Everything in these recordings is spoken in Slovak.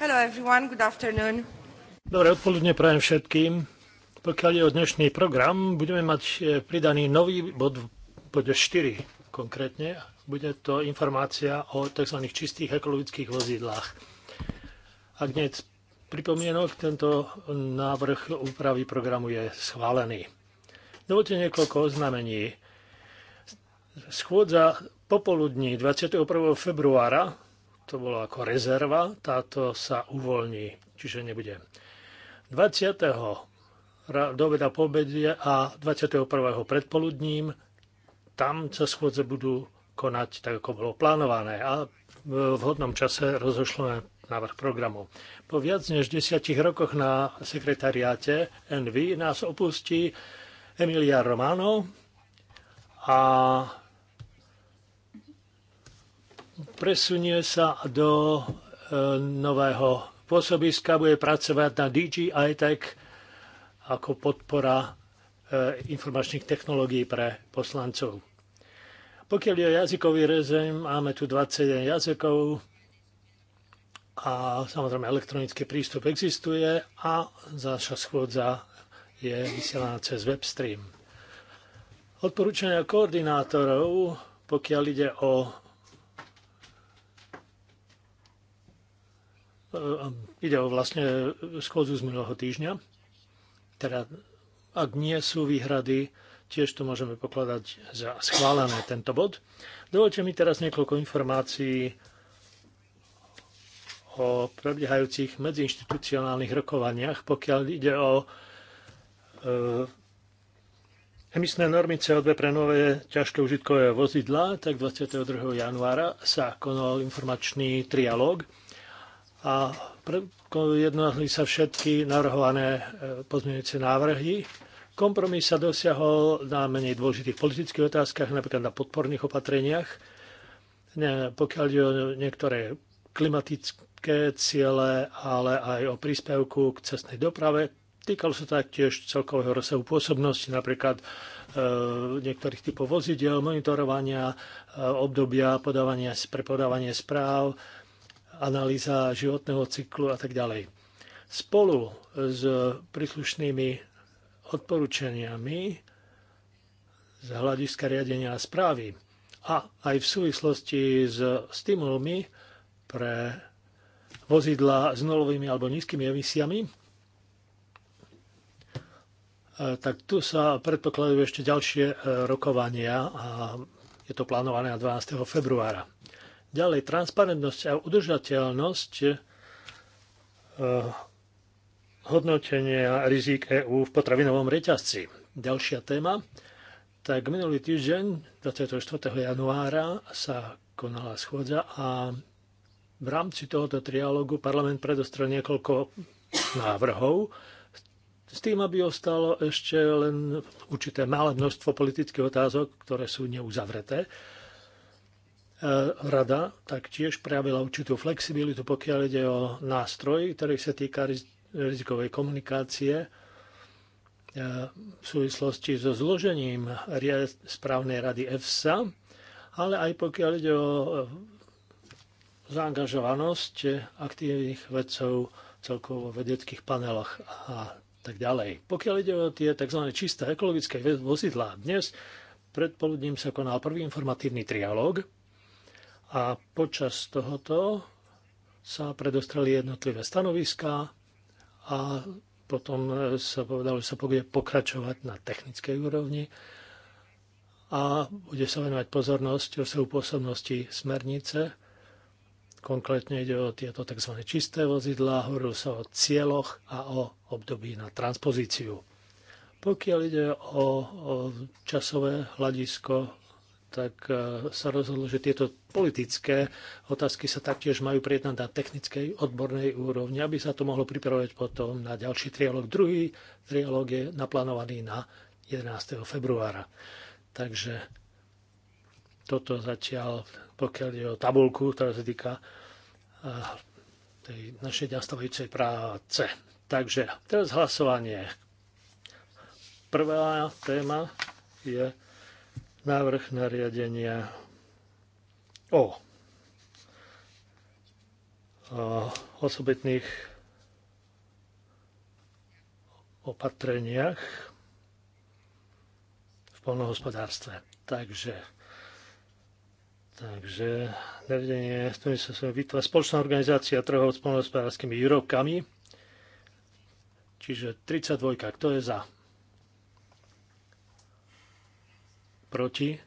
Hello everyone, good afternoon. Dobré odpoludne prajem všetkým. Pokiaľ je o dnešný program, budeme mať e, pridaný nový bod, bod 4 konkrétne. Bude to informácia o tzv. čistých ekologických vozidlách. Ak nie pripomienok, tento návrh úpravy programu je schválený. Dovolte niekoľko oznámení. Schôdza popoludní 21. februára to bolo ako rezerva, táto sa uvoľní, čiže nebude. 20. do obeda po obede a 21. predpoludním tam sa schôdze budú konať tak, ako bolo plánované a v vhodnom čase rozošľujeme návrh programu. Po viac než desiatich rokoch na sekretariáte NV nás opustí Emilia Romano a presunie sa do e, nového pôsobiska, bude pracovať na DJI Tech ako podpora e, informačných technológií pre poslancov. Pokiaľ je jazykový režim, máme tu 21 jazykov a samozrejme elektronický prístup existuje a naša schôdza je vysielaná cez webstream. Odporúčania koordinátorov, pokiaľ ide o Hm, ide o vlastne schôdzu z minulého týždňa. Teda, ak nie sú výhrady, tiež to môžeme pokladať za schválené tento bod. Dovolte mi teraz niekoľko informácií o prebiehajúcich medziinstitucionálnych rokovaniach, pokiaľ ide o e, emisné normy CO2 pre nové ťažké užitkové vozidlá, tak 22. januára sa konal informačný trialóg a jednohli sa všetky navrhované e, pozmeňujúce návrhy. Kompromis sa dosiahol na menej dôležitých politických otázkach, napríklad na podporných opatreniach. Pokiaľ ide o niektoré klimatické ciele, ale aj o príspevku k cestnej doprave, týkalo sa taktiež celkového rozsahu pôsobnosti, napríklad e, niektorých typov vozidel, monitorovania, e, obdobia podávania, prepodávanie správ, analýza životného cyklu a tak ďalej. Spolu s príslušnými odporúčaniami z hľadiska riadenia a správy a aj v súvislosti s stimulmi pre vozidla s nulovými alebo nízkymi emisiami, e, tak tu sa predpokladujú ešte ďalšie e, rokovania a je to plánované na 12. februára. Ďalej, transparentnosť a udržateľnosť eh, hodnotenia rizik EÚ v potravinovom reťazci. Ďalšia téma. Tak minulý týždeň, 24. januára, sa konala schôdza a v rámci tohoto trialógu parlament predostrel niekoľko návrhov s tým, aby ostalo ešte len určité malé množstvo politických otázok, ktoré sú neuzavreté. E, rada taktiež prejavila určitú flexibilitu, pokiaľ ide o nástroj, ktorý sa týka rizikovej komunikácie e, v súvislosti so zložením správnej rady EFSA, ale aj pokiaľ ide o e, zaangažovanosť aktívnych vedcov celkovo vedeckých paneloch a tak ďalej. Pokiaľ ide o tie tzv. čisté ekologické vozidlá, dnes predpoludním sa konal prvý informatívny trialóg a počas tohoto sa predostreli jednotlivé stanoviská a potom sa povedalo, že sa bude pokračovať na technickej úrovni a bude sa venovať pozornosť o pôsobnosti smernice. Konkrétne ide o tieto tzv. čisté vozidlá, hovorilo sa o cieľoch a o období na transpozíciu. Pokiaľ ide o, o časové hľadisko, tak e, sa rozhodlo, že tieto Politické otázky sa taktiež majú prijednať na technickej odbornej úrovni, aby sa to mohlo pripravovať potom na ďalší trialog. Druhý trialog je naplánovaný na 11. februára. Takže toto zatiaľ, pokiaľ je o tabulku, ktorá sa týka eh, tej našej nastavujúcej práce. Takže teraz hlasovanie. Prvá téma je návrh nariadenia o osobitných opatreniach v polnohospodárstve. Takže, takže nevedenie, tu sa som spoločná organizácia trhov s polnohospodárskými výrobkami, čiže 32, kto je za? Proti?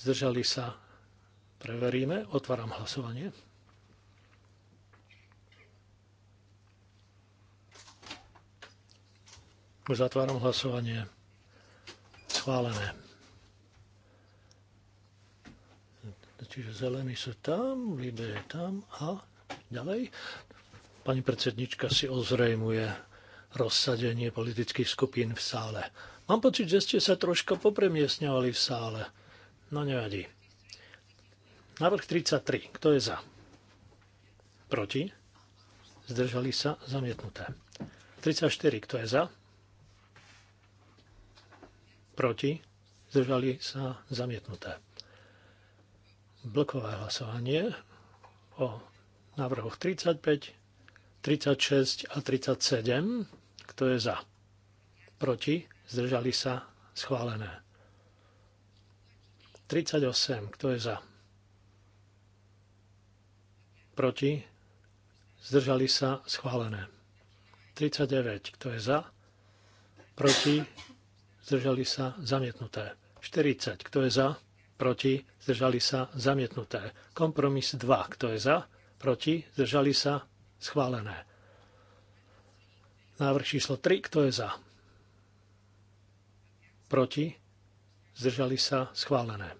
Zdržali sa Preveríme. Otváram hlasovanie. Zatváram hlasovanie. Schválené. Čiže zelený sú tam, líbe je tam a ďalej. Pani predsednička si ozrejmuje rozsadenie politických skupín v sále. Mám pocit, že ste sa troška popremiesňovali v sále. No nevadí. Návrh 33. Kto je za? Proti? Zdržali sa? Zamietnuté. 34. Kto je za? Proti? Zdržali sa? Zamietnuté. Blokové hlasovanie o návrhoch 35, 36 a 37. Kto je za? Proti? Zdržali sa? Schválené. 38. Kto je za? proti, zdržali sa schválené. 39, kto je za, proti, zdržali sa zamietnuté. 40, kto je za, proti, zdržali sa zamietnuté. Kompromis 2, kto je za, proti, zdržali sa schválené. Návrh číslo 3, kto je za, proti, zdržali sa schválené.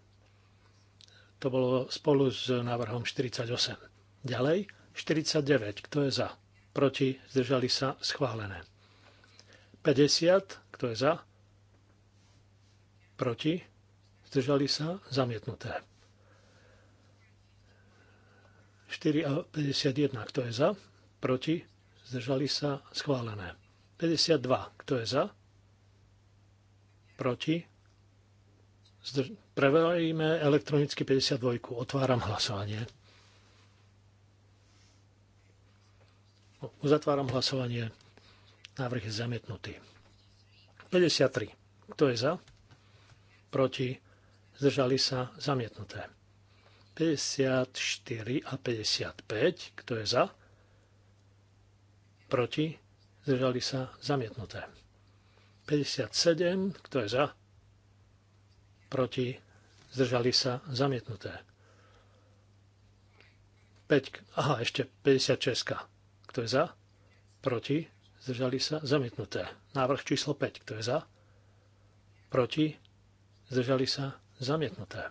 To bolo spolu s návrhom 48. Ďalej 49, kto je za, proti, zdržali sa, schválené. 50, kto je za, proti, zdržali sa, zamietnuté. 4 a 51, kto je za, proti, zdržali sa, schválené. 52, kto je za, proti, zdrž... Prevelíme elektronicky 52, otváram hlasovanie. Uzatváram hlasovanie. Návrh je zamietnutý. 53. Kto je za? Proti? Zdržali sa? Zamietnuté. 54 a 55. Kto je za? Proti? Zdržali sa? Zamietnuté. 57. Kto je za? Proti? Zdržali sa? Zamietnuté. 5. Aha, ešte 56. Kto je za? Proti? Zdržali sa? Zamietnuté. Návrh číslo 5. Kto je za? Proti? Zdržali sa? Zamietnuté.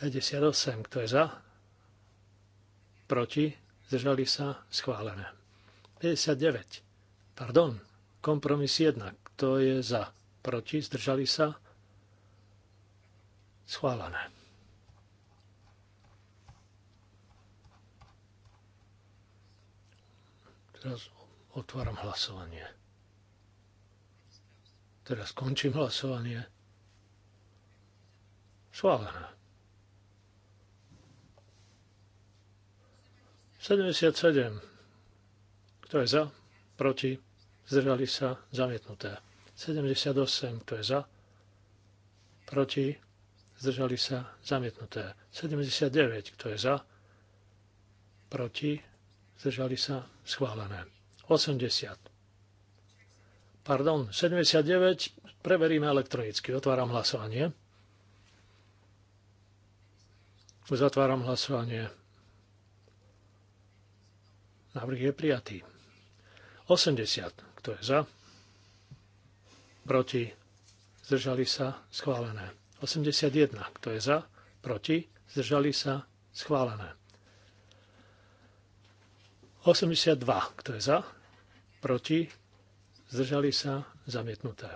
58. Kto je za? Proti? Zdržali sa? Schválené. 59. Pardon. Kompromis 1. Kto je za? Proti? Zdržali sa? Schválené. Teraz otváram hlasovanie. Teraz končím hlasovanie. Schválené. 77. Kto je za? Proti? Zdržali sa? Zamietnuté. 78. Kto je za? Proti? Zdržali sa? Zamietnuté. 79. Kto je za? Proti? zdržali sa, schválené. 80. Pardon, 79, preveríme elektronicky. Otváram hlasovanie. Uzatváram hlasovanie. Návrh je prijatý. 80. Kto je za? Proti? Zdržali sa? Schválené. 81. Kto je za? Proti? Zdržali sa? Schválené. 82. Kto je za? Proti? Zdržali sa? Zamietnuté.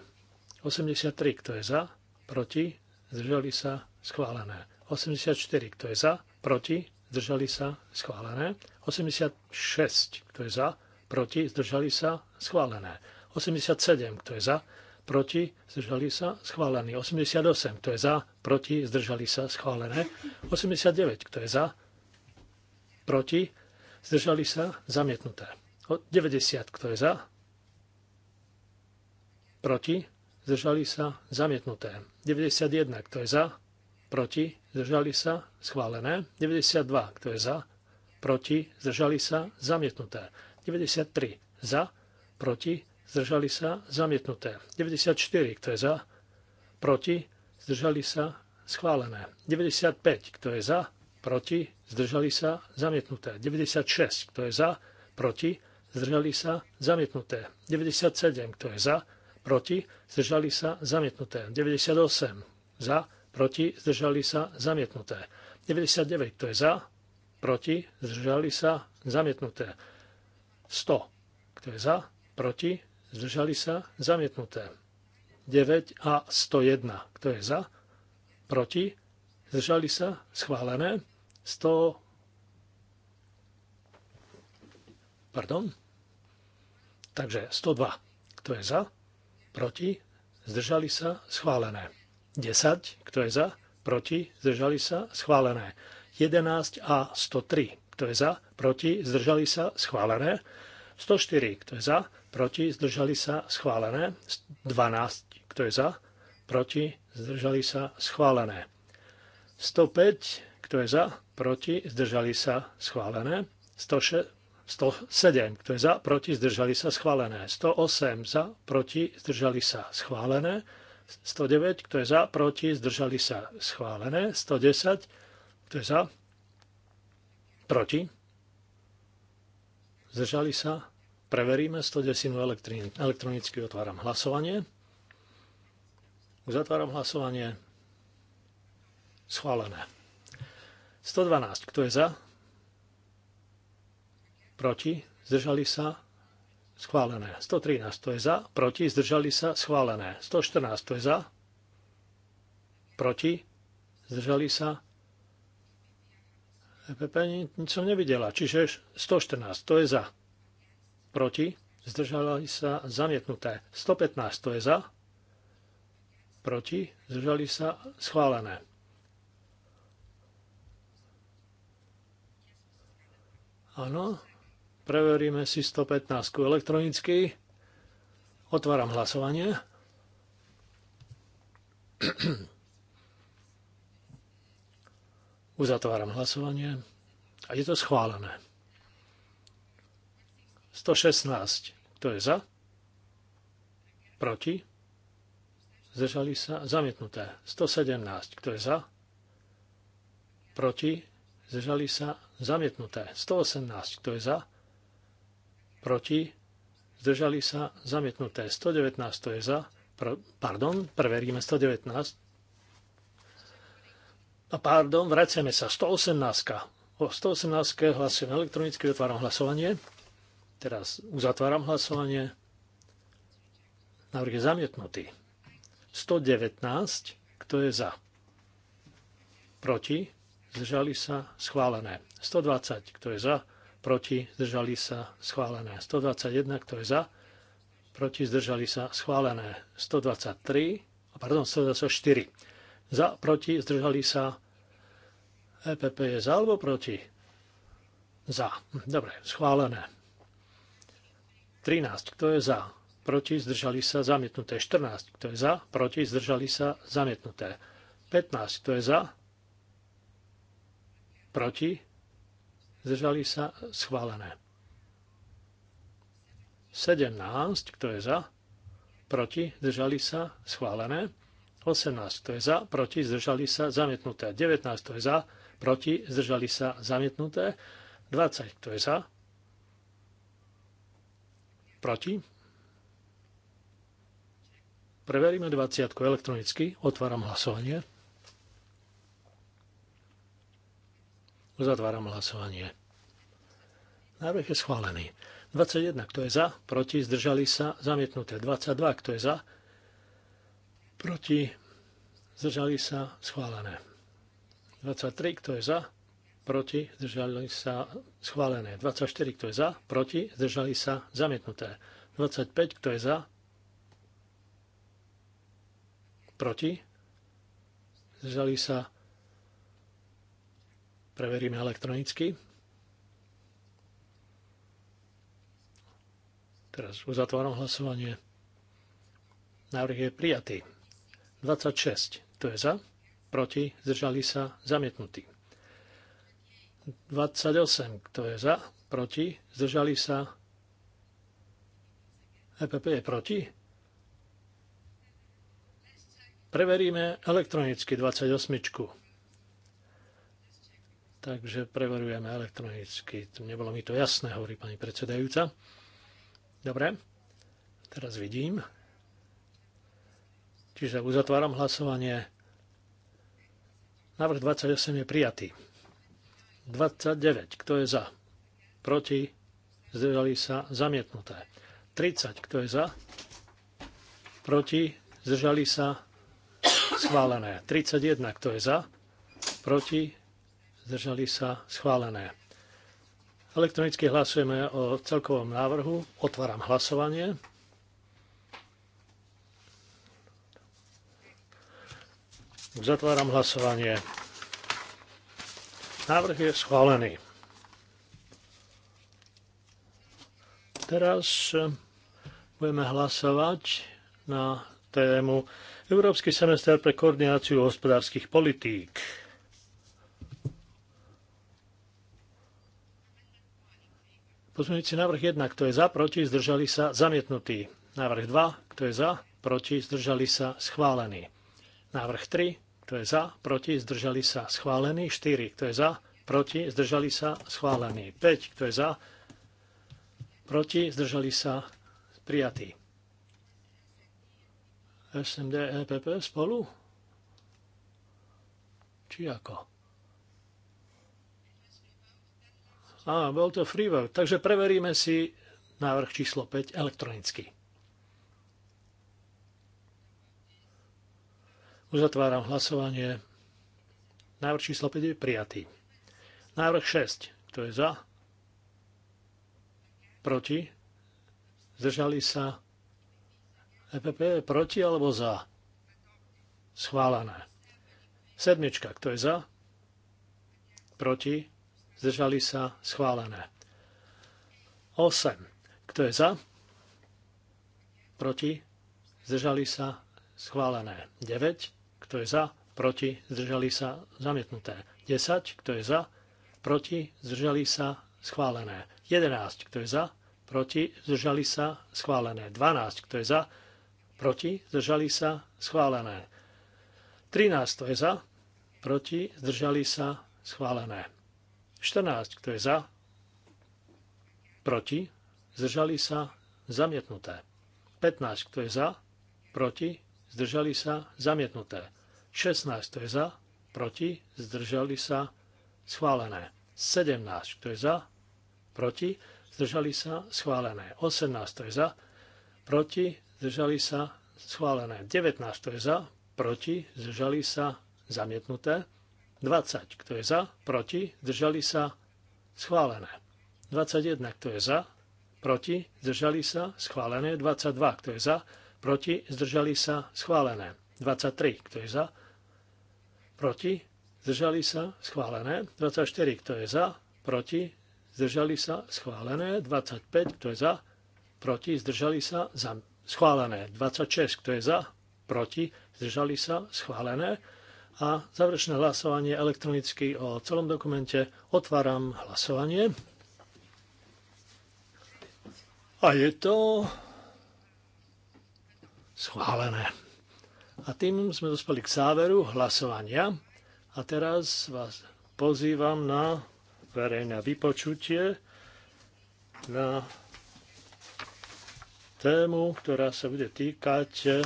83. Kto je za? Proti? Zdržali sa? Schválené. 84. Kto je za? Proti? Zdržali sa? Schválené. 86. Kto je za? Proti? Zdržali sa? Schválené. 87. Kto je za? proti, zdržali sa, schválený. 88, kto je za, proti, zdržali sa, schválené. 89, kto je za, proti, zdržali sa, zamietnuté. 90, kto je za, proti, zdržali sa, zamietnuté. 91, kto je za, proti, zdržali sa, schválené. 92, kto je za, proti, zdržali sa, zamietnuté. 93, za, proti, zdržali sa, zamietnuté. 94, kto je za, proti, zdržali sa, schválené. 95, kto je za, proti, zdržali sa, zamietnuté. 96, kto je za, proti, zdržali sa, zamietnuté. 97, kto je za, proti, zdržali sa, zamietnuté. 98, za, proti, zdržali sa, zamietnuté. 99, kto je za, proti, zdržali sa, zamietnuté. 100, kto je za, proti, zdržali sa, zamietnuté. 9 a 101, kto je za, proti, zdržali sa, schválené. 100... Pardon? Takže 102. Kto je za? Proti? Zdržali sa? Schválené. 10. Kto je za? Proti? Zdržali sa? Schválené. 11 a 103. Kto je za? Proti? Zdržali sa? Schválené. 104. Kto je za? Proti? Zdržali sa? Schválené. 12. Kto je za? Proti? Zdržali sa? Schválené. 105 kto je za? Proti? Zdržali sa? Schválené. 106, 107. Kto je za? Proti? Zdržali sa? Schválené. 108. Za? Proti? Zdržali sa? Schválené. 109. Kto je za? Proti? Zdržali sa? Schválené. 110. Kto je za? Proti? Zdržali sa? Preveríme 110 elektronicky. Otváram hlasovanie. Uzatváram hlasovanie. Schválené. 112. Kto je za? Proti? Zdržali sa? Schválené. 113. To je za? Proti? Zdržali sa? Schválené. 114. To je za? Proti? Zdržali sa? EPP nič som nevidela. Čiže 114. To je za? Proti? Zdržali sa? Zamietnuté. 115. To je za? Proti? Zdržali sa? Schválené. Áno. Preveríme si 115 elektronicky. Otváram hlasovanie. Uzatváram hlasovanie. A je to schválené. 116. Kto je za? Proti? Zdržali sa? Zamietnuté. 117. Kto je za? Proti? Zdržali sa? zamietnuté. 118, kto je za, proti, zdržali sa, zamietnuté. 119, kto je za, pr- pardon, preveríme 119. A no, pardon, vraciame sa, 118. O 118 hlasujem elektronicky, otváram hlasovanie. Teraz uzatváram hlasovanie. Návrh je zamietnutý. 119, kto je za? Proti? Zdržali sa? Schválené. 120, kto je za, proti, zdržali sa, schválené. 121, kto je za, proti, zdržali sa, schválené. 123, pardon, 124. Za, proti, zdržali sa, EPP je za alebo proti? Za. Dobre, schválené. 13, kto je za? Proti, zdržali sa, zamietnuté. 14, kto je za? Proti, zdržali sa, zamietnuté. 15, kto je za? Proti, zdržali sa schválené. 17, kto je za, proti, zdržali sa schválené. 18, kto je za, proti, zdržali sa zamietnuté. 19, kto je za, proti, zdržali sa zamietnuté. 20, kto je za, proti. Preveríme 20 elektronicky, otváram hlasovanie. Uzatváram hlasovanie. Návrh je schválený. 21, kto je za, proti, zdržali sa, zamietnuté. 22, kto je za, proti, zdržali sa, schválené. 23, kto je za, proti, zdržali sa, schválené. 24, kto je za, proti, zdržali sa, zamietnuté. 25, kto je za, proti, zdržali sa, Preveríme elektronicky. Teraz uzatváram hlasovanie. Návrh je prijatý. 26. To je za. Proti. Zdržali sa. Zamietnutý. 28. Kto je za? Proti? Zdržali sa? EPP je proti? Preveríme elektronicky 28 takže preverujeme elektronicky. Nebolo mi to jasné, hovorí pani predsedajúca. Dobre, teraz vidím. Čiže uzatváram hlasovanie. Návrh 28 je prijatý. 29, kto je za? Proti? Zdržali sa zamietnuté. 30, kto je za? Proti? Zdržali sa schválené. 31, kto je za? Proti? zdržali sa, schválené. Elektronicky hlasujeme o celkovom návrhu. Otváram hlasovanie. Zatváram hlasovanie. Návrh je schválený. Teraz budeme hlasovať na tému Európsky semester pre koordináciu hospodárskych politík. Pozmeňujúci návrh 1, kto je za, proti, zdržali sa, zamietnutý. Návrh 2, kto je za, proti, zdržali sa, schválený. Návrh 3, kto je za, proti, zdržali sa, schválený. 4, kto je za, proti, zdržali sa, schválený. 5, kto je za, proti, zdržali sa, prijatý. SMD, EPP spolu? Či ako? A bol to freeware. Takže preveríme si návrh číslo 5 elektronicky. Uzatváram hlasovanie. Návrh číslo 5 je prijatý. Návrh 6. Kto je za? Proti? Zdržali sa? EPP je proti alebo za? Schválené. Sedmička. Kto je za? Proti? zdržali sa, schválené. 8. Kto je za? Proti? Zdržali sa? Schválené. 9. Kto je za? Proti? Zdržali sa? Zamietnuté. 10. Kto je za? Proti? Zdržali sa? Schválené. 11. Kto je za? Proti? Zdržali sa? Schválené. 12. Kto je za? Proti? Zdržali sa? Schválené. 13. Kto je za? Proti? Zdržali sa? Schválené. 14. Kto je za? Proti? Zdržali sa? Zamietnuté. 15. Kto je za? Proti? Zdržali sa? Zamietnuté. 16. Kto je za? Proti? Zdržali sa? Schválené. 17. Kto je za? Proti? Zdržali sa? Schválené. 18. Kto je za? Proti? Zdržali sa? Schválené. 19. Kto je za? Proti? Zdržali sa? Zamietnuté. 20, kto je za, proti, zdržali sa, schválené. 21, kto je za, proti, zdržali sa, schválené. 22, kto je za, proti, zdržali sa, schválené. 23, kto je za, proti, zdržali sa, schválené. 24, kto je za, proti, zdržali sa, schválené. 25, kto je za, proti, zdržali sa, za, schválené. 26, kto je za, proti, zdržali sa, schválené a záverečné hlasovanie elektronicky o celom dokumente. Otváram hlasovanie. A je to schválené. A tým sme dospeli k záveru hlasovania. A teraz vás pozývam na verejné vypočutie na tému, ktorá sa bude týkať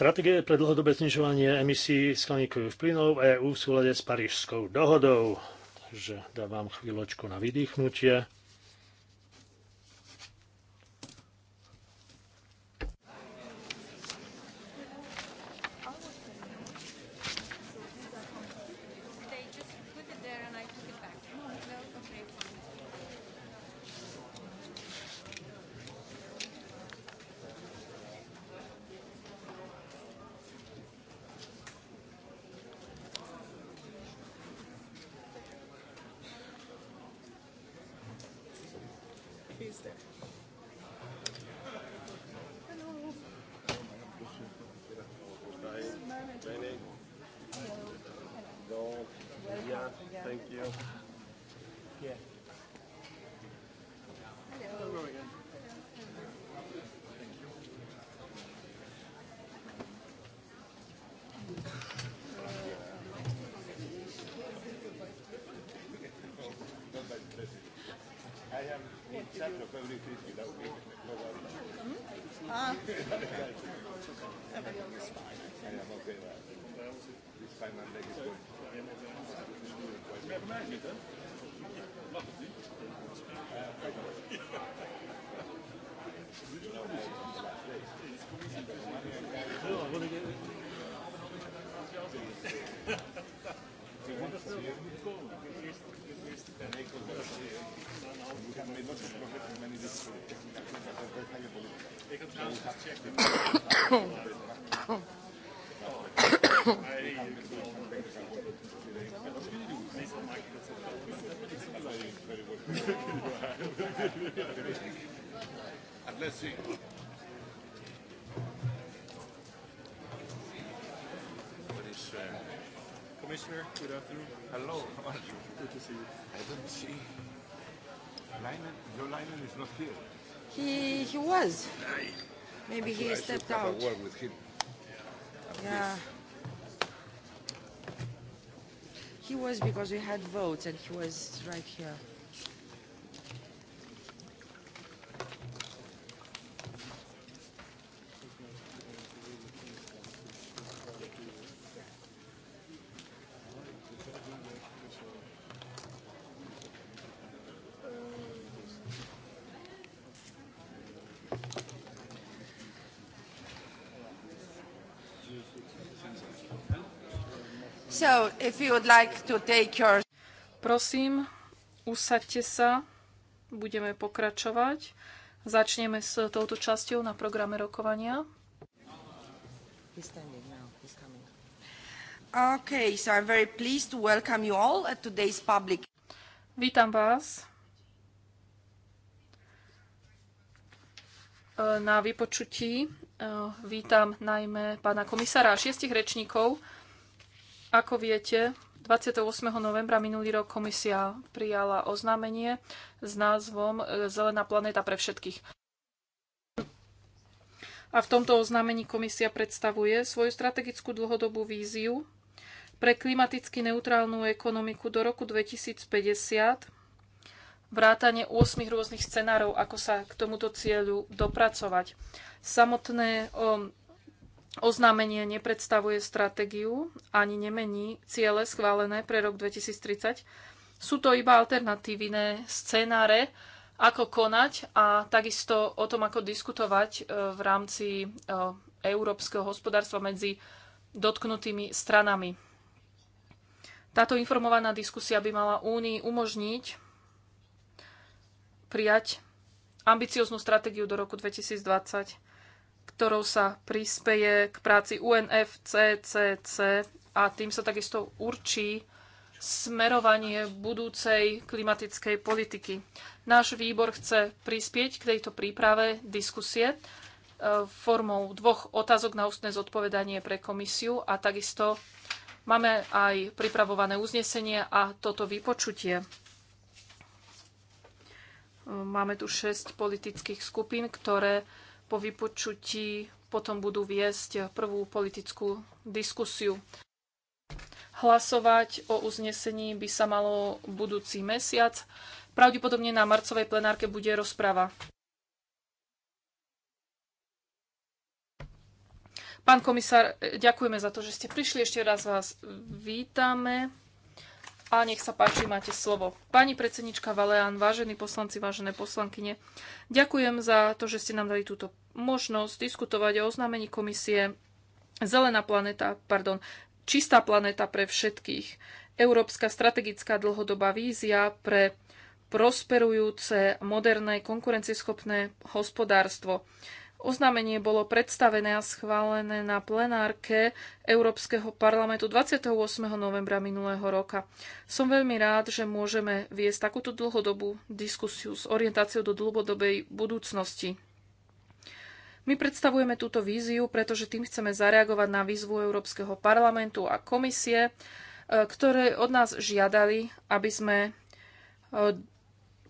stratégie pre dlhodobé znižovanie emisí skleníkových plynov EÚ v súlade s Parížskou dohodou. Takže dávam chvíľočku na vydýchnutie. Commissioner, good afternoon. Hello, how are you? Good to see you. I don't see. Leinen, your Leinen is not here. He he was. Aye. Maybe I he I stepped out. Have a word with him. yeah. He was because we had votes and he was right here. So, if you would like to take your... Prosím, usaďte sa. Budeme pokračovať. Začneme s touto časťou na programe rokovania. Okay, so I'm very pleased to welcome you all at today's public. Vítam vás e, na vypočutí. E, vítam najmä pána komisára a šiestich rečníkov ako viete, 28. novembra minulý rok komisia prijala oznámenie s názvom e, Zelená planéta pre všetkých. A v tomto oznámení komisia predstavuje svoju strategickú dlhodobú víziu pre klimaticky neutrálnu ekonomiku do roku 2050, vrátane 8 rôznych scenárov, ako sa k tomuto cieľu dopracovať. Samotné Oznámenie nepredstavuje stratégiu ani nemení ciele schválené pre rok 2030. Sú to iba alternatívne scenáre, ako konať a takisto o tom, ako diskutovať e, v rámci e, európskeho hospodárstva medzi dotknutými stranami. Táto informovaná diskusia by mala Únii umožniť prijať ambicioznú stratégiu do roku 2020 ktorou sa prispeje k práci UNFCCC a tým sa takisto určí smerovanie budúcej klimatickej politiky. Náš výbor chce prispieť k tejto príprave diskusie e, formou dvoch otázok na ústne zodpovedanie pre komisiu a takisto máme aj pripravované uznesenie a toto vypočutie. Máme tu šesť politických skupín, ktoré po vypočutí potom budú viesť prvú politickú diskusiu. Hlasovať o uznesení by sa malo budúci mesiac. Pravdepodobne na marcovej plenárke bude rozprava. Pán komisár, ďakujeme za to, že ste prišli. Ešte raz vás vítame. A nech sa páči, máte slovo. Pani predsednička Valeán, vážení poslanci, vážené poslankyne, ďakujem za to, že ste nám dali túto možnosť diskutovať o oznámení komisie Zelená planeta, pardon, čistá planeta pre všetkých. Európska strategická dlhodobá vízia pre prosperujúce, moderné, konkurencieschopné hospodárstvo. Oznámenie bolo predstavené a schválené na plenárke Európskeho parlamentu 28. novembra minulého roka. Som veľmi rád, že môžeme viesť takúto dlhodobú diskusiu s orientáciou do dlhodobej budúcnosti. My predstavujeme túto víziu, pretože tým chceme zareagovať na výzvu Európskeho parlamentu a komisie, e, ktoré od nás žiadali, aby sme e,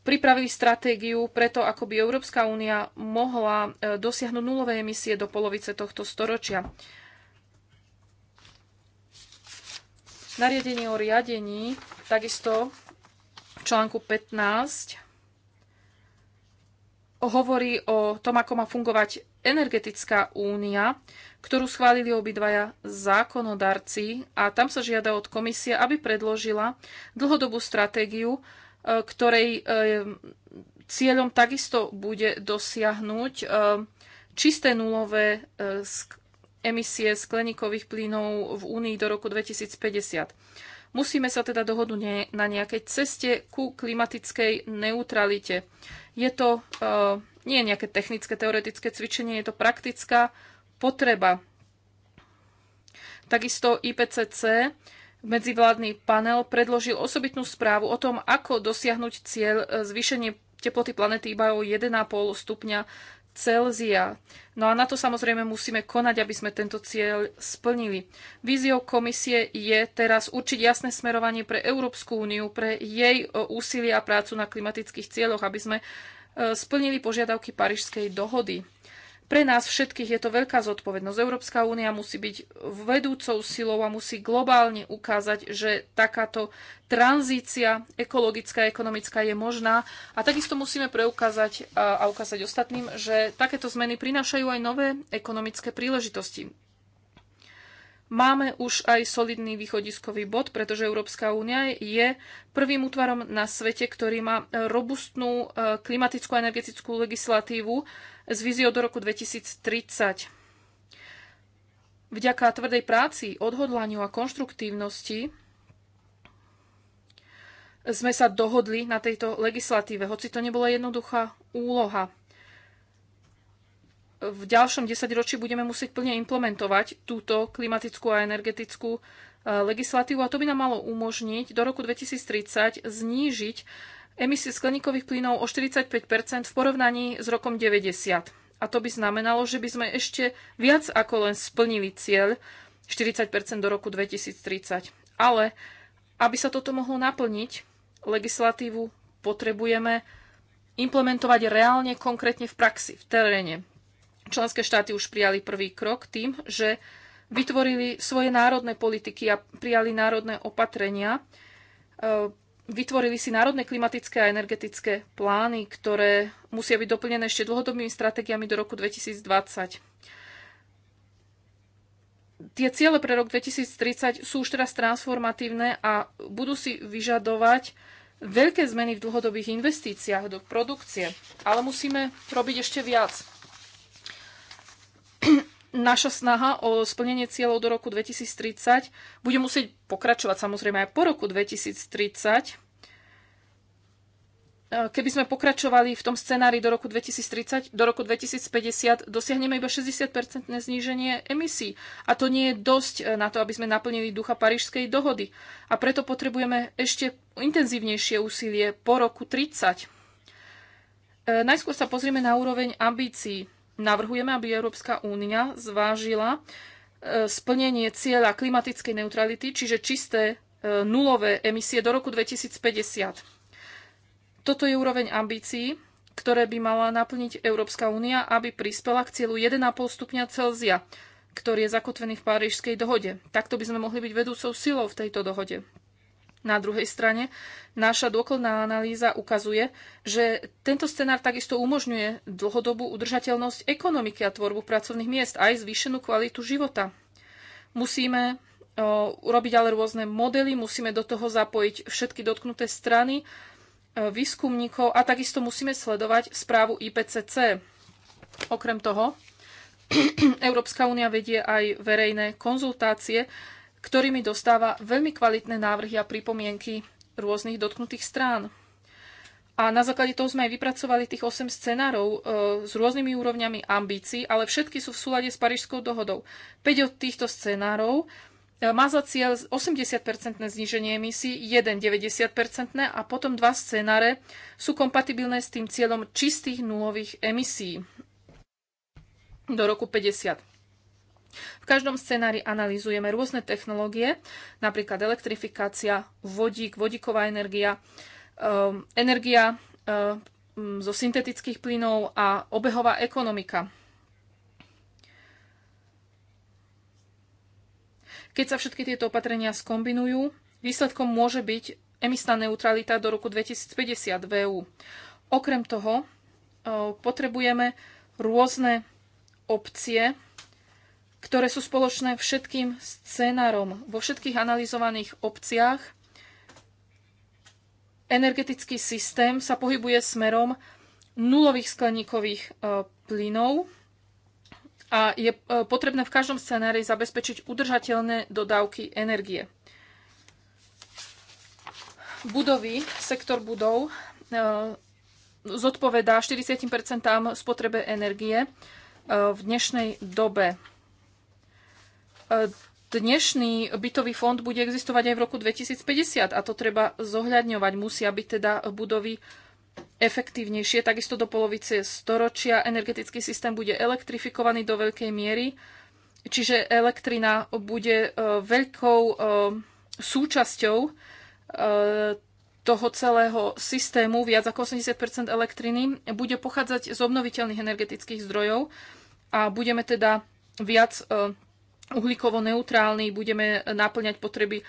pripravili stratégiu preto, ako by Európska únia mohla e, dosiahnuť nulové emisie do polovice tohto storočia. Nariadenie o riadení takisto v článku 15 hovorí o tom, ako má fungovať energetická únia, ktorú schválili obidvaja zákonodarci a tam sa žiada od komisie, aby predložila dlhodobú stratégiu Eh, ktorej eh, cieľom takisto bude dosiahnuť eh, čisté nulové emisie skleníkových plynov v Únii do roku 2050. Musíme sa teda dohodnúť na nejakej ceste ku klimatickej neutralite. Je to nie je nejaké technické, teoretické cvičenie, je to praktická potreba. Takisto IPCC Medzivládny panel predložil osobitnú správu o tom, ako dosiahnuť cieľ e, zvýšenie teploty planety iba o 1,5 stupňa Celzia. No a na to samozrejme musíme konať, aby sme tento cieľ splnili. Víziou komisie je teraz určiť jasné smerovanie pre Európsku úniu, pre jej e, úsilie a prácu na klimatických cieľoch, aby sme e, splnili požiadavky Parížskej dohody. Pre nás všetkých je to veľká zodpovednosť. Európska únia musí byť vedúcou silou a musí globálne ukázať, že takáto tranzícia ekologická, ekonomická je možná. A takisto musíme preukázať a ukázať ostatným, že takéto zmeny prinášajú aj nové ekonomické príležitosti. Máme už aj solidný východiskový bod, pretože Európska únia je prvým útvarom na svete, ktorý má robustnú e, klimatickú a energetickú legislatívu, s víziou do roku 2030. Vďaka tvrdej práci, odhodlaniu a konštruktívnosti sme sa dohodli na tejto legislatíve, hoci to nebola jednoduchá úloha. V ďalšom desaťročí budeme musieť plne implementovať túto klimatickú a energetickú e, legislatívu a to by nám malo umožniť do roku 2030 znížiť emisie skleníkových plynov o 45 v porovnaní s rokom 90. A to by znamenalo, že by sme ešte viac ako len splnili cieľ 40 do roku 2030. Ale aby sa toto mohlo naplniť, legislatívu potrebujeme implementovať reálne, konkrétne v praxi, v teréne. Členské štáty už prijali prvý krok tým, že vytvorili svoje národné politiky a prijali národné opatrenia e, vytvorili si národné klimatické a energetické plány, ktoré musia byť doplnené ešte dlhodobými stratégiami do roku 2020. Tie ciele pre rok 2030 sú už teraz transformatívne a budú si vyžadovať veľké zmeny v dlhodobých investíciách do produkcie. Ale musíme robiť ešte viac naša snaha o splnenie cieľov do roku 2030 bude musieť pokračovať samozrejme aj po roku 2030. E, keby sme pokračovali v tom scenári do roku 2030, do roku 2050 dosiahneme iba 60-percentné zníženie emisí. A to nie je dosť e, na to, aby sme naplnili ducha Parížskej dohody. A preto potrebujeme ešte intenzívnejšie úsilie po roku 30. E, najskôr sa pozrieme na úroveň ambícií navrhujeme, aby Európska únia zvážila e, splnenie cieľa klimatickej neutrality, čiže čisté e, nulové emisie do roku 2050. Toto je úroveň ambícií, ktoré by mala naplniť Európska únia, aby prispela k cieľu 1,5 stupňa Celzia, ktorý je zakotvený v Parížskej dohode. Takto by sme mohli byť vedúcou silou v tejto dohode. Na druhej strane, naša dôkladná analýza ukazuje, že tento scenár takisto umožňuje dlhodobú udržateľnosť ekonomiky a tvorbu pracovných miest aj zvýšenú kvalitu života. Musíme urobiť ale rôzne modely, musíme do toho zapojiť všetky dotknuté strany, výskumníkov a takisto musíme sledovať správu IPCC. Okrem toho, Európska únia vedie aj verejné konzultácie, ktorými dostáva veľmi kvalitné návrhy a pripomienky rôznych dotknutých strán. A na základe toho sme aj vypracovali tých 8 scenárov e, s rôznymi úrovňami ambícií, ale všetky sú v súlade s Parížskou dohodou. 5 od týchto scenárov e, má za cieľ 80-percentné zníženie emisí, 1 90-percentné a potom dva scenáre sú kompatibilné s tým cieľom čistých nulových emisí do roku 50. V každom scenári analýzujeme rôzne technológie, napríklad elektrifikácia, vodík, vodíková energia, ehm, energia ehm, zo syntetických plynov a obehová ekonomika. Keď sa všetky tieto opatrenia skombinujú, výsledkom môže byť emisná neutralita do roku 2050 v EU. Okrem toho ehm, potrebujeme rôzne opcie, ktoré sú spoločné všetkým scénárom vo všetkých analyzovaných obciach. Energetický systém sa pohybuje smerom nulových skleníkových e, plynov a je e, potrebné v každom scenári zabezpečiť udržateľné dodávky energie. Budovy, sektor budov e, zodpovedá 40 spotrebe energie v dnešnej dobe dnešný bytový fond bude existovať aj v roku 2050 a to treba zohľadňovať. Musia byť teda budovy efektívnejšie. Takisto do polovice storočia energetický systém bude elektrifikovaný do veľkej miery, čiže elektrina bude e, veľkou e, súčasťou e, toho celého systému. Viac ako 80 elektriny bude pochádzať z obnoviteľných energetických zdrojov a budeme teda viac uhlíkovo neutrálny, budeme naplňať potreby e,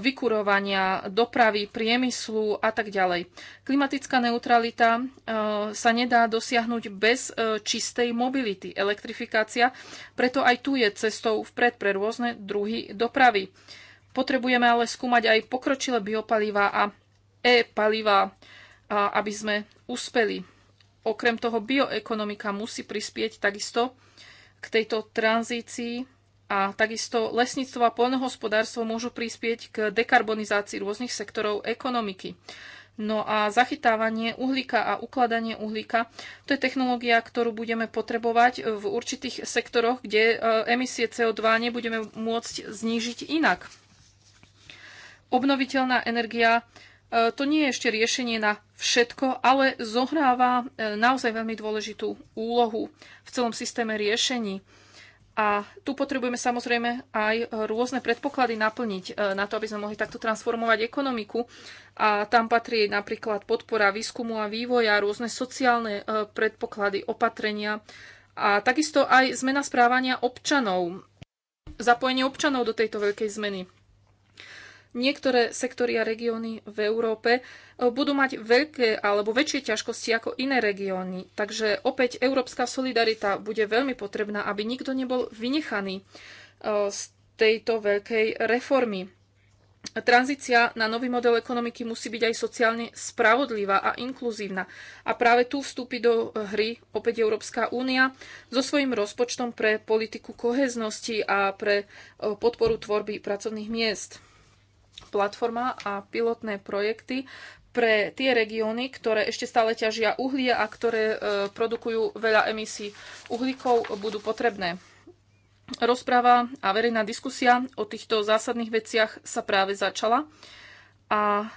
vykurovania, dopravy, priemyslu a tak ďalej. Klimatická neutralita e, sa nedá dosiahnuť bez e, čistej mobility, elektrifikácia, preto aj tu je cestou vpred pre rôzne druhy dopravy. Potrebujeme ale skúmať aj pokročilé biopaliva a e-paliva, aby sme uspeli. Okrem toho bioekonomika musí prispieť takisto k tejto tranzícii a takisto lesníctvo a poľnohospodárstvo môžu prispieť k dekarbonizácii rôznych sektorov ekonomiky. No a zachytávanie uhlíka a ukladanie uhlíka, to je technológia, ktorú budeme potrebovať v určitých sektoroch, kde e, emisie CO2 nebudeme môcť znížiť inak. Obnoviteľná energia e, to nie je ešte riešenie na všetko, ale zohráva e, naozaj veľmi dôležitú úlohu v celom systéme riešení a tu potrebujeme samozrejme aj rôzne predpoklady naplniť e, na to, aby sme mohli takto transformovať ekonomiku. A tam patrí napríklad podpora výskumu a vývoja, rôzne sociálne e, predpoklady, opatrenia a takisto aj zmena správania občanov, zapojenie občanov do tejto veľkej zmeny niektoré sektory a regióny v Európe e, budú mať veľké alebo väčšie ťažkosti ako iné regióny. Takže opäť európska solidarita bude veľmi potrebná, aby nikto nebol vynechaný e, z tejto veľkej reformy. Tranzícia na nový model ekonomiky musí byť aj sociálne spravodlivá a inkluzívna. A práve tu vstúpi do hry opäť Európska únia so svojím rozpočtom pre politiku koheznosti a pre e, podporu tvorby pracovných miest platforma a pilotné projekty pre tie regióny, ktoré ešte stále ťažia uhlie a ktoré e, produkujú veľa emisí uhlíkov, budú potrebné. Rozpráva a verejná diskusia o týchto zásadných veciach sa práve začala a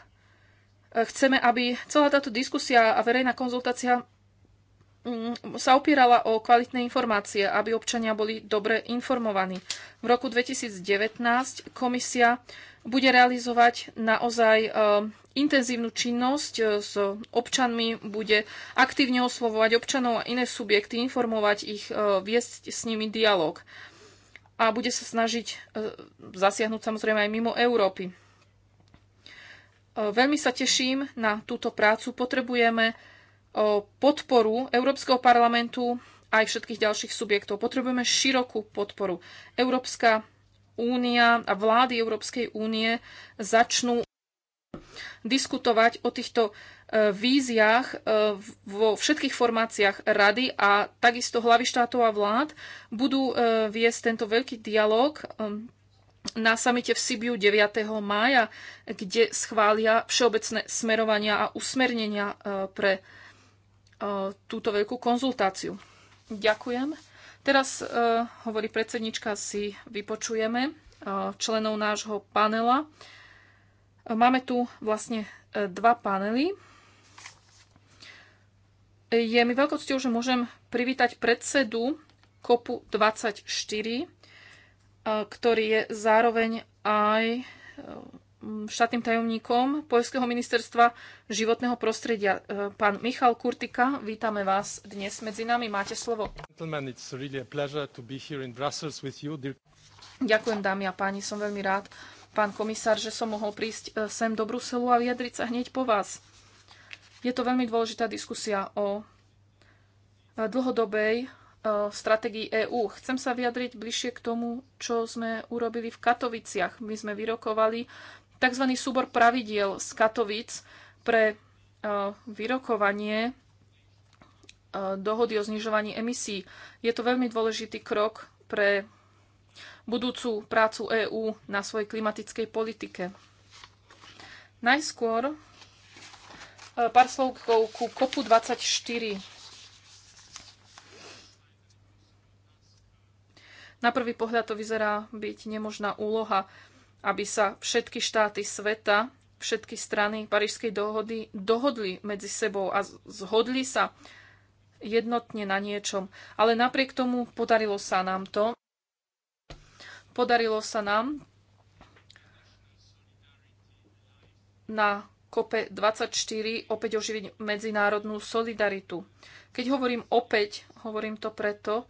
chceme, aby celá táto diskusia a verejná konzultácia Mm, sa opírala o kvalitné informácie, aby občania boli dobre informovaní. V roku 2019 komisia bude realizovať naozaj e, intenzívnu činnosť e, s občanmi, bude aktívne oslovovať občanov a iné subjekty, informovať ich, e, viesť s nimi dialog. A bude sa snažiť zasiahnuť samozrejme aj mimo Európy. Veľmi sa teším na túto prácu. Potrebujeme podporu Európskeho parlamentu aj všetkých ďalších subjektov. Potrebujeme širokú podporu. Európska únia a vlády Európskej únie začnú diskutovať o týchto e, víziách e, vo všetkých formáciách rady a takisto hlavy štátov a vlád budú e, viesť tento veľký dialog na samite v Sibiu 9. mája, kde schvália všeobecné smerovania a usmernenia pre E, túto veľkú konzultáciu. Ďakujem. Teraz, e, hovorí predsednička, si vypočujeme e, členov nášho panela. Máme tu vlastne dva panely. Je mi veľkou cťou, že môžem privítať predsedu kopu 24, ktorý je zároveň aj štátnym tajomníkom Poľského ministerstva životného prostredia. E, pán Michal Kurtika, vítame vás dnes medzi nami. Máte slovo. Ďakujem, dámy a páni, som veľmi rád, pán komisár, že som mohol prísť e, sem do Bruselu a vyjadriť sa hneď po vás. Je to veľmi dôležitá diskusia o e, dlhodobej stratégii EÚ. Chcem sa vyjadriť bližšie k tomu, čo sme urobili v Katoviciach. My sme vyrokovali tzv. súbor pravidiel z Katovic pre e, vyrokovanie e, dohody o znižovaní emisí. Je to veľmi dôležitý krok pre budúcu prácu EÚ na svojej klimatickej politike. Najskôr e, pár slov ku kopu 24. Na prvý pohľad to vyzerá byť nemožná úloha aby sa všetky štáty sveta, všetky strany Parížskej dohody dohodli medzi sebou a zhodli sa jednotne na niečom. Ale napriek tomu podarilo sa nám to. Podarilo sa nám na kope 24 opäť oživiť medzinárodnú solidaritu. Keď hovorím opäť, hovorím to preto,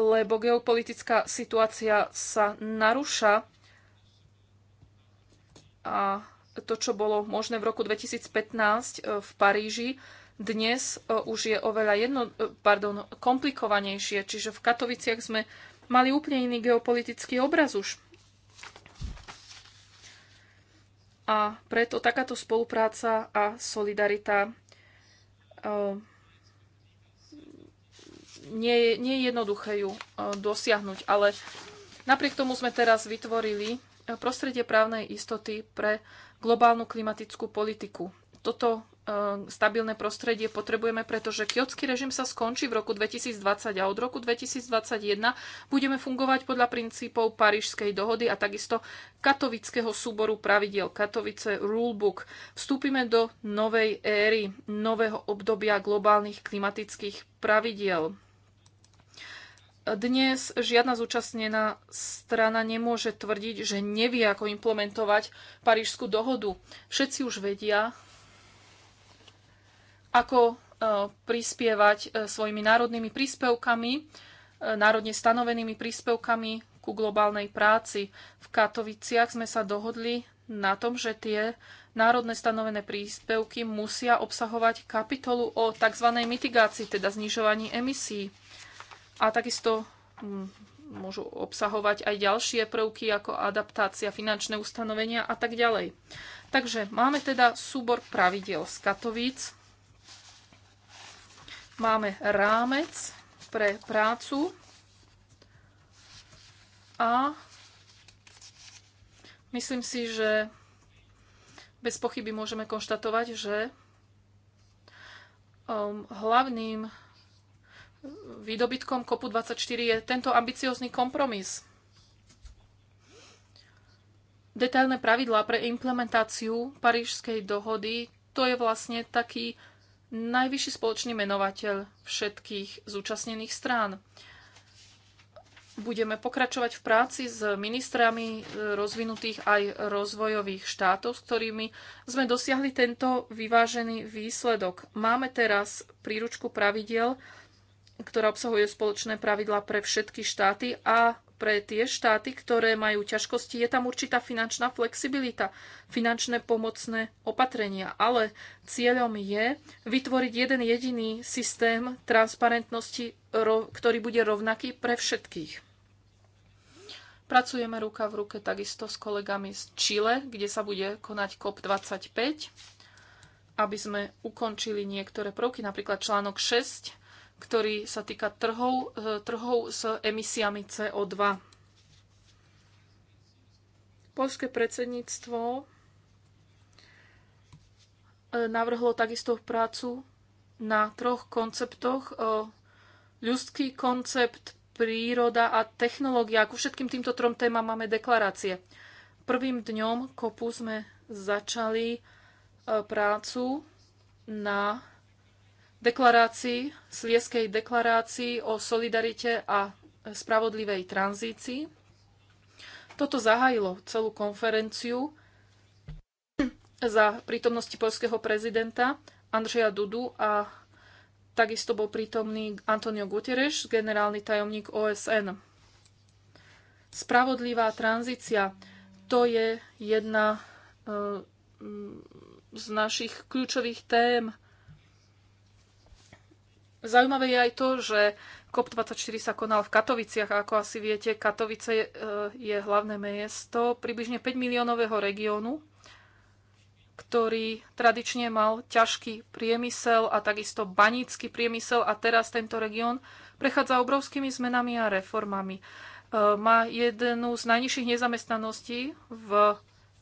lebo geopolitická situácia sa narúša a to, čo bolo možné v roku 2015 e, v Paríži, dnes e, už je oveľa jedno, e, pardon, komplikovanejšie. Čiže v Katoviciach sme mali úplne iný geopolitický obraz už. A preto takáto spolupráca a solidarita nie je, nie je jednoduché ju dosiahnuť, ale napriek tomu sme teraz vytvorili prostredie právnej istoty pre globálnu klimatickú politiku. Toto e, stabilné prostredie potrebujeme, pretože kiotský režim sa skončí v roku 2020 a od roku 2021 budeme fungovať podľa princípov Parížskej dohody a takisto katovického súboru pravidiel Katovice Rulebook. Vstúpime do novej éry, nového obdobia globálnych klimatických pravidiel. Dnes žiadna zúčastnená strana nemôže tvrdiť, že nevie, ako implementovať Parížskú dohodu. Všetci už vedia, ako e, prispievať e, svojimi národnými príspevkami, e, národne stanovenými príspevkami ku globálnej práci. V Katoviciach sme sa dohodli na tom, že tie národné stanovené príspevky musia obsahovať kapitolu o tzv. mitigácii, teda znižovaní emisí a takisto mm, môžu obsahovať aj ďalšie prvky ako adaptácia, finančné ustanovenia a tak ďalej. Takže máme teda súbor pravidel z Katovíc. Máme rámec pre prácu a myslím si, že bez pochyby môžeme konštatovať, že um, hlavným výdobytkom COP24 je tento ambiciózny kompromis. Detailné pravidlá pre implementáciu Parížskej dohody to je vlastne taký najvyšší spoločný menovateľ všetkých zúčastnených strán. Budeme pokračovať v práci s ministrami e, rozvinutých aj rozvojových štátov, s ktorými sme dosiahli tento vyvážený výsledok. Máme teraz príručku pravidiel, ktorá obsahuje spoločné pravidla pre všetky štáty a pre tie štáty, ktoré majú ťažkosti, je tam určitá finančná flexibilita, finančné pomocné opatrenia. Ale cieľom je vytvoriť jeden jediný systém transparentnosti, ktorý bude rovnaký pre všetkých. Pracujeme ruka v ruke takisto s kolegami z Chile, kde sa bude konať COP25, aby sme ukončili niektoré prvky, napríklad článok 6 ktorý sa týka trhov, e, trhov s emisiami CO2. Polské predsedníctvo e, navrhlo takisto prácu na troch konceptoch. E, ľudský koncept, príroda a technológia. Ku všetkým týmto trom témam máme deklarácie. Prvým dňom kopu sme začali prácu na deklarácii, Slieskej deklarácii o solidarite a spravodlivej tranzícii. Toto zahájilo celú konferenciu za prítomnosti polského prezidenta Andrzeja Dudu a takisto bol prítomný Antonio Guterres, generálny tajomník OSN. Spravodlivá tranzícia to je jedna eh, z našich kľúčových tém Zaujímavé je aj to, že COP24 sa konal v Katoviciach a ako asi viete, Katovice e, je hlavné mesto približne 5 miliónového regiónu, ktorý tradične mal ťažký priemysel a takisto banícky priemysel a teraz tento región prechádza obrovskými zmenami a reformami. E, má jednu z najnižších nezamestnaností v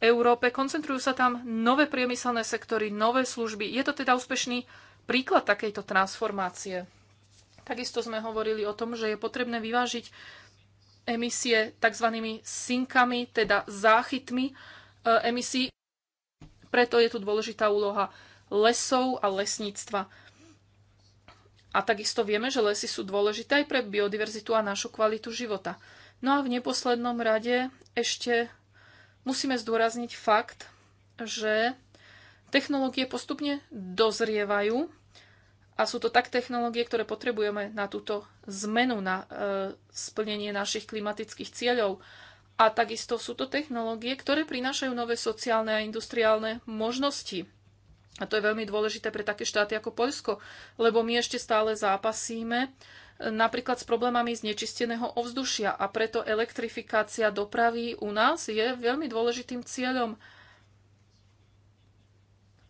Európe. Koncentrujú sa tam nové priemyselné sektory, nové služby. Je to teda úspešný príklad takejto transformácie. Takisto sme hovorili o tom, že je potrebné vyvážiť emisie tzv. sinkami, teda záchytmi e, emisí. Preto je tu dôležitá úloha lesov a lesníctva. A takisto vieme, že lesy sú dôležité aj pre biodiverzitu a našu kvalitu života. No a v neposlednom rade ešte musíme zdôrazniť fakt, že Technológie postupne dozrievajú a sú to tak technológie, ktoré potrebujeme na túto zmenu, na e, splnenie našich klimatických cieľov. A takisto sú to technológie, ktoré prinášajú nové sociálne a industriálne možnosti. A to je veľmi dôležité pre také štáty ako Poľsko, lebo my ešte stále zápasíme e, napríklad s problémami znečisteného ovzdušia a preto elektrifikácia dopravy u nás je veľmi dôležitým cieľom.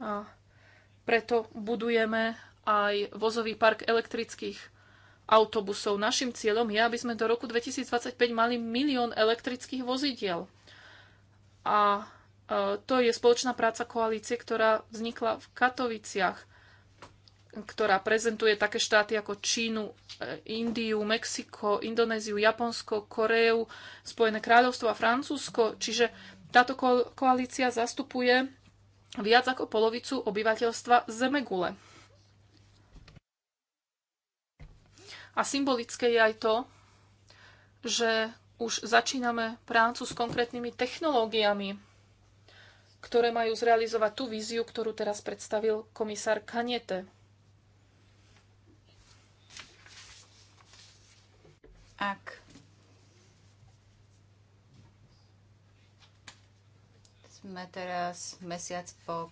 A preto budujeme aj vozový park elektrických autobusov. Našim cieľom je, aby sme do roku 2025 mali milión elektrických vozidiel. A e, to je spoločná práca koalície, ktorá vznikla v Katoviciach, ktorá prezentuje také štáty ako Čínu, e, Indiu, Mexiko, Indonéziu, Japonsko, Koreu, Spojené kráľovstvo a Francúzsko. Čiže táto koalícia zastupuje viac ako polovicu obyvateľstva Zemegule. A symbolické je aj to, že už začíname prácu s konkrétnymi technológiami, ktoré majú zrealizovať tú víziu, ktorú teraz predstavil komisár Kaniete. Ak Sme teraz mesiac po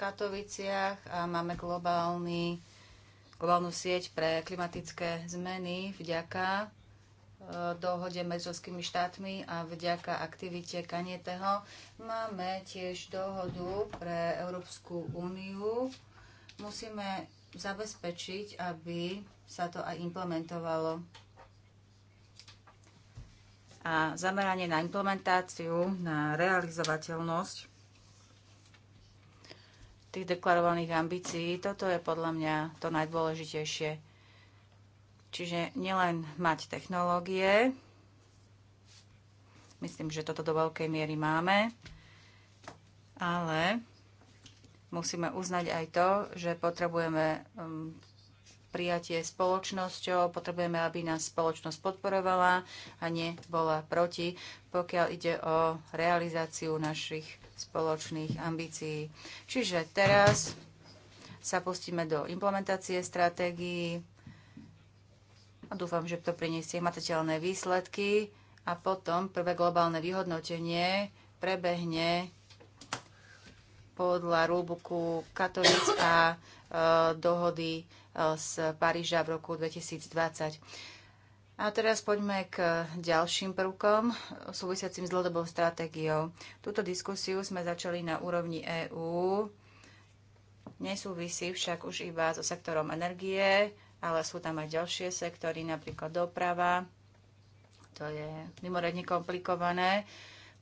Katoviciach a máme globálny, globálnu sieť pre klimatické zmeny vďaka e, dohode medzi štátmi a vďaka aktivite Kanieteho. Máme tiež dohodu pre Európsku úniu. Musíme zabezpečiť, aby sa to aj implementovalo a zameranie na implementáciu, na realizovateľnosť tých deklarovaných ambícií, toto je podľa mňa to najdôležitejšie. Čiže nielen mať technológie, myslím, že toto do veľkej miery máme, ale musíme uznať aj to, že potrebujeme um, prijatie spoločnosťou. Potrebujeme, aby nás spoločnosť podporovala a nie bola proti, pokiaľ ide o realizáciu našich spoločných ambícií. Čiže teraz sa pustíme do implementácie stratégií a dúfam, že to priniesie matateľné výsledky a potom prvé globálne vyhodnotenie prebehne podľa rúbuku katolická e, dohody e, z Paríža v roku 2020. A teraz poďme k ďalším prvkom súvisiacim s dlhodobou stratégiou. Túto diskusiu sme začali na úrovni EÚ. Nesúvisí však už iba so sektorom energie, ale sú tam aj ďalšie sektory, napríklad doprava. To je mimoriadne komplikované,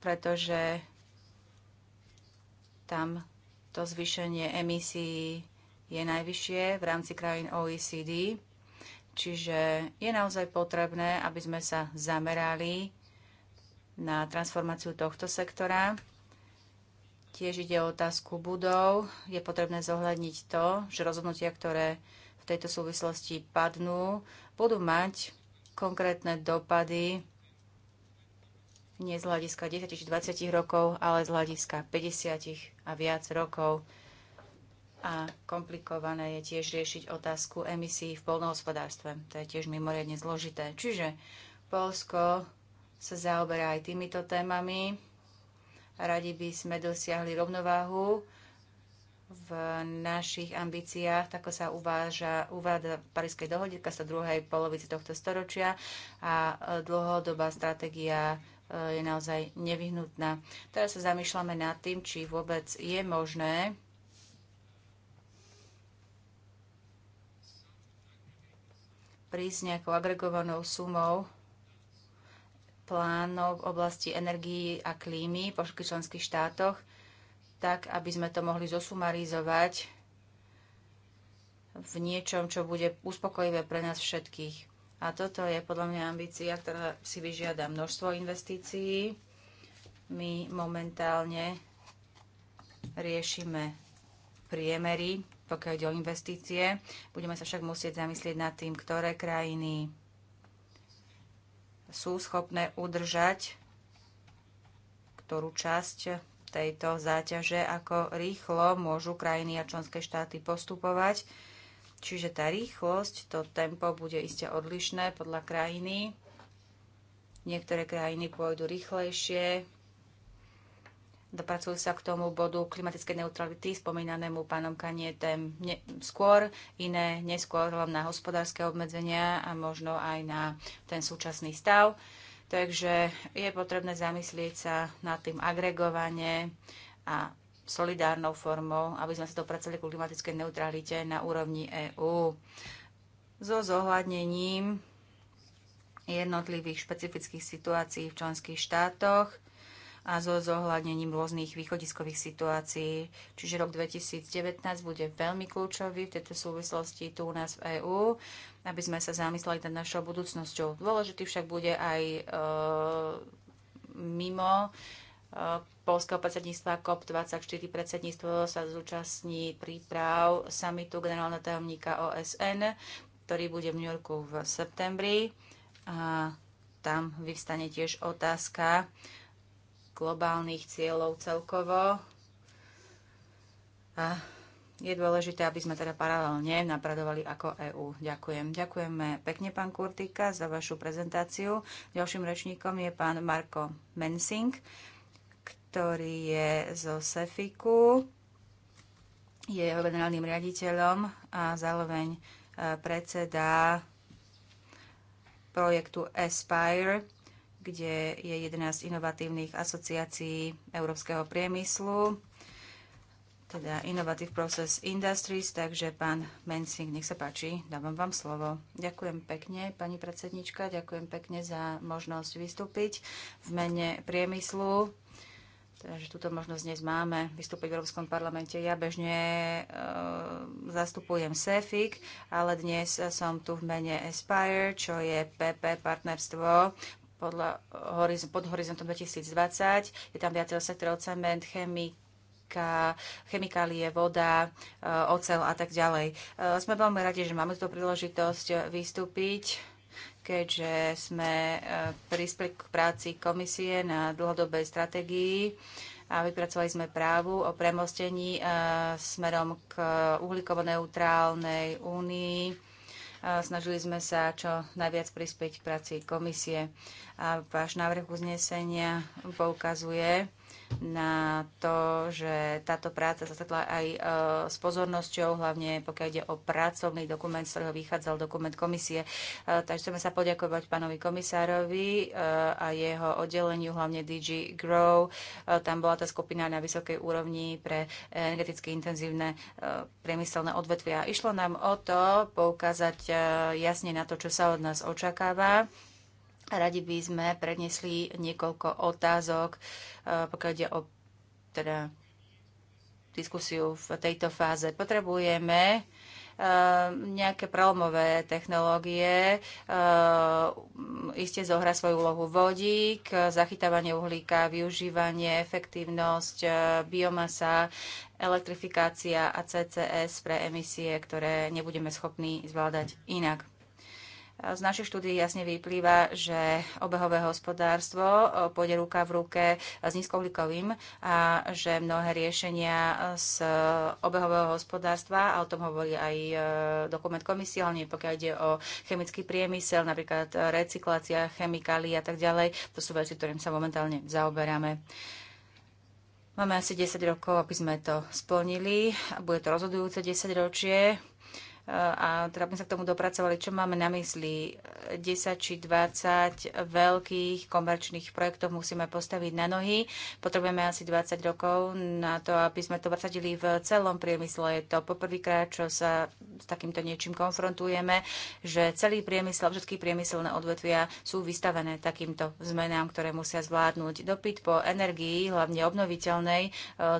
pretože tam to zvýšenie emisí je najvyššie v rámci krajín OECD, čiže je naozaj potrebné, aby sme sa zamerali na transformáciu tohto sektora. Tiež ide o otázku budov. Je potrebné zohľadniť to, že rozhodnutia, ktoré v tejto súvislosti padnú, budú mať konkrétne dopady nie z hľadiska 10 či 20 rokov, ale z hľadiska 50 a viac rokov. A komplikované je tiež riešiť otázku emisí v polnohospodárstve. To je tiež mimoriadne zložité. Čiže Polsko sa zaoberá aj týmito témami. Radi by sme dosiahli rovnováhu v našich ambíciách, tak sa uváža, uvádza v Parískej dohode, sa druhej polovici tohto storočia a dlhodobá stratégia E, je naozaj nevyhnutná. Teraz sa zamýšľame nad tým, či vôbec je možné prísť nejakou agregovanou sumou plánov v oblasti energií a klímy po všetkých členských štátoch, tak aby sme to mohli zosumarizovať v niečom, čo bude uspokojivé pre nás všetkých. A toto je podľa mňa ambícia, ktorá si vyžiada množstvo investícií. My momentálne riešime priemery, pokiaľ ide o investície. Budeme sa však musieť zamyslieť nad tým, ktoré krajiny sú schopné udržať ktorú časť tejto záťaže, ako rýchlo môžu krajiny a členské štáty postupovať Čiže tá rýchlosť, to tempo bude iste odlišné podľa krajiny. Niektoré krajiny pôjdu rýchlejšie. Dopracujú sa k tomu bodu klimatickej neutrality, spomínanému pánom Kanietem ne, skôr, iné neskôr, len na hospodárske obmedzenia a možno aj na ten súčasný stav. Takže je potrebné zamyslieť sa nad tým agregovanie a solidárnou formou, aby sme sa dopracali ku klimatickej neutralite na úrovni EÚ. So zohľadnením jednotlivých špecifických situácií v členských štátoch a so zohľadnením rôznych východiskových situácií. Čiže rok 2019 bude veľmi kľúčový v tejto súvislosti tu u nás v EÚ, aby sme sa zamysleli nad našou budúcnosťou. Dôležitý však bude aj e, mimo polského predsedníctva COP24 predsedníctvo sa zúčastní príprav samitu generálneho tajomníka OSN, ktorý bude v New Yorku v septembri. A tam vyvstane tiež otázka globálnych cieľov celkovo. A je dôležité, aby sme teda paralelne napredovali ako EÚ. Ďakujem. Ďakujeme pekne, pán Kurtika, za vašu prezentáciu. Ďalším rečníkom je pán Marko Mensing ktorý je zo Sefiku, je jeho generálnym riaditeľom a zároveň e, predseda projektu Aspire, kde je 11 inovatívnych asociácií európskeho priemyslu, teda Innovative Process Industries, takže pán Mensing, nech sa páči, dávam vám slovo. Ďakujem pekne, pani predsednička, ďakujem pekne za možnosť vystúpiť v mene priemyslu teda, že túto možnosť dnes máme vystúpiť v Európskom parlamente. Ja bežne e, zastupujem SEFIC, ale dnes som tu v mene Aspire, čo je PP partnerstvo podľa, pod horizontom 2020. Je tam viacero sektorov cement, chemik, chemika, chemikálie, voda, e, ocel a tak ďalej. E, sme veľmi radi, že máme túto príležitosť vystúpiť keďže sme e, prispeli k práci komisie na dlhodobej stratégii a vypracovali sme právu o premostení e, smerom k uhlíkovo-neutrálnej únii. E, snažili sme sa čo najviac prispieť k práci komisie. A váš návrh uznesenia poukazuje na to, že táto práca sa stretla aj e, s pozornosťou, hlavne pokiaľ ide o pracovný dokument, z ktorého vychádzal dokument komisie. E, takže chceme sa poďakovať pánovi komisárovi e, a jeho oddeleniu, hlavne DG Grow. E, tam bola tá skupina na vysokej úrovni pre energeticky intenzívne e, priemyselné odvetvia. Išlo nám o to poukázať e, jasne na to, čo sa od nás očakáva Radi by sme prednesli niekoľko otázok, e, pokiaľ ide o teda, diskusiu v tejto fáze. Potrebujeme e, nejaké prelomové technológie. E, Isté zohra svoju úlohu vodík, zachytávanie uhlíka, využívanie, efektívnosť, biomasa, elektrifikácia a CCS pre emisie, ktoré nebudeme schopní zvládať inak. Z našej štúdií jasne vyplýva, že obehové hospodárstvo eh, pôjde ruka v ruke s nízkouhlíkovým a že mnohé riešenia z eh, obehového hospodárstva, a o tom hovorí aj eh, dokument komisie, hlavne pokiaľ ide o chemický priemysel, napríklad recyklácia chemikálií a tak ďalej, to sú veci, ktorým sa momentálne zaoberáme. Máme asi 10 rokov, aby sme to splnili. Bude to rozhodujúce 10 ročie a teda sme sa k tomu dopracovali, čo máme na mysli. 10 či 20 veľkých komerčných projektov musíme postaviť na nohy. Potrebujeme asi 20 rokov na to, aby sme to presadili v celom priemysle. Je to poprvýkrát, čo sa s takýmto niečím konfrontujeme, že celý priemysel, všetky priemyselné odvetvia sú vystavené takýmto zmenám, ktoré musia zvládnuť. Dopyt po energii, hlavne obnoviteľnej, e,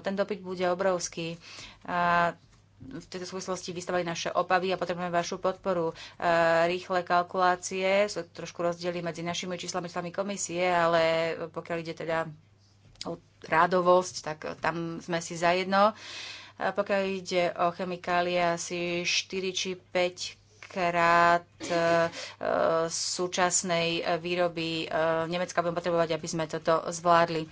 ten dopyt bude obrovský. A v tejto súvislosti vystavali naše obavy a potrebujeme vašu podporu. E, rýchle kalkulácie sú trošku rozdiely medzi našimi číslami, číslami komisie, ale pokiaľ ide teda o rádovosť, tak tam sme si zajedno. pokiaľ ide o chemikálie, asi 4 či 5 krát e, e, súčasnej výroby Nemecka budeme potrebovať, aby sme toto zvládli.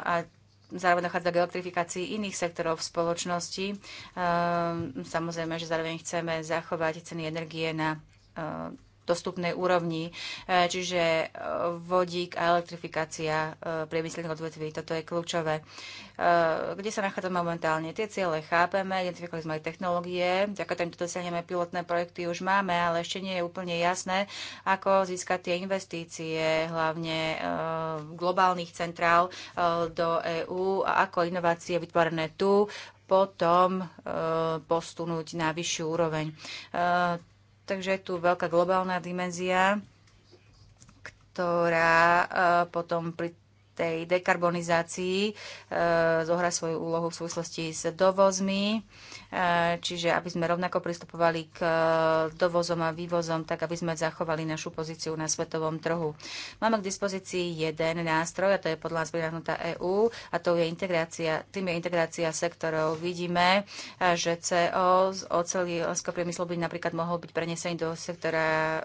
A zároveň dochádza k elektrifikácii iných sektorov v spoločnosti. Ehm, samozrejme, že zároveň chceme zachovať ceny energie na ehm, dostupnej úrovni, e, čiže e, vodík a elektrifikácia e, priemyselných odvetví. Toto je kľúčové. Kde sa nachádzame momentálne? Tie ciele chápeme, identifikovali sme aj technológie, vďaka týmto dosiahneme pilotné projekty, už máme, ale ešte nie je úplne jasné, ako získať tie investície, hlavne globálnych centrál do EÚ a ako inovácie vytvorené tu potom posunúť na vyššiu úroveň Takže je tu veľká globálna dimenzia, ktorá e, potom pri tej dekarbonizácii e, zohra svoju úlohu v súvislosti s dovozmi E, čiže aby sme rovnako pristupovali k e, dovozom a vývozom, tak aby sme zachovali našu pozíciu na svetovom trhu. Máme k dispozícii jeden nástroj, a to je podľa nás vyrahnutá EÚ, a to je integrácia, tým je integrácia sektorov. Vidíme, e, že CO z oceliarského priemyslu by napríklad mohol byť prenesený do sektora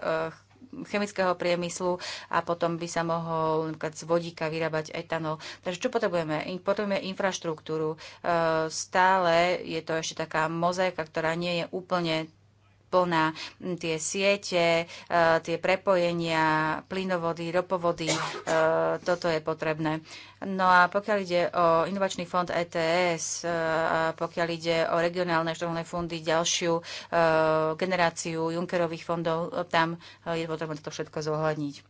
chemického priemyslu a potom by sa mohol napríklad z vodíka vyrábať etanol. Takže čo potrebujeme? Potrebujeme infraštruktúru. E, stále je to ešte taká mozaika, ktorá nie je úplne plná. Tie siete, e, tie prepojenia, plynovody, ropovody, e, toto je potrebné. No a pokiaľ ide o inovačný fond ETS, e, a pokiaľ ide o regionálne štruktúrne fondy, ďalšiu generáciu Junckerových fondov, tam je potrebné toto všetko zohľadniť.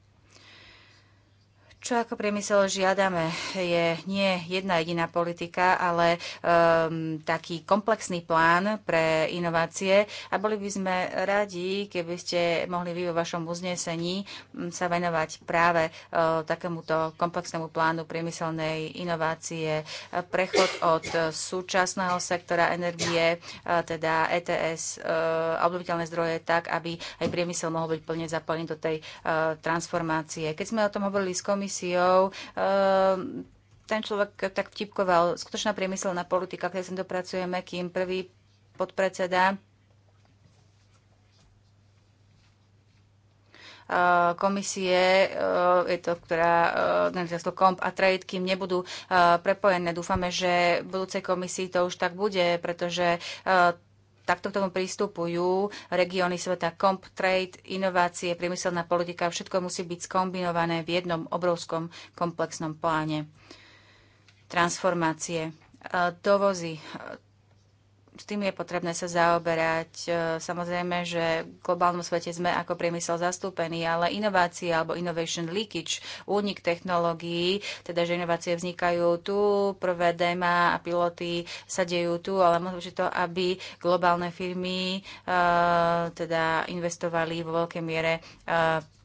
Čo ako priemysel žiadame je nie jedna jediná politika, ale um, taký komplexný plán pre inovácie a boli by sme radi, keby ste mohli vy vo vašom uznesení hm, sa venovať práve uh, takémuto komplexnému plánu priemyselnej inovácie, prechod od e, súčasného sektora energie, uh, teda ETS, uh, obnoviteľné zdroje, tak, aby aj priemysel mohol byť plne zapojený do tej uh, transformácie. Keď sme o tom hovorili s komisiou, komisiou, ehm, ten človek tak vtipkoval. Skutočná priemyselná politika, keď sa dopracujeme, kým prvý podpredseda ehm, komisie, ehm, je to, ktorá organizácia komp a Trade, kým nebudú prepojené. Dúfame, že v budúcej komisii to už tak bude, pretože takto k tomu prístupujú regióny sveta comp, trade, inovácie, priemyselná politika. Všetko musí byť skombinované v jednom obrovskom komplexnom pláne transformácie. E, dovozy, e, s tým je potrebné sa zaoberať. E, samozrejme, že v globálnom svete sme ako priemysel zastúpení, ale inovácie alebo innovation leakage, únik technológií, teda že inovácie vznikajú tu, prvé déma a piloty sa dejú tu, ale možno, že to, aby globálne firmy e, teda investovali vo veľkej miere e,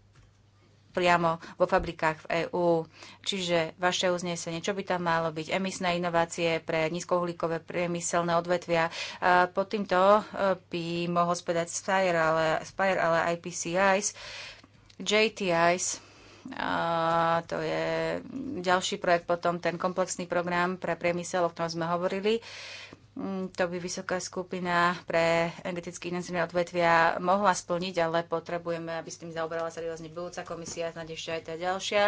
priamo vo fabrikách v EÚ. Čiže vaše uznesenie, čo by tam malo byť? Emisné inovácie pre nízkouhlíkové priemyselné odvetvia. Pod týmto e, by mohol spedať Spire, ale, Spire, ale IPCIs, JTIs, a to je ďalší projekt, potom ten komplexný program pre priemysel, o ktorom sme hovorili. Uh, Mm, to by vysoká skupina pre energetické intenzívne odvetvia mohla splniť, ale potrebujeme, aby s tým zaoberala seriózne budúca komisia, snáď ešte aj tá ďalšia.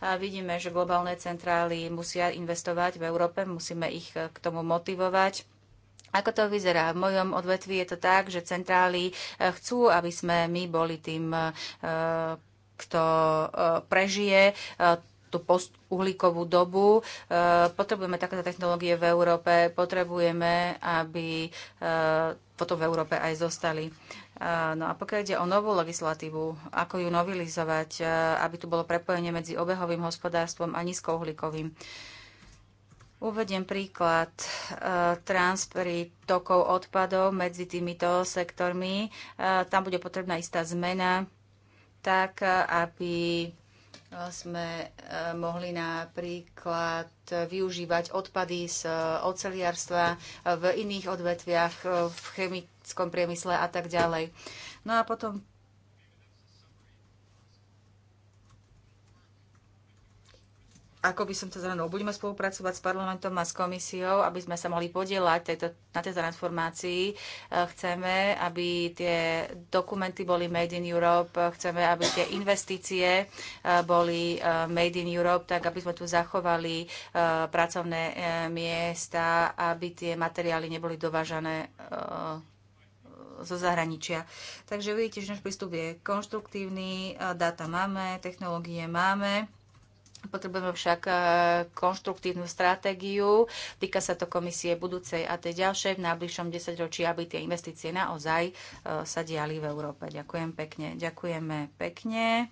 A vidíme, že globálne centrály musia investovať v Európe, musíme ich k tomu motivovať. Ako to vyzerá? V mojom odvetví je to tak, že centrály eh, chcú, aby sme my boli tým, eh, kto eh, prežije tú postuhlíkovú dobu. E, potrebujeme takéto technológie v Európe, potrebujeme, aby e, potom v Európe aj zostali. E, no a pokiaľ ide o novú legislatívu, ako ju novilizovať, aby tu bolo prepojenie medzi obehovým hospodárstvom a nízkouhlíkovým. Uvediem príklad transfery tokov odpadov medzi týmito sektormi. Tam bude potrebná istá zmena, tak aby sme e, mohli napríklad využívať odpady z e, oceliarstva e, v iných odvetviach, v chemickom priemysle a tak ďalej. No a potom ako by som to zhrnul, budeme spolupracovať s parlamentom a s komisiou, aby sme sa mohli podielať tejto, na tej transformácii. E, chceme, aby tie dokumenty boli made in Europe, chceme, aby tie investície e, boli e, made in Europe, tak aby sme tu zachovali pracovné miesta, aby tie materiály neboli dovážané zo zahraničia. Takže vidíte, že náš prístup je konštruktívny, dáta máme, technológie máme Potrebujeme však e, konštruktívnu stratégiu. Týka sa to komisie budúcej a tej ďalšej v najbližšom desaťročí, aby tie investície naozaj e, sa diali v Európe. Ďakujem pekne. Ďakujeme pekne.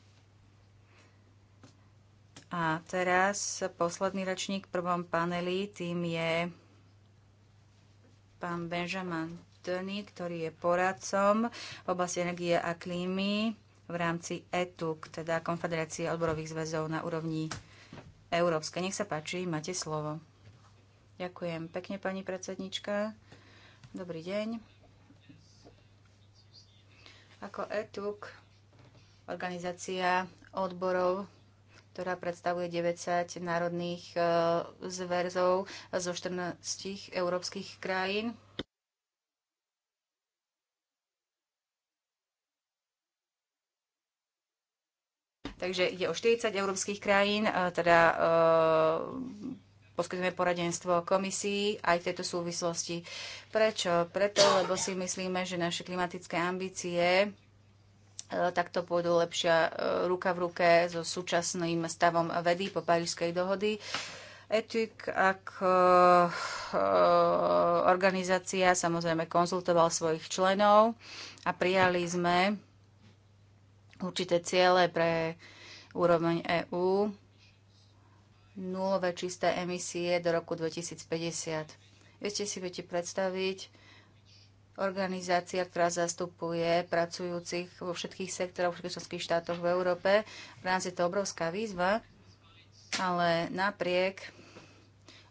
A teraz posledný rečník v prvom paneli, tým je pán Benjamin Tony, ktorý je poradcom v oblasti energie a klímy v rámci ETUK, teda Konfederácie odborových zväzov na úrovni Európskej. Nech sa páči, máte slovo. Ďakujem pekne, pani predsednička. Dobrý deň. Ako ETUK, organizácia odborov ktorá predstavuje 90 národných e, zväzov zo 14 európskych krajín. Takže ide o 40 európskych krajín, e, teda e, poskytujeme poradenstvo komisii aj v tejto súvislosti. Prečo? Preto, lebo si myslíme, že naše klimatické ambície e, takto pôjdu lepšia ruka v ruke so súčasným stavom vedy po Parížskej dohody. Etik ako organizácia samozrejme konzultoval svojich členov a prijali sme určité ciele pre úroveň EÚ nulové čisté emisie do roku 2050. ste si viete predstaviť, organizácia, ktorá zastupuje pracujúcich vo všetkých sektoroch, všetkých členských štátoch v Európe. Pre nás je to obrovská výzva, ale napriek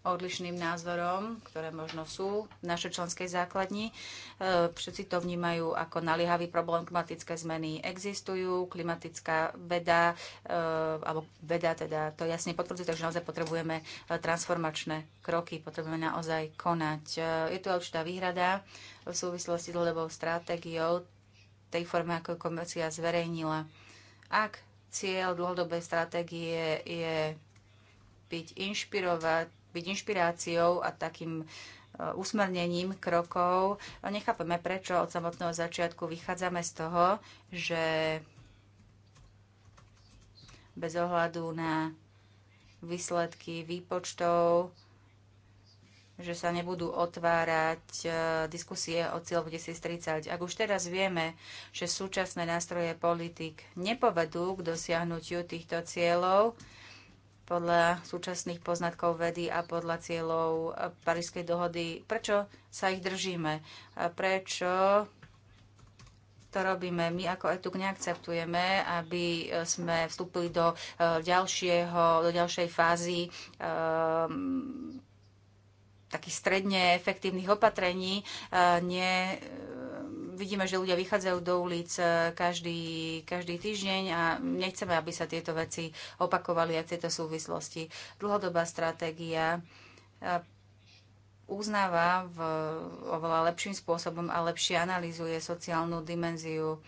odlišným názorom, ktoré možno sú v našej členskej základni. E, všetci to vnímajú ako naliehavý problém. Klimatické zmeny existujú, klimatická veda, e, alebo veda teda to jasne potvrdzuje, takže naozaj potrebujeme e, transformačné kroky, potrebujeme naozaj konať. Je tu určitá výhrada v súvislosti s dlhodobou stratégiou tej forme, ako komercia zverejnila. Ak cieľ dlhodobej stratégie je byť inšpirovať byť inšpiráciou a takým e, usmernením krokov. Nechápeme, prečo od samotného začiatku vychádzame z toho, že bez ohľadu na výsledky výpočtov, že sa nebudú otvárať e, diskusie o cieľ 2030. Ak už teraz vieme, že súčasné nástroje politik nepovedú k dosiahnutiu týchto cieľov, podľa súčasných poznatkov vedy a podľa cieľov Parískej dohody. Prečo sa ich držíme? A prečo to robíme. My ako ETUK neakceptujeme, aby sme vstúpili do e, ďalšieho, do ďalšej fázy um, takých stredne efektívnych opatrení. Uh, nie, vidíme, že ľudia vychádzajú do ulic e, každý, každý týždeň a nechceme, aby sa tieto veci opakovali aj v tejto súvislosti. Dlhodobá stratégia e, uznáva v oveľa lepším spôsobom a lepšie analýzuje sociálnu dimenziu e,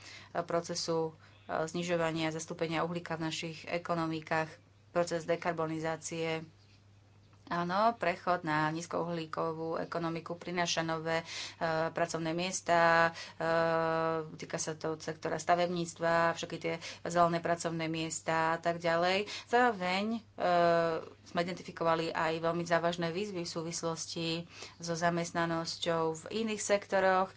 procesu znižovania zastúpenia uhlíka v našich ekonomikách, proces dekarbonizácie Áno, prechod na nízkouhlíkovú ekonomiku prináša nové e, pracovné miesta, e, týka sa to sektora stavebníctva, všetky tie zelené pracovné miesta a tak ďalej. Zároveň e, sme identifikovali aj veľmi závažné výzvy v súvislosti so zamestnanosťou v iných sektoroch, e,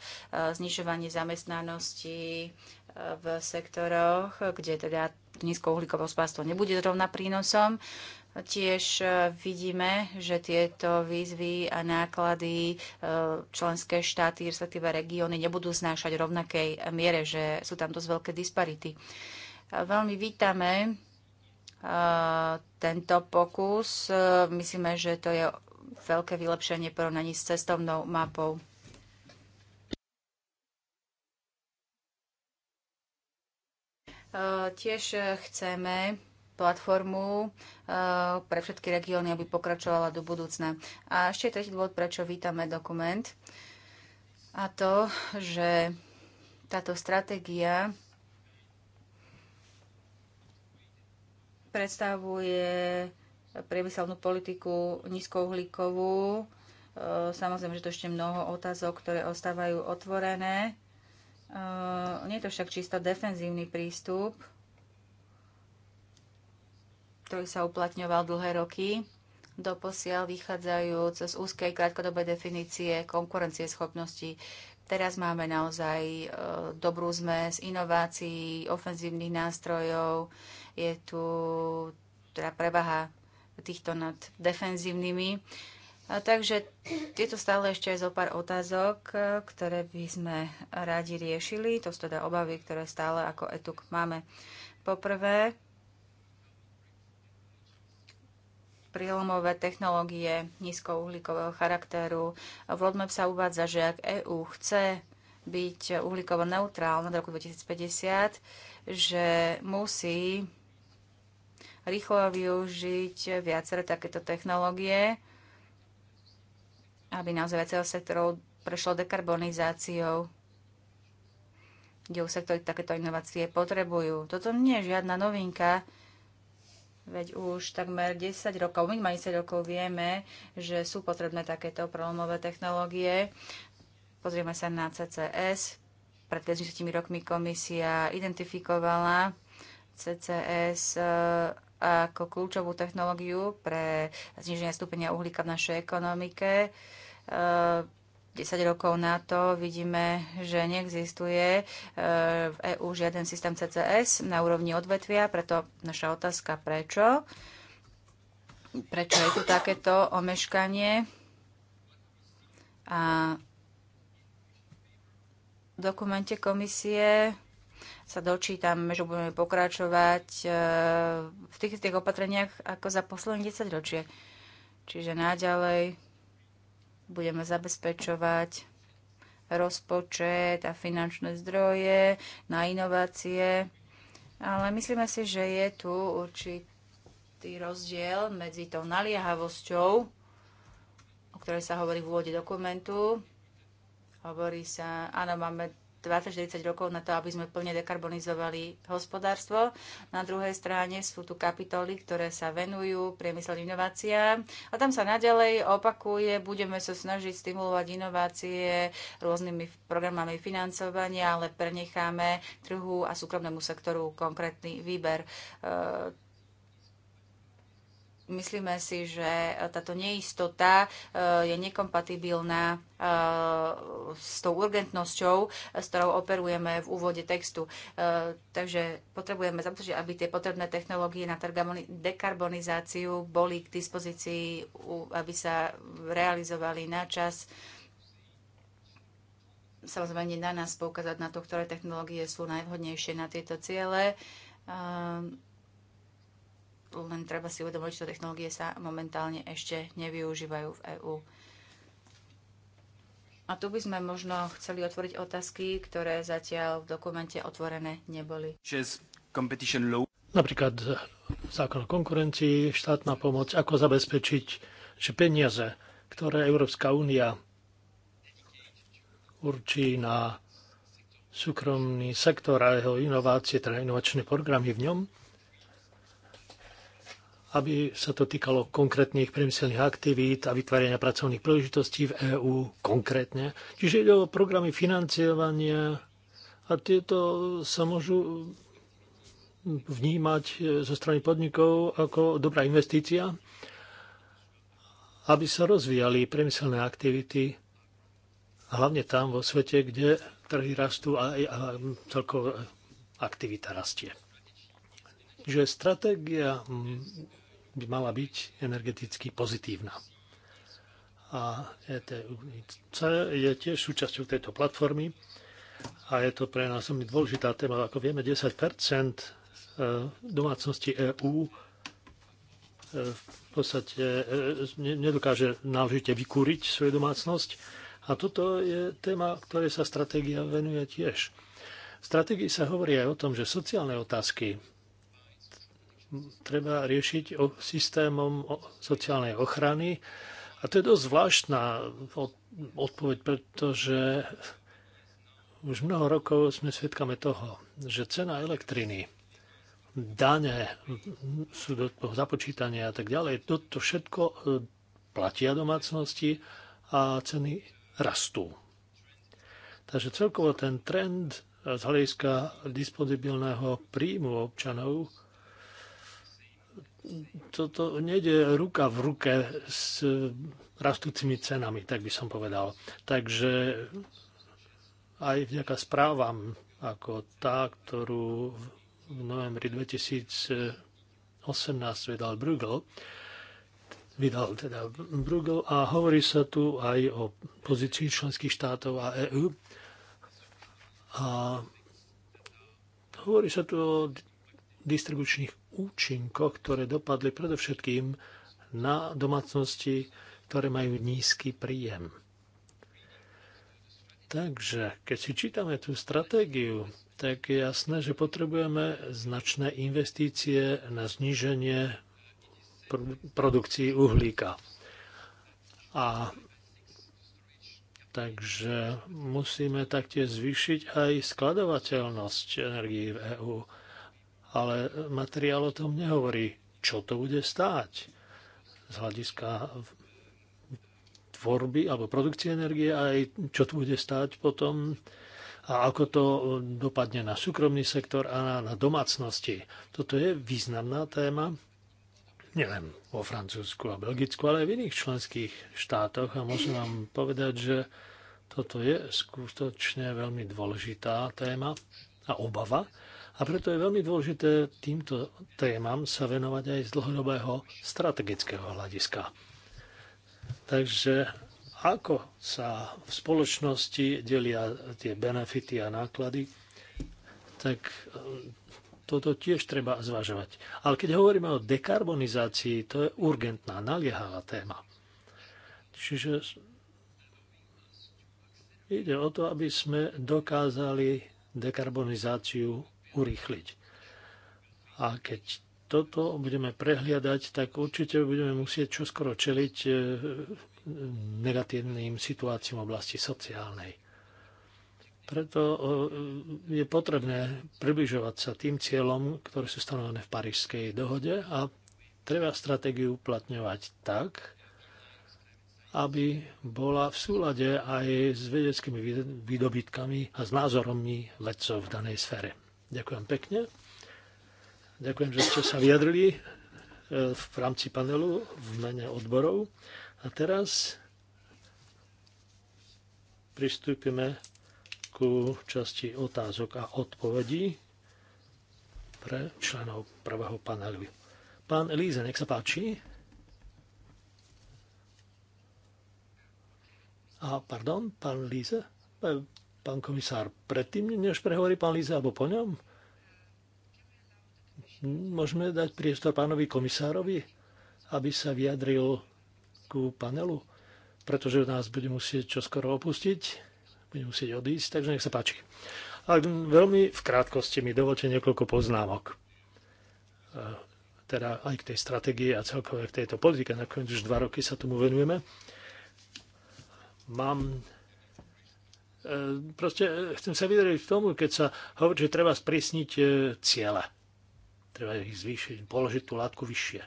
znižovanie zamestnanosti e, v sektoroch, kde teda nízkouhlíkové hospodárstvo nebude zrovna prínosom. E, Tiež e, vidíme, že tieto výzvy a náklady e, členské štáty, respektíve regióny nebudú znášať v rovnakej miere, že sú tam dosť veľké disparity. E, veľmi vítame tento pokus. Myslíme, že to je veľké vylepšenie porovnaní s cestovnou mapou. Tiež chceme platformu eh, pre všetky regióny, aby pokračovala do budúcna. A ešte tretí dôvod, prečo vítame dokument, a to, že táto stratégia predstavuje priemyselnú politiku nízkouhlíkovú. Eh, samozrejme, že to ešte mnoho otázok, ktoré ostávajú otvorené. Eh, nie je to však čisto defenzívny prístup, ktorý sa uplatňoval dlhé roky, doposiaľ vychádzajú cez úzkej krátkodobé definície konkurencieschopnosti. Teraz máme naozaj e, dobrú zmes inovácií, ofenzívnych nástrojov. Je tu teda prevaha týchto nad defenzívnymi. A takže je to stále ešte aj zo pár otázok, e, ktoré by sme radi riešili. To sú teda obavy, ktoré stále ako etuk máme. Poprvé, prílomové technológie nízkouhlíkového charakteru. V roadmap sa uvádza, že ak EÚ chce byť uhlíkovo neutrálna do roku 2050, že musí rýchlo využiť viaceré takéto technológie, aby naozaj viacero sektorov prešlo dekarbonizáciou, kde už sektory takéto inovácie potrebujú. Toto nie je žiadna novinka, Veď už takmer 10 rokov, minimálne 10 rokov vieme, že sú potrebné takéto prelomové technológie. Pozrieme sa na CCS. Pred 10 rokmi komisia identifikovala CCS e, ako kľúčovú technológiu pre zniženie stupenia uhlíka v našej ekonomike e, 10 rokov na to vidíme, že neexistuje e, v EÚ žiaden systém CCS na úrovni odvetvia, preto naša otázka prečo. Prečo je tu takéto omeškanie? A v dokumente komisie sa dočítam, že budeme pokračovať e, v tých, tých opatreniach ako za posledné 10 ročie. Čiže naďalej budeme zabezpečovať rozpočet a finančné zdroje na inovácie, ale myslíme si, že je tu určitý rozdiel medzi tou naliehavosťou, o ktorej sa hovorí v úvode dokumentu. Hovorí sa, áno, máme 20-40 rokov na to, aby sme plne dekarbonizovali hospodárstvo. Na druhej strane sú tu kapitoly, ktoré sa venujú priemysel inováciám a tam sa naďalej opakuje, budeme sa snažiť stimulovať inovácie rôznymi programami financovania, ale prenecháme trhu a súkromnému sektoru konkrétny výber. E, Myslíme si, že e, táto neistota e, je nekompatibilná e, s tou urgentnosťou, s ktorou operujeme v úvode textu. Takže potrebujeme zabezpečiť, aby tie potrebné technológie na dekarbonizáciu boli k dispozícii, aby sa realizovali na čas samozrejme na nás poukázať na to, ktoré technológie sú najvhodnejšie na tieto ciele len treba si uvedomiť, že technológie sa momentálne ešte nevyužívajú v EÚ. A tu by sme možno chceli otvoriť otázky, ktoré zatiaľ v dokumente otvorené neboli. Napríklad zákon o konkurencii, štátna pomoc, ako zabezpečiť, že peniaze, ktoré Európska únia určí na súkromný sektor a jeho inovácie, teda inovačné programy v ňom, aby sa to týkalo konkrétnych priemyselných aktivít a vytvárania pracovných príležitostí v EÚ konkrétne. Čiže ide o programy financiovania a tieto sa môžu vnímať zo strany podnikov ako dobrá investícia, aby sa rozvíjali priemyselné aktivity, hlavne tam vo svete, kde trhy rastú a, celková aktivita rastie. Čiže stratégia by mala byť energeticky pozitívna. A ETUC je tiež súčasťou tejto platformy a je to pre nás veľmi dôležitá téma. Ako vieme, 10 e, domácnosti EÚ e, v podstate e, nedokáže náležite vykúriť svoju domácnosť. A toto je téma, ktorej sa stratégia venuje tiež. V stratégii sa hovorí aj o tom, že sociálne otázky treba riešiť systémom sociálnej ochrany. A to je dosť zvláštna odpoveď, pretože už mnoho rokov sme svedkami toho, že cena elektriny, dane sú do toho započítania a tak ďalej, toto všetko e, platia domácnosti a ceny rastú. Takže celkovo ten trend z hľadiska disponibilného príjmu občanov toto nejde ruka v ruke s rastúcimi cenami, tak by som povedal. Takže aj vďaka správam ako tá, ktorú v novembri 2018 vydal Bruegel, vydal teda Bruegel a hovorí sa tu aj o pozícii členských štátov a EÚ. A hovorí sa tu o distribučných účinkoch, ktoré dopadli predovšetkým na domácnosti, ktoré majú nízky príjem. Takže, keď si čítame tú stratégiu, tak je jasné, že potrebujeme značné investície na zníženie produkcii uhlíka. A takže musíme taktiež zvýšiť aj skladovateľnosť energii v EÚ ale materiál o tom nehovorí, čo to bude stáť z hľadiska tvorby alebo produkcie energie a aj čo to bude stáť potom a ako to dopadne na súkromný sektor a na, na domácnosti. Toto je významná téma, nielen vo Francúzsku a Belgicku, ale aj v iných členských štátoch a môžem vám povedať, že toto je skutočne veľmi dôležitá téma a obava, a preto je veľmi dôležité týmto témam sa venovať aj z dlhodobého strategického hľadiska. Takže ako sa v spoločnosti delia tie benefity a náklady, tak e, toto tiež treba zvažovať. Ale keď hovoríme o dekarbonizácii, to je urgentná, naliehavá téma. Čiže ide o to, aby sme dokázali dekarbonizáciu urýchliť. A keď toto budeme prehliadať, tak určite budeme musieť čoskoro čeliť e, negatívnym situáciám v oblasti sociálnej. Preto e, je potrebné približovať sa tým cieľom, ktoré sú stanovené v Parížskej dohode a treba stratégiu uplatňovať tak, aby bola v súlade aj s vedeckými výdobytkami a s názormi vedcov v danej sfére. Ďakujem pekne. Ďakujem, že ste sa vyjadrili e, v rámci panelu v mene odborov. A teraz pristúpime ku časti otázok a odpovedí pre členov prvého panelu. Pán Líze, nech sa páči. A pardon, pán Líze? E, Pán komisár, predtým, než prehovorí pán Líze, alebo po ňom? Môžeme dať priestor pánovi komisárovi, aby sa vyjadril ku panelu, pretože nás bude musieť čoskoro opustiť, bude musieť odísť, takže nech sa páči. A veľmi v krátkosti mi dovolte niekoľko poznámok. E, teda aj k tej strategii a celkové k tejto politike. Nakoniec už dva roky sa tomu venujeme. Mám E, proste e, chcem sa vyjadriť k tomu, keď sa hovorí, že treba sprísniť e, ciele. Treba ich zvýšiť, položiť tú látku vyššie.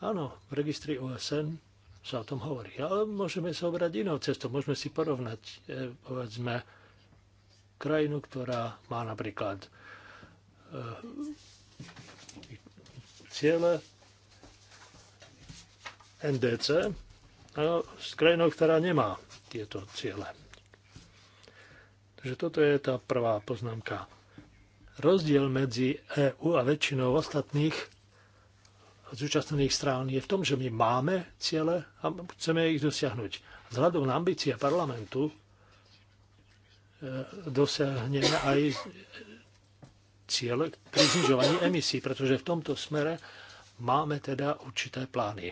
Áno, v registri OSN sa o tom hovorí. Ale môžeme sa obrať inou cestou. Môžeme si porovnať, povedzme, krajinu, ktorá má napríklad e, ciele NDC a s krajinou, ktorá nemá tieto ciele. Takže toto je tá prvá poznámka. Rozdiel medzi EU a väčšinou ostatných zúčastnených strán je v tom, že my máme ciele a chceme ich dosiahnuť. Vzhľadom na ambície parlamentu e, dosiahneme aj ciele pri znižovaní emisí, pretože v tomto smere máme teda určité plány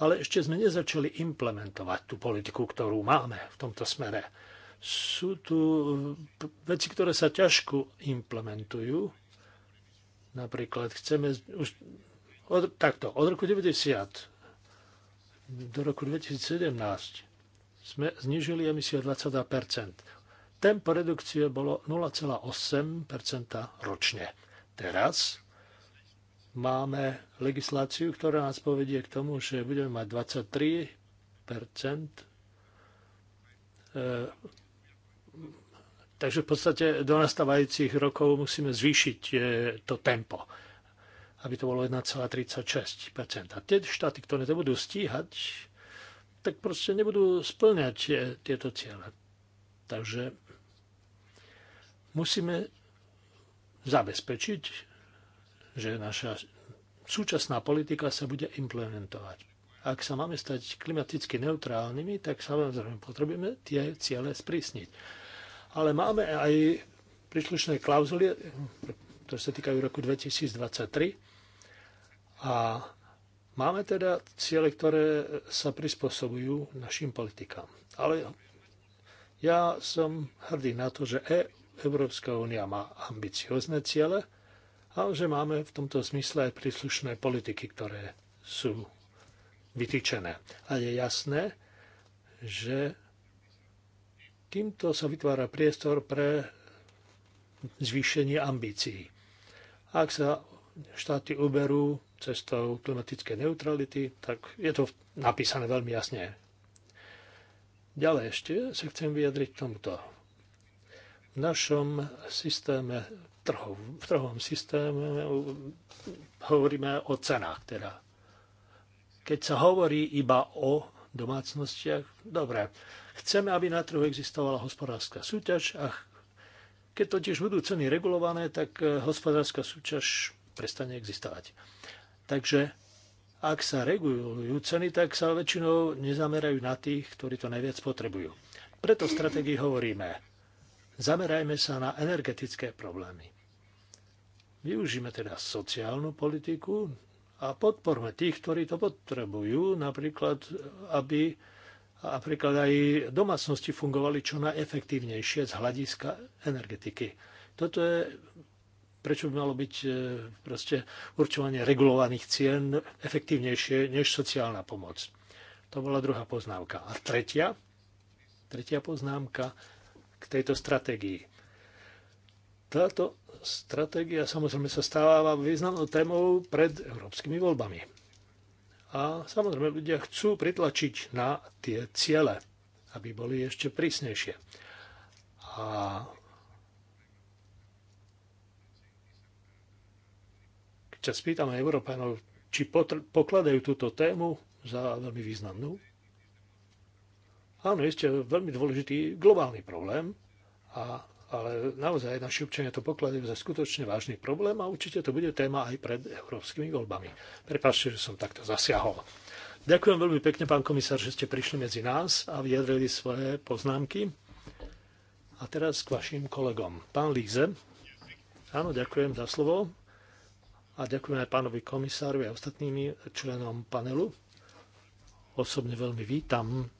ale ešte sme nezačali implementovať tú politiku, ktorú máme v tomto smere. Sú tu eh, veci, ktoré sa ťažko implementujú. Napríklad chceme už od, takto, od roku 90 do roku 2017 sme znižili emisie 22 Tempo redukcie bolo 0,8 ročne. Teraz máme legisláciu, ktorá nás povedie k tomu, že budeme mať 23 eh, Takže v podstate do nastávajúcich rokov musíme zvýšiť eh, to tempo, aby to bolo 1,36 A tie štáty, ktoré to budú stíhať, tak proste nebudú splňať eh, tieto ciele. Takže musíme zabezpečiť že naša súčasná politika sa bude implementovať. Ak sa máme stať klimaticky neutrálnymi, tak samozrejme potrebujeme tie ciele sprísniť. Ale máme aj príslušné klauzulie, ktoré sa týkajú roku 2023. A máme teda ciele, ktoré sa prispôsobujú našim politikám. Ale ja som hrdý na to, že e- Európska únia má ambiciozne ciele, a že máme v tomto zmysle aj príslušné politiky, ktoré sú vytýčené. A je jasné, že týmto sa vytvára priestor pre zvýšenie ambícií. Ak sa štáty uberú cestou klimatické neutrality, tak je to napísané veľmi jasne. Ďalej ešte sa chcem vyjadriť k tomuto. V našom systéme trhov, v trhovom systéme hovoríme o cenách. Teda. Keď sa hovorí iba o domácnostiach, dobre, chceme, aby na trhu existovala hospodárska súťaž a keď totiž budú ceny regulované, tak eh, hospodárska súťaž prestane existovať. Takže ak sa regulujú ceny, tak sa väčšinou nezamerajú na tých, ktorí to najviac potrebujú. Preto v stratégii hovoríme, zamerajme sa na energetické problémy. Využíme teda sociálnu politiku a podporme tých, ktorí to potrebujú, napríklad, aby napríklad aj domácnosti fungovali čo najefektívnejšie z hľadiska energetiky. Toto je prečo by malo byť e, proste určovanie regulovaných cien efektívnejšie než sociálna pomoc. To bola druhá poznámka. A tretia, tretia poznámka k tejto stratégii. Táto stratégia samozrejme sa stáva významnou témou pred európskymi voľbami. A samozrejme ľudia chcú pritlačiť na tie ciele, aby boli ešte prísnejšie. A keď sa spýtame Európanov, či pokladajú túto tému za veľmi významnú, áno, ešte veľmi dôležitý globálny problém a ale naozaj naši občania to pokladajú za skutočne vážny problém a určite to bude téma aj pred európskymi voľbami. Prepáčte, že som takto zasiahol. Ďakujem veľmi pekne, pán komisár, že ste prišli medzi nás a vyjadrili svoje poznámky. A teraz k vašim kolegom. Pán Líze. Áno, ďakujem za slovo. A ďakujem aj pánovi komisárovi a ostatným členom panelu. Osobne veľmi vítam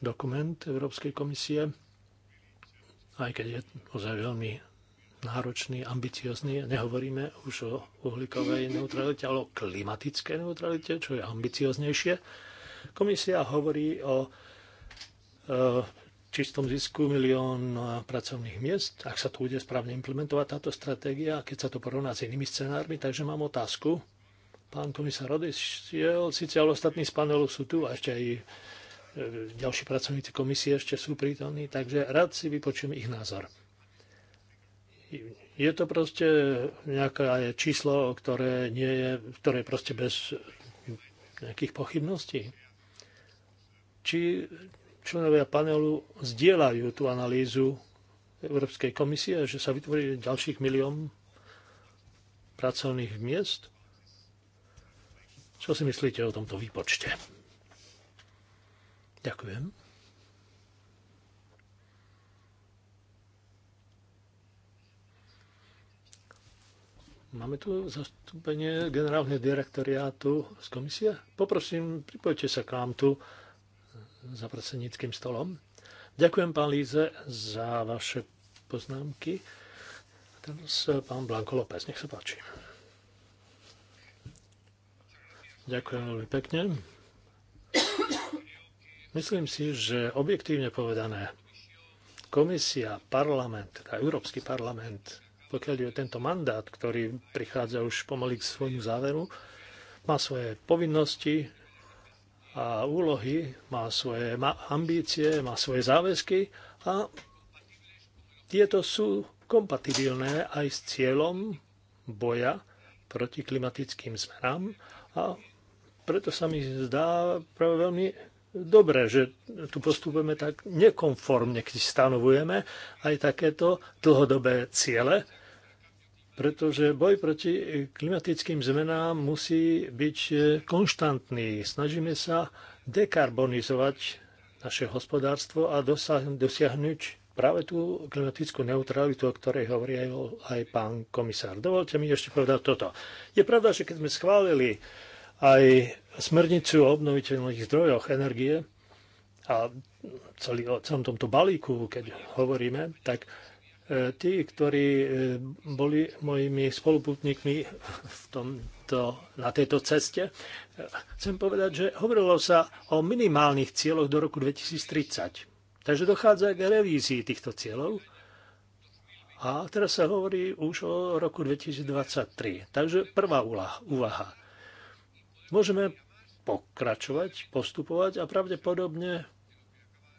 dokument Európskej komisie aj keď je ozaj veľmi náročný, ambiciozný. Nehovoríme už o uhlíkovej neutralite, ale o klimatickej neutralite, čo je ambicioznejšie. Komisia hovorí o e, čistom zisku milión pracovných miest, ak sa tu bude správne implementovať táto stratégia, keď sa to porovná s inými scenármi. Takže mám otázku. Pán komisár Rodis, síce ale ostatní z panelu sú tu a ešte aj E, ďalší pracovníci komisie ešte sú prítomní, takže rád si vypočujem ich názor. Je to proste nejaké číslo, ktoré, nie je, ktoré je proste bez nejakých pochybností. Či členovia panelu zdieľajú tú analýzu Európskej komisie, že sa vytvorí ďalších milión pracovných miest? Čo si myslíte o tomto výpočte? Ďakujem. Máme tu zastúpenie generálneho direktoriátu z komisie. Poprosím, pripojte sa k vám tu za predsedníckým stolom. Ďakujem, pán Líze, za vaše poznámky. Teraz eh, pán Blanko López, nech sa páči. Ďakujem veľmi pekne. Myslím si, že objektívne povedané, komisia, parlament, teda Európsky parlament, pokiaľ je tento mandát, ktorý prichádza už pomaly k svojmu záveru, má svoje povinnosti a úlohy, má svoje ambície, má svoje záväzky a tieto sú kompatibilné aj s cieľom boja proti klimatickým zmenám a preto sa mi zdá veľmi Dobre, že tu postupujeme tak nekonformne, keď stanovujeme aj takéto dlhodobé ciele, pretože boj proti klimatickým zmenám musí byť e, konštantný. Snažíme sa dekarbonizovať naše hospodárstvo a dosiahnuť práve tú klimatickú neutralitu, o ktorej hovorí aj, aj pán komisár. Dovolte mi ešte povedať toto. Je pravda, že keď sme schválili aj smernicu o obnoviteľných zdrojoch energie a celý, o celom tomto balíku, keď hovoríme, tak e, tí, ktorí e, boli mojimi spoluputníkmi v tomto, na tejto ceste, e, chcem povedať, že hovorilo sa o minimálnych cieľoch do roku 2030. Takže dochádza k revízii týchto cieľov. A teraz sa hovorí už o roku 2023. Takže prvá úvaha. Môžeme pokračovať, postupovať a pravdepodobne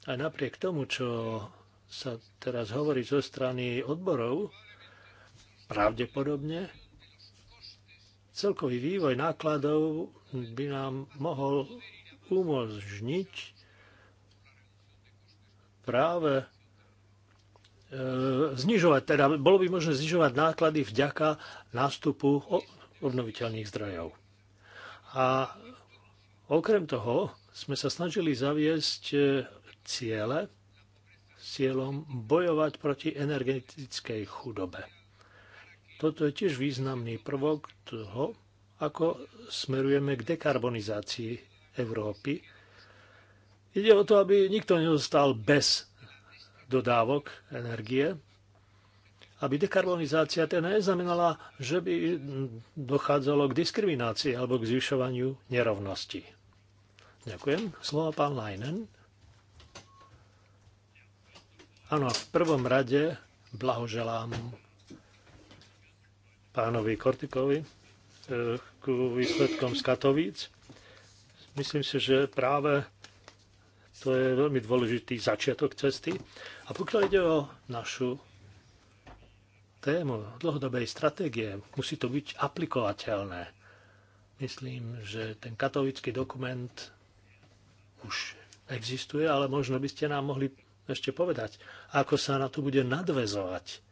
aj napriek tomu, čo sa teraz hovorí zo strany odborov, pravdepodobne celkový vývoj nákladov by nám mohol umožniť práve e, znižovať, teda bolo by možné znižovať náklady vďaka nástupu obnoviteľných zdrojov. A okrem toho sme sa snažili zaviesť e, ciele s cieľom bojovať proti energetickej chudobe. Toto je tiež významný prvok toho, ako smerujeme k dekarbonizácii Európy. Ide o to, aby nikto nezostal bez dodávok energie aby dekarbonizácia teda neznamenala, že by dochádzalo k diskriminácii alebo k zvyšovaniu nerovnosti. Ďakujem. Slova pán Leinen. Áno, v prvom rade blahoželám pánovi Kortikovi eh, ku výsledkom z Katovíc. Myslím si, že práve to je veľmi dôležitý začiatok cesty. A pokiaľ ide o našu tému dlhodobej stratégie. Musí to byť aplikovateľné. Myslím, že ten katolický dokument už existuje, ale možno by ste nám mohli ešte povedať, ako sa na to bude nadvezovať.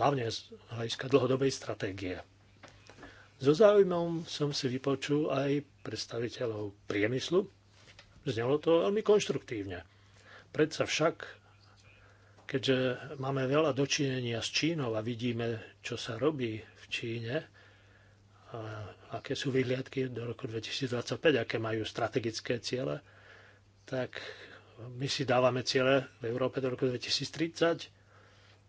Hlavne z hľadiska dlhodobej stratégie. So záujmom som si vypočul aj predstaviteľov priemyslu. Znelo to veľmi konštruktívne. Predsa však keďže máme veľa dočinenia s Čínou a vidíme, čo sa robí v Číne, a aké sú vyhliadky do roku 2025, aké majú strategické ciele, tak my si dávame ciele v Európe do roku 2030,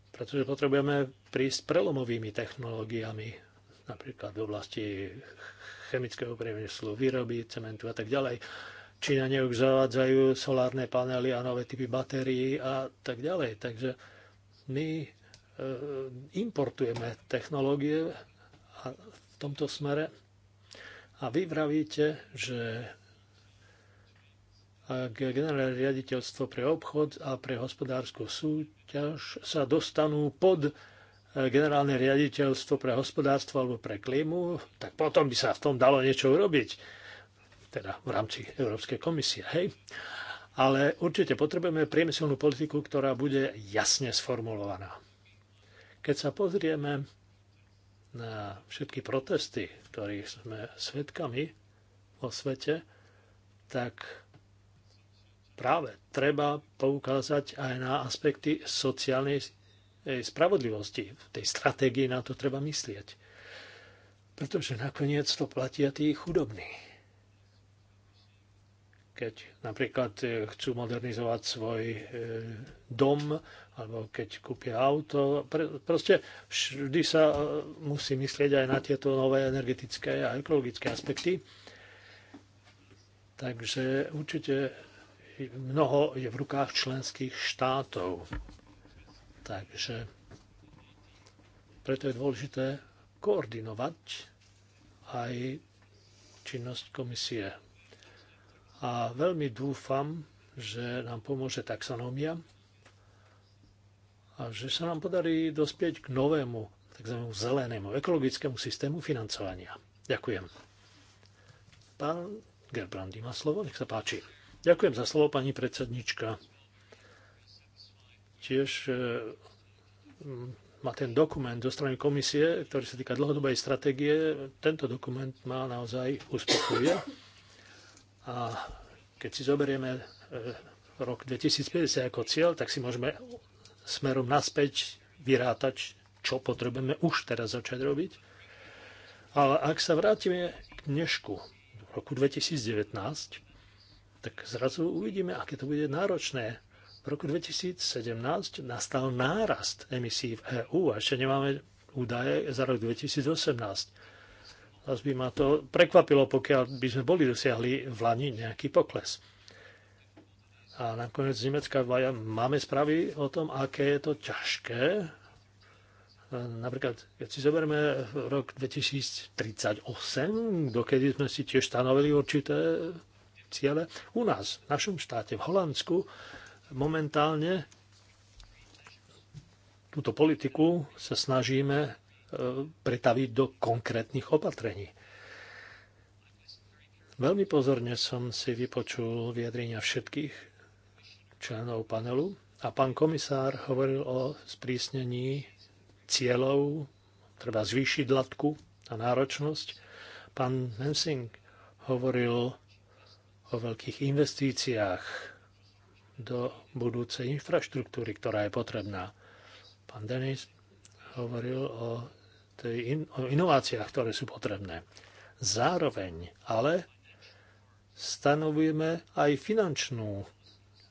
pretože potrebujeme prísť prelomovými technológiami, napríklad v oblasti chemického priemyslu, výroby, cementu a tak ďalej. Číňania už zavádzajú solárne panely a nové typy batérií a tak ďalej. Takže my e, importujeme technológie a v tomto smere a vy vravíte, že ak e, generálne riaditeľstvo pre obchod a pre hospodárskú súťaž sa dostanú pod e, generálne riaditeľstvo pre hospodárstvo alebo pre klímu, tak potom by sa v tom dalo niečo urobiť teda v rámci Európskej komisie, hej. Ale určite potrebujeme priemyselnú politiku, ktorá bude jasne sformulovaná. Keď sa pozrieme na všetky protesty, ktorých sme svedkami vo svete, tak práve treba poukázať aj na aspekty sociálnej spravodlivosti. V tej stratégii na to treba myslieť. Pretože nakoniec to platia tí chudobní keď napríklad e, chcú modernizovať svoj e, dom alebo keď kúpia auto. Proste vždy sa e, musí myslieť aj na tieto nové energetické a ekologické aspekty. Takže určite mnoho je v rukách členských štátov. Takže preto je dôležité koordinovať aj činnosť komisie a veľmi dúfam, že nám pomôže taxonómia a že sa nám podarí dospieť k novému, takzvanému zelenému, ekologickému systému financovania. Ďakujem. Pán Gerbrandy má slovo, nech sa páči. Ďakujem za slovo, pani predsednička. Tiež e, má ten dokument zo strany komisie, ktorý sa týka dlhodobej stratégie, tento dokument má naozaj uspokojuje a keď si zoberieme e, rok 2050 ako cieľ, tak si môžeme smerom naspäť vyrátať, čo potrebujeme už teraz začať robiť. Ale ak sa vrátime k dnešku, roku 2019, tak zrazu uvidíme, aké to bude náročné. V roku 2017 nastal nárast emisí v EÚ a ešte nemáme údaje za rok 2018. Zas by ma to prekvapilo, pokiaľ by sme boli dosiahli v Lani nejaký pokles. A nakoniec z Nemecka máme správy o tom, aké je to ťažké. Napríklad, keď si zoberieme rok 2038, dokedy sme si tiež stanovili určité ciele, u nás, v našom štáte, v Holandsku, momentálne túto politiku sa snažíme E, pretaviť do konkrétnych opatrení. Veľmi pozorne som si vypočul vyjadrenia všetkých členov panelu a pán komisár hovoril o sprísnení cieľov, treba zvýšiť latku a náročnosť. Pán Hensing hovoril o veľkých investíciách do budúcej infraštruktúry, ktorá je potrebná. Pán Denis hovoril o tej in, o inováciách, ktoré sú potrebné. Zároveň ale stanovujeme aj finančnú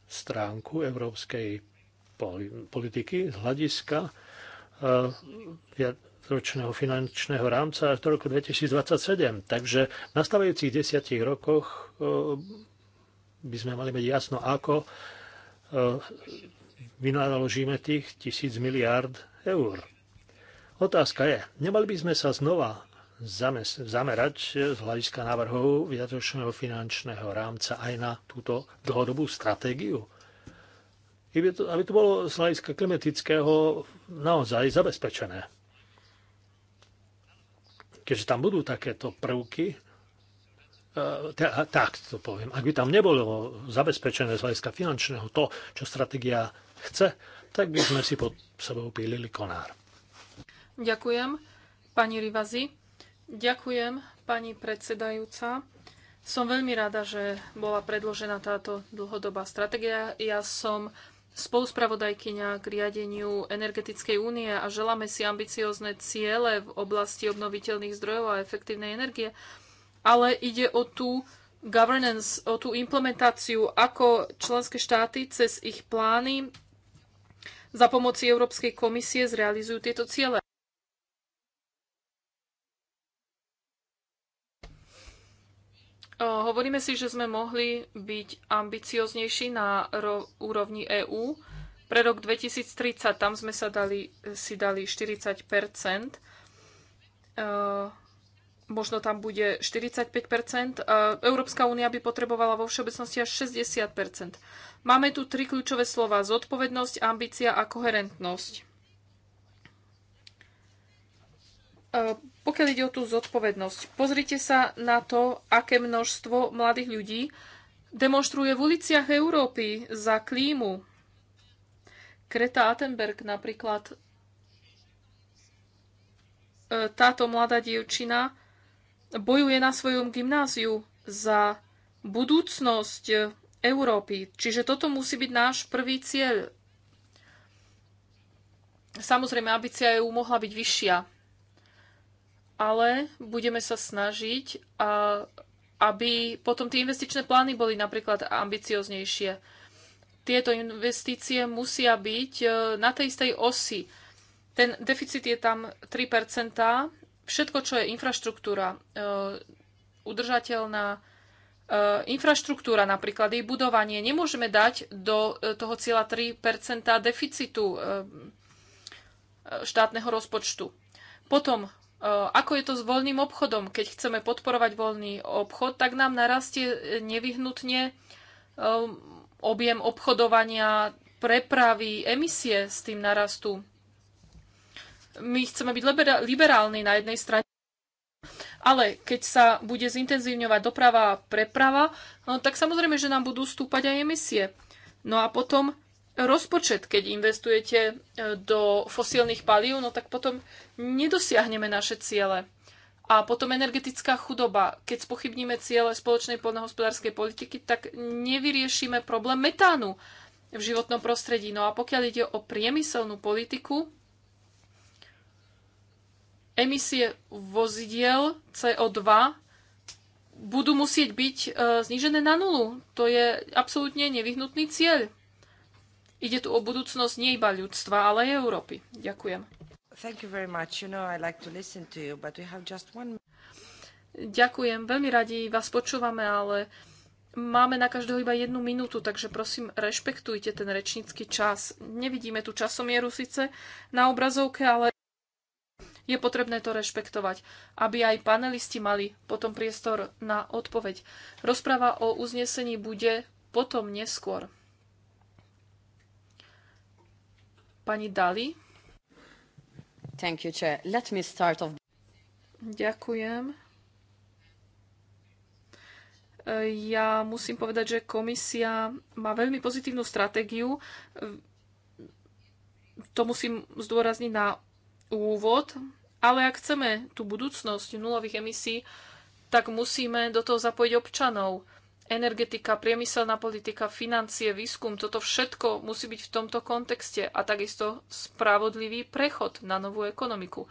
stránku európskej politiky z hľadiska e, ročného finančného rámca až do roku 2027. Takže v nastavujúcich desiatich rokoch e, by sme mali mať jasno, ako e, vynaložíme tých tisíc miliárd eur. Otázka je, nemali by sme sa znova zamerať e, z hľadiska návrhov viacročného finančného rámca aj na túto dlhodobú stratégiu? Aby to bolo z hľadiska klimatického naozaj zabezpečené. Keďže tam budú takéto prvky, e, tak to poviem, ak by tam nebolo zabezpečené z hľadiska finančného to, čo stratégia chce, tak by sme si pod sebou pílili konár. Ďakujem, pani Rivazi. Ďakujem, pani predsedajúca. Som veľmi rada, že bola predložená táto dlhodobá stratégia. Ja som spoluspravodajkyňa k riadeniu Energetickej únie a želáme si ambiciozne ciele v oblasti obnoviteľných zdrojov a efektívnej energie, ale ide o tú governance, o tú implementáciu, ako členské štáty cez ich plány za pomoci Európskej komisie zrealizujú tieto ciele. Hovoríme si, že sme mohli byť ambicioznejší na úrovni EÚ. Pre rok 2030 tam sme sa dali, si dali 40 e, možno tam bude 45 e, Európska únia by potrebovala vo všeobecnosti až 60 Máme tu tri kľúčové slova zodpovednosť, ambícia a koherentnosť. E, pokiaľ ide o tú zodpovednosť, pozrite sa na to, aké množstvo mladých ľudí demonstruje v uliciach Európy za klímu. Kreta Attenberg napríklad, e, táto mladá dievčina bojuje na svojom gymnáziu za budúcnosť Európy. Čiže toto musí byť náš prvý cieľ. Samozrejme, ambícia EU mohla byť vyššia ale budeme sa snažiť, aby potom tie investičné plány boli napríklad ambicioznejšie. Tieto investície musia byť e, na tej istej osi. Ten deficit je tam 3 Všetko, čo je infraštruktúra, e, udržateľná e, infraštruktúra, napríklad jej budovanie, nemôžeme dať do toho cieľa 3 deficitu štátneho rozpočtu. Potom Eh, ako je to s voľným obchodom? Keď chceme podporovať voľný obchod, tak nám narastie nevyhnutne eh, objem obchodovania, prepravy, emisie s tým narastú. My chceme byť liberálni na jednej strane, ale keď sa bude zintenzívňovať doprava a preprava, no, tak samozrejme, že nám budú stúpať aj emisie. No a potom rozpočet, keď investujete e, do fosílnych palív, no tak potom nedosiahneme naše ciele. A potom energetická chudoba. Keď spochybníme ciele spoločnej poľnohospodárskej politiky, tak nevyriešime problém metánu v životnom prostredí. No a pokiaľ ide o priemyselnú politiku, emisie vozidiel CO2 budú musieť byť e, znížené na nulu. To je absolútne nevyhnutný cieľ. Ide tu o budúcnosť nie iba ľudstva, ale aj Európy. Ďakujem. Ďakujem, veľmi radi vás počúvame, ale máme na každého iba jednu minútu, takže prosím, rešpektujte ten rečnícky čas. Nevidíme tu časomieru síce na obrazovke, ale je potrebné to rešpektovať, aby aj panelisti mali potom priestor na odpoveď. Rozpráva o uznesení bude potom neskôr. Pani Dali. Thank you, Chair. Let me start off... Ďakujem. Ja musím povedať, že komisia má veľmi pozitívnu stratégiu. To musím zdôrazniť na úvod. Ale ak chceme tú budúcnosť nulových emisí, tak musíme do toho zapojiť občanov energetika, priemyselná politika, financie, výskum, toto všetko musí byť v tomto kontexte a takisto spravodlivý prechod na novú ekonomiku.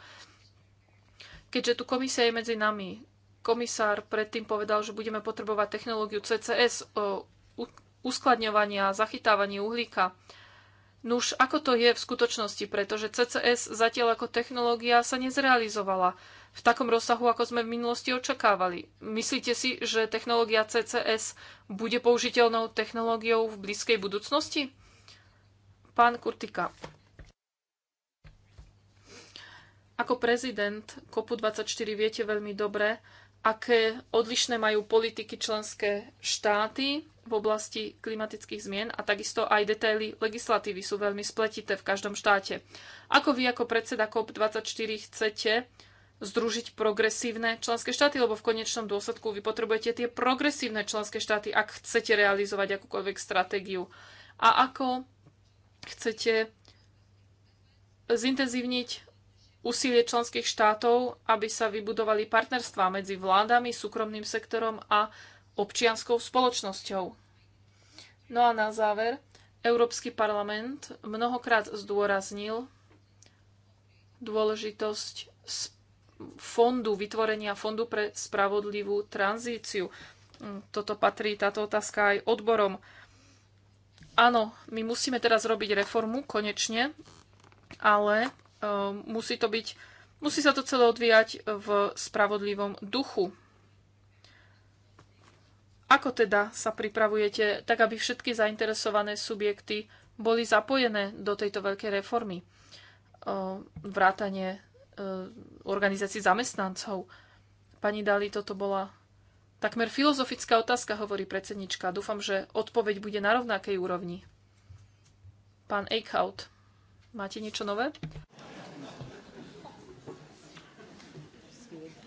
Keďže tu komisia je medzi nami, komisár predtým povedal, že budeme potrebovať technológiu CCS, uskladňovania a zachytávanie uhlíka. Nuž, ako to je v skutočnosti, pretože CCS zatiaľ ako technológia sa nezrealizovala v takom rozsahu, ako sme v minulosti očakávali. Myslíte si, že technológia CCS bude použiteľnou technológiou v blízkej budúcnosti? Pán Kurtika. Ako prezident COP24 viete veľmi dobre, aké odlišné majú politiky členské štáty v oblasti klimatických zmien a takisto aj detaily legislatívy sú veľmi spletité v každom štáte. Ako vy ako predseda COP24 chcete združiť progresívne členské štáty, lebo v konečnom dôsledku vy potrebujete tie progresívne členské štáty, ak chcete realizovať akúkoľvek stratégiu. A ako chcete zintenzívniť úsilie členských štátov, aby sa vybudovali partnerstvá medzi vládami, súkromným sektorom a občianskou spoločnosťou. No a na záver, Európsky parlament mnohokrát zdôraznil dôležitosť fondu, vytvorenia fondu pre spravodlivú tranzíciu. Mm, Toto patrí, táto otázka aj odborom. Áno, my musíme teraz robiť reformu, konečne, ale uh, musí to byť, musí sa to celé odvíjať v spravodlivom duchu. Ako teda sa pripravujete, tak aby všetky zainteresované subjekty boli zapojené do tejto veľkej reformy? E, vrátanie Eh, organizácii zamestnancov. Pani Dali, toto bola takmer filozofická otázka, hovorí predsednička. Dúfam, že odpoveď bude na rovnakej úrovni. Pán Eichhout, máte niečo nové?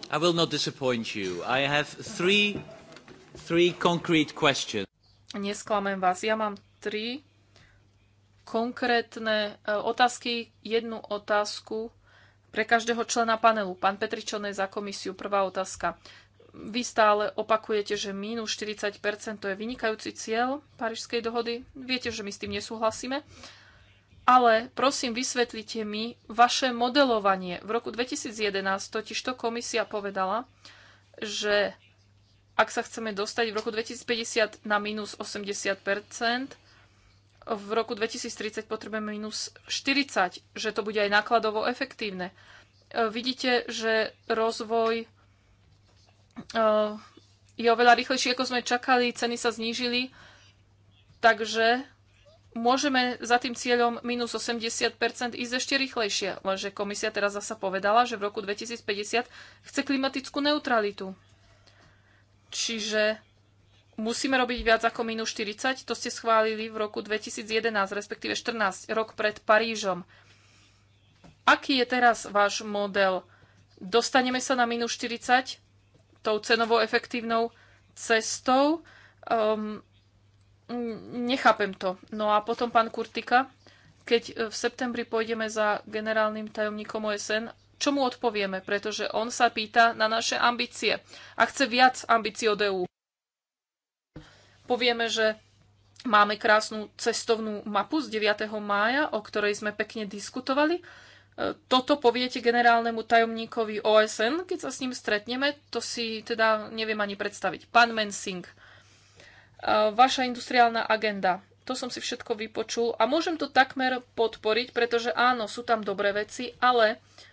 I will not disappoint you. I have three, three concrete questions. Nesklamem vás. Ja mám tri konkrétne eh, otázky. Jednu otázku pre každého člena panelu. Pán Petričonej za komisiu, prvá otázka. Vy stále opakujete, že mínus 40% to je vynikajúci cieľ Parížskej dohody. Viete, že my s tým nesúhlasíme. Ale prosím, vysvetlite mi vaše modelovanie. V roku 2011 totiž to komisia povedala, že ak sa chceme dostať v roku 2050 na minus 80 v roku 2030 potrebujeme minus 40, že to bude aj nákladovo efektívne. E, vidíte, že rozvoj e, je oveľa rýchlejší, ako sme čakali, ceny sa znížili, takže môžeme za tým cieľom minus 80% ísť ešte rýchlejšie. Lenže komisia teraz zasa povedala, že v roku 2050 chce klimatickú neutralitu. Čiže musíme robiť viac ako minus 40. To ste schválili v roku 2011, respektíve 14, rok pred Parížom. Aký je teraz váš model? Dostaneme sa na minus 40 tou cenovou efektívnou cestou? Um, nechápem to. No a potom pán Kurtika, keď e, v septembri pôjdeme za generálnym tajomníkom OSN, čo mu odpovieme? Pretože on sa pýta na naše ambície a chce viac ambícií od EÚ povieme, že máme krásnu cestovnú mapu z 9. mája, o ktorej sme pekne diskutovali. E, toto poviete generálnemu tajomníkovi OSN, keď sa s ním stretneme, to si teda neviem ani predstaviť. Pán Mensing, e, vaša industriálna agenda. To som si všetko vypočul a môžem to takmer podporiť, pretože áno, sú tam dobré veci, ale uh,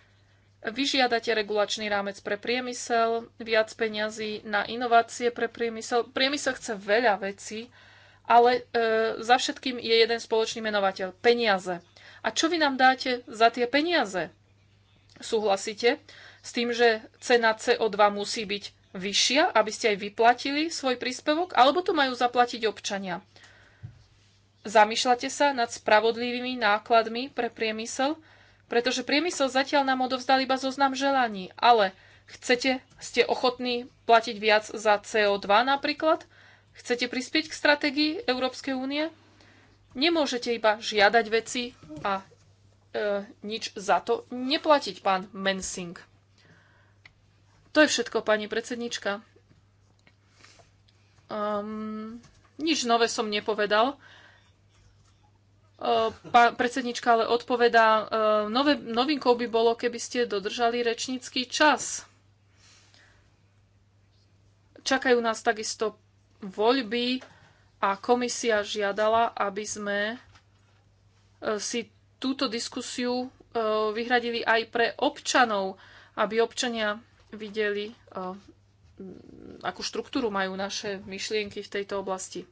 Vyžiadate regulačný rámec pre priemysel, viac peňazí na inovácie pre priemysel. Priemysel chce veľa vecí, ale e, za všetkým je jeden spoločný menovateľ peniaze. A čo vy nám dáte za tie peniaze? Súhlasíte s tým, že cena CO2 musí byť vyššia, aby ste aj vyplatili svoj príspevok, alebo to majú zaplatiť občania? Zamýšľate sa nad spravodlivými nákladmi pre priemysel? Pretože priemysel zatiaľ nám odovzdal iba zoznam želaní, ale chcete, ste ochotní platiť viac za CO2 napríklad? Chcete prispieť k stratégii Európskej únie? Nemôžete iba žiadať veci a e, nič za to neplatiť, pán Mensing. To je všetko, pani predsednička. Um, nič nové som nepovedal predsednička ale odpovedá, nové, novinkou by bolo, keby ste dodržali rečnícky čas. Čakajú nás takisto voľby a komisia žiadala, aby sme si túto diskusiu vyhradili aj pre občanov, aby občania videli, akú štruktúru majú naše myšlienky v tejto oblasti.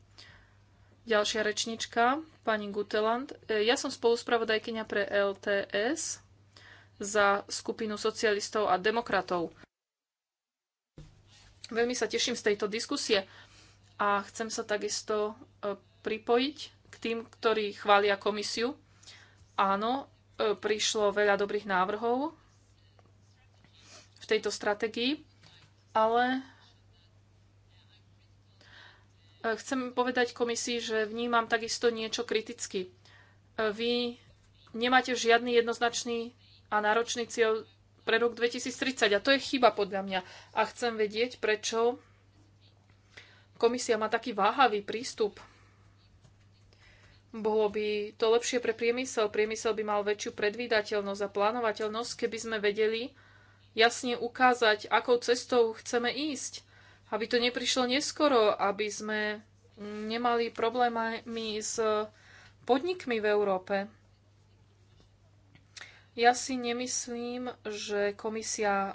Ďalšia rečnička, pani Guteland. E, ja som spoluspravodajkynia pre LTS za skupinu socialistov a demokratov. Veľmi sa teším z tejto diskusie a chcem sa takisto e, pripojiť k tým, ktorí chvália komisiu. Áno, e, prišlo veľa dobrých návrhov v tejto strategii, ale Chcem povedať komisii, že vnímam takisto niečo kriticky. E, vy nemáte žiadny jednoznačný a náročný cieľ pre rok 2030 a to je chyba podľa mňa. A chcem vedieť, prečo komisia má taký váhavý prístup. Bolo by to lepšie pre priemysel. Priemysel by mal väčšiu predvídateľnosť a plánovateľnosť, keby sme vedeli jasne ukázať, akou cestou chceme ísť aby to neprišlo neskoro, aby sme nemali problémy s podnikmi v Európe. Ja si nemyslím, že komisia e,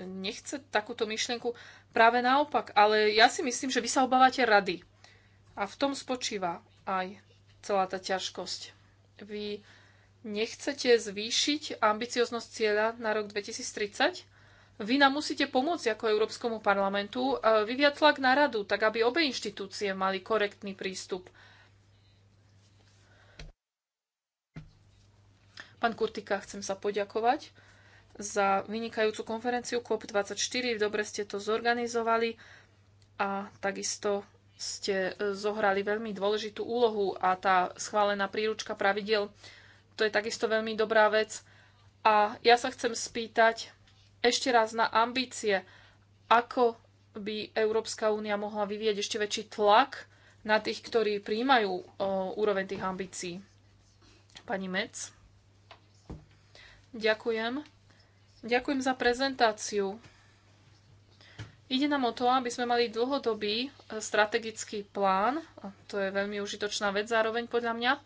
nechce takúto myšlienku. Práve naopak, ale ja si myslím, že vy sa obávate rady. A v tom spočíva aj celá tá ťažkosť. Vy nechcete zvýšiť ambicioznosť cieľa na rok 2030? vy nám musíte pomôcť ako Európskomu parlamentu e, vyviať tlak na radu, tak aby obe inštitúcie mali korektný prístup. Pán Kurtika, chcem sa poďakovať za vynikajúcu konferenciu COP24. Dobre ste to zorganizovali a takisto ste e, zohrali veľmi dôležitú úlohu a tá schválená príručka pravidel, to je takisto veľmi dobrá vec. A ja sa chcem spýtať, ešte raz na ambície, ako by Európska únia mohla vyvieť ešte väčší tlak na tých, ktorí príjmajú o, úroveň tých ambícií. Pani Mec. Ďakujem. Ďakujem za prezentáciu. Ide nám o to, aby sme mali dlhodobý e, strategický plán. To je veľmi užitočná vec zároveň podľa mňa. E,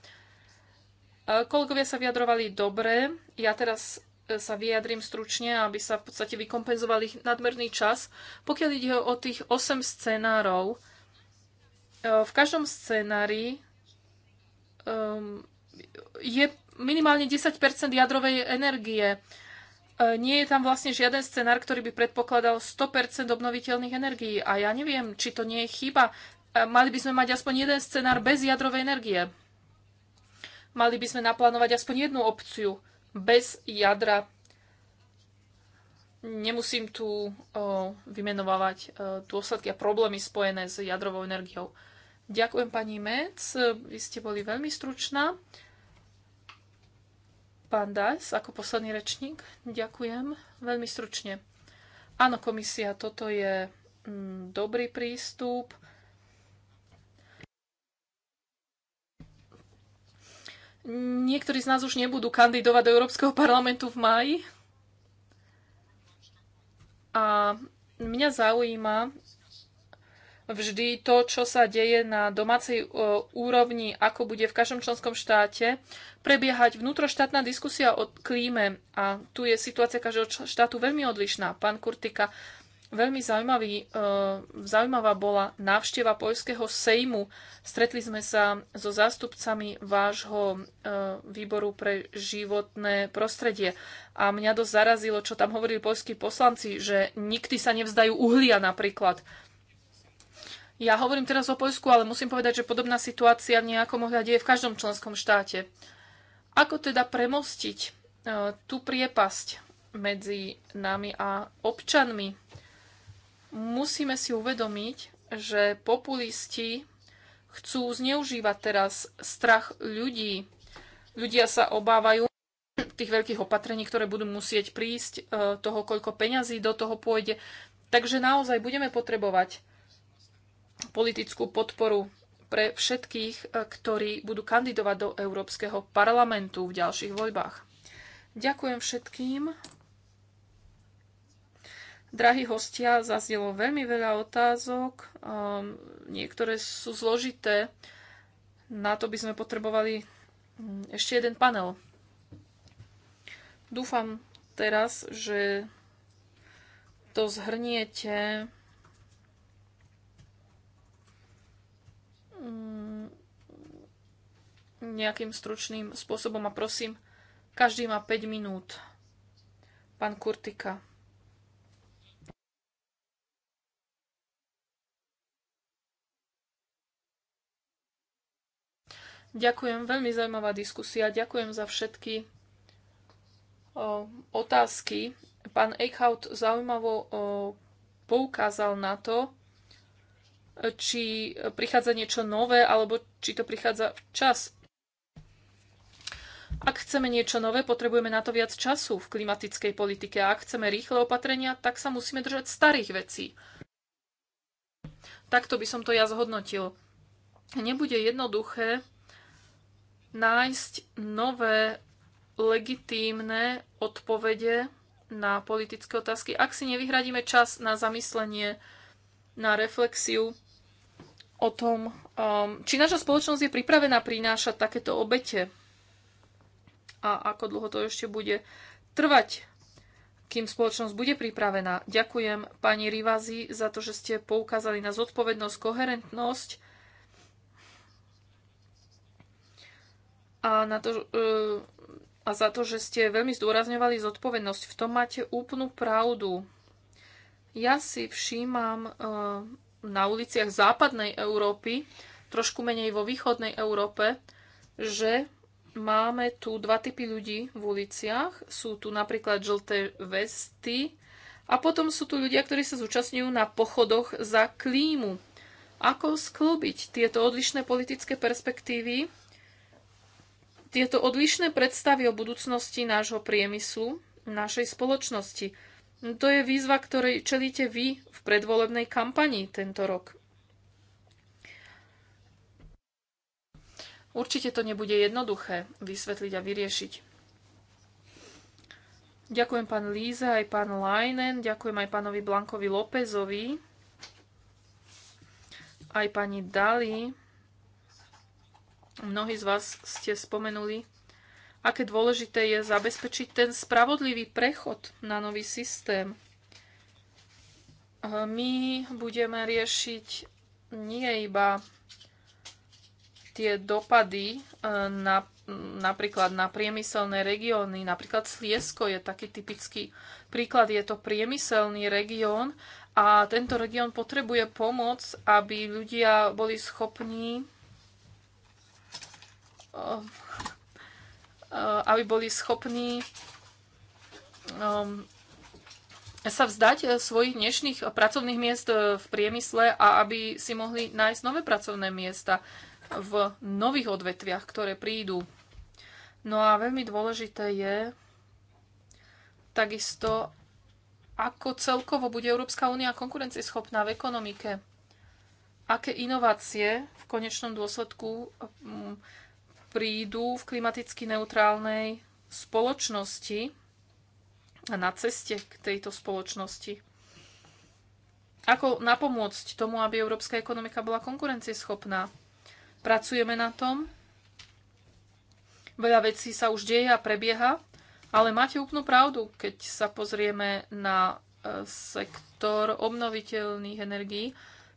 kolegovia sa vyjadrovali dobre. Ja teraz sa vyjadrím stručne, aby sa v podstate vykompenzoval ich nadmerný čas. Pokiaľ ide o tých 8 scenárov, e, v každom scenári ehm, je minimálne 10 jadrovej energie. E, nie je tam vlastne žiaden scenár, ktorý by predpokladal 100 obnoviteľných energií. A ja neviem, či to nie je chyba. E, mali by sme mať aspoň jeden scenár bez jadrovej energie. Mali by sme naplánovať aspoň jednu opciu bez jadra. Nemusím tu vymenovávať dôsledky a problémy spojené s jadrovou energiou. Ďakujem pani Mec, vy ste boli veľmi stručná. Pán Dajs, ako posledný rečník, ďakujem veľmi stručne. Áno, komisia, toto je mm, dobrý prístup Niektorí z nás už nebudú kandidovať do Európskeho parlamentu v máji. A mňa zaujíma vždy to, čo sa deje na domácej e, úrovni, ako bude v každom členskom štáte prebiehať vnútroštátna diskusia o klíme. A tu je situácia každého štátu veľmi odlišná. Pán Kurtika, Veľmi zaujímavý, e, zaujímavá bola návšteva Poľského sejmu. Stretli sme sa so zástupcami vášho e, výboru pre životné prostredie. A mňa dosť zarazilo, čo tam hovorili poľskí poslanci, že nikdy sa nevzdajú uhlia napríklad. Ja hovorím teraz o Poľsku, ale musím povedať, že podobná situácia v nejakom ohľade je v každom členskom štáte. Ako teda premostiť e, tú priepasť medzi nami a občanmi musíme si uvedomiť, že populisti chcú zneužívať teraz strach ľudí. Ľudia sa obávajú tých veľkých opatrení, ktoré budú musieť prísť, e, toho, koľko peňazí do toho pôjde. Takže naozaj budeme potrebovať politickú podporu pre všetkých, e, ktorí budú kandidovať do Európskeho parlamentu v ďalších voľbách. Ďakujem všetkým. Drahí hostia, zaznelo veľmi veľa otázok. Um, niektoré sú zložité. Na to by sme potrebovali hm, ešte jeden panel. Dúfam teraz, že to zhrniete hm, nejakým stručným spôsobom a prosím, každý má 5 minút. Pán Kurtika. Ďakujem, veľmi zaujímavá diskusia. Ďakujem za všetky o, otázky. Pán Eichhout zaujímavo o, poukázal na to, či prichádza niečo nové, alebo či to prichádza včas. Ak chceme niečo nové, potrebujeme na to viac času v klimatickej politike a ak chceme rýchle opatrenia, tak sa musíme držať starých vecí. Takto by som to ja zhodnotil. Nebude jednoduché nájsť nové legitímne odpovede na politické otázky, ak si nevyhradíme čas na zamyslenie, na reflexiu o tom, um, či naša spoločnosť je pripravená prinášať takéto obete a ako dlho to ešte bude trvať, kým spoločnosť bude pripravená. Ďakujem pani Rivazi za to, že ste poukázali na zodpovednosť, koherentnosť a, na to, e, a za to, že ste veľmi zdôrazňovali zodpovednosť. V tom máte úplnú pravdu. Ja si všímam e, na uliciach západnej Európy, trošku menej vo východnej Európe, že máme tu dva typy ľudí v uliciach. Sú tu napríklad žlté vesty a potom sú tu ľudia, ktorí sa zúčastňujú na pochodoch za klímu. Ako sklbiť tieto odlišné politické perspektívy tieto odlišné predstavy o budúcnosti nášho priemyslu, našej spoločnosti. To je výzva, ktorej čelíte vy v predvolebnej kampanii tento rok. Určite to nebude jednoduché vysvetliť a vyriešiť. Ďakujem pán Líza aj pán Lajnen, ďakujem aj pánovi Blankovi Lópezovi, aj pani Dali Mnohí z vás ste spomenuli, aké dôležité je zabezpečiť ten spravodlivý prechod na nový systém. My budeme riešiť nie iba tie dopady e, na, napríklad na priemyselné regióny. Napríklad Sliesko je taký typický príklad. Je to priemyselný región a tento región potrebuje pomoc, aby ľudia boli schopní Eh, aby boli schopní ehm, sa vzdať eh, svojich dnešných pracovných miest eh, v priemysle a aby si mohli nájsť nové pracovné miesta v nových odvetviach, ktoré prídu. No a veľmi dôležité je takisto, ako celkovo bude Európska únia konkurencieschopná v ekonomike. Aké inovácie v konečnom dôsledku hm, prídu v klimaticky neutrálnej spoločnosti a na ceste k tejto spoločnosti. Ako napomôcť tomu, aby európska ekonomika bola konkurencieschopná? Pracujeme na tom. Veľa vecí sa už deje a prebieha, ale máte úplnú pravdu, keď sa pozrieme na e, sektor obnoviteľných energií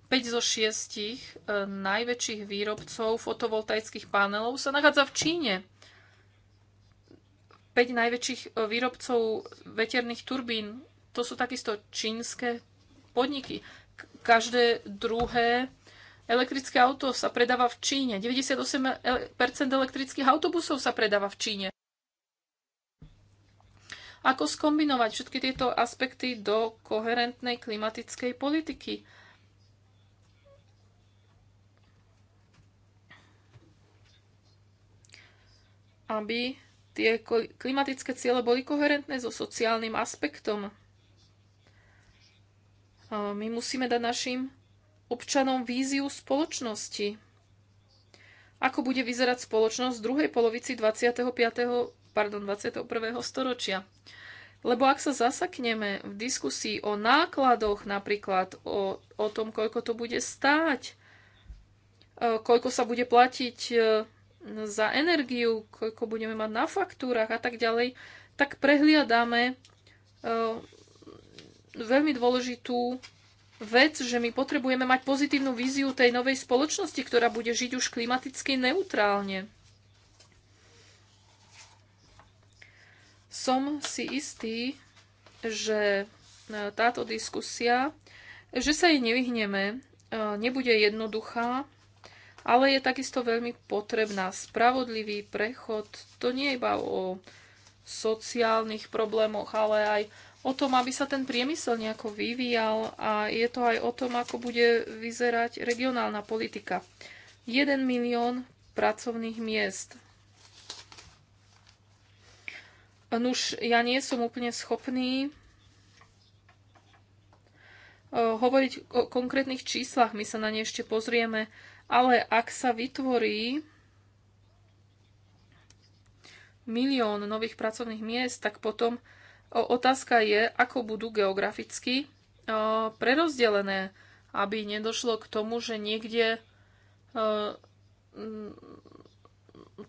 5 zo 6 e, najväčších výrobcov fotovoltaických panelov sa nachádza v Číne. 5 najväčších e, výrobcov veterných turbín, to sú takisto čínske podniky. Každé druhé elektrické auto sa predáva v Číne. 98% elektrických autobusov sa predáva v Číne. Ako skombinovať všetky tieto aspekty do koherentnej klimatickej politiky? aby tie klimatické ciele boli koherentné so sociálnym aspektom. My musíme dať našim občanom víziu spoločnosti. Ako bude vyzerať spoločnosť v druhej polovici 25. Pardon, 21. storočia. Lebo ak sa zasakneme v diskusii o nákladoch napríklad, o, o tom, koľko to bude stáť, e, koľko sa bude platiť e, za energiu, koľko budeme mať na faktúrach a tak ďalej, tak prehliadáme e, veľmi dôležitú vec, že my potrebujeme mať pozitívnu víziu tej novej spoločnosti, ktorá bude žiť už klimaticky neutrálne. Som si istý, že e, táto diskusia, že sa jej nevyhneme, e, nebude jednoduchá, ale je takisto veľmi potrebná. Spravodlivý prechod to nie je iba o sociálnych problémoch, ale aj o tom, aby sa ten priemysel nejako vyvíjal a je to aj o tom, ako bude vyzerať regionálna politika. 1 milión pracovných miest. Nuž, ja nie som úplne schopný eh, hovoriť o konkrétnych číslach. My sa na ne ešte pozrieme ale ak sa vytvorí milión nových pracovných miest, tak potom otázka je, ako budú geograficky prerozdelené, aby nedošlo k tomu, že niekde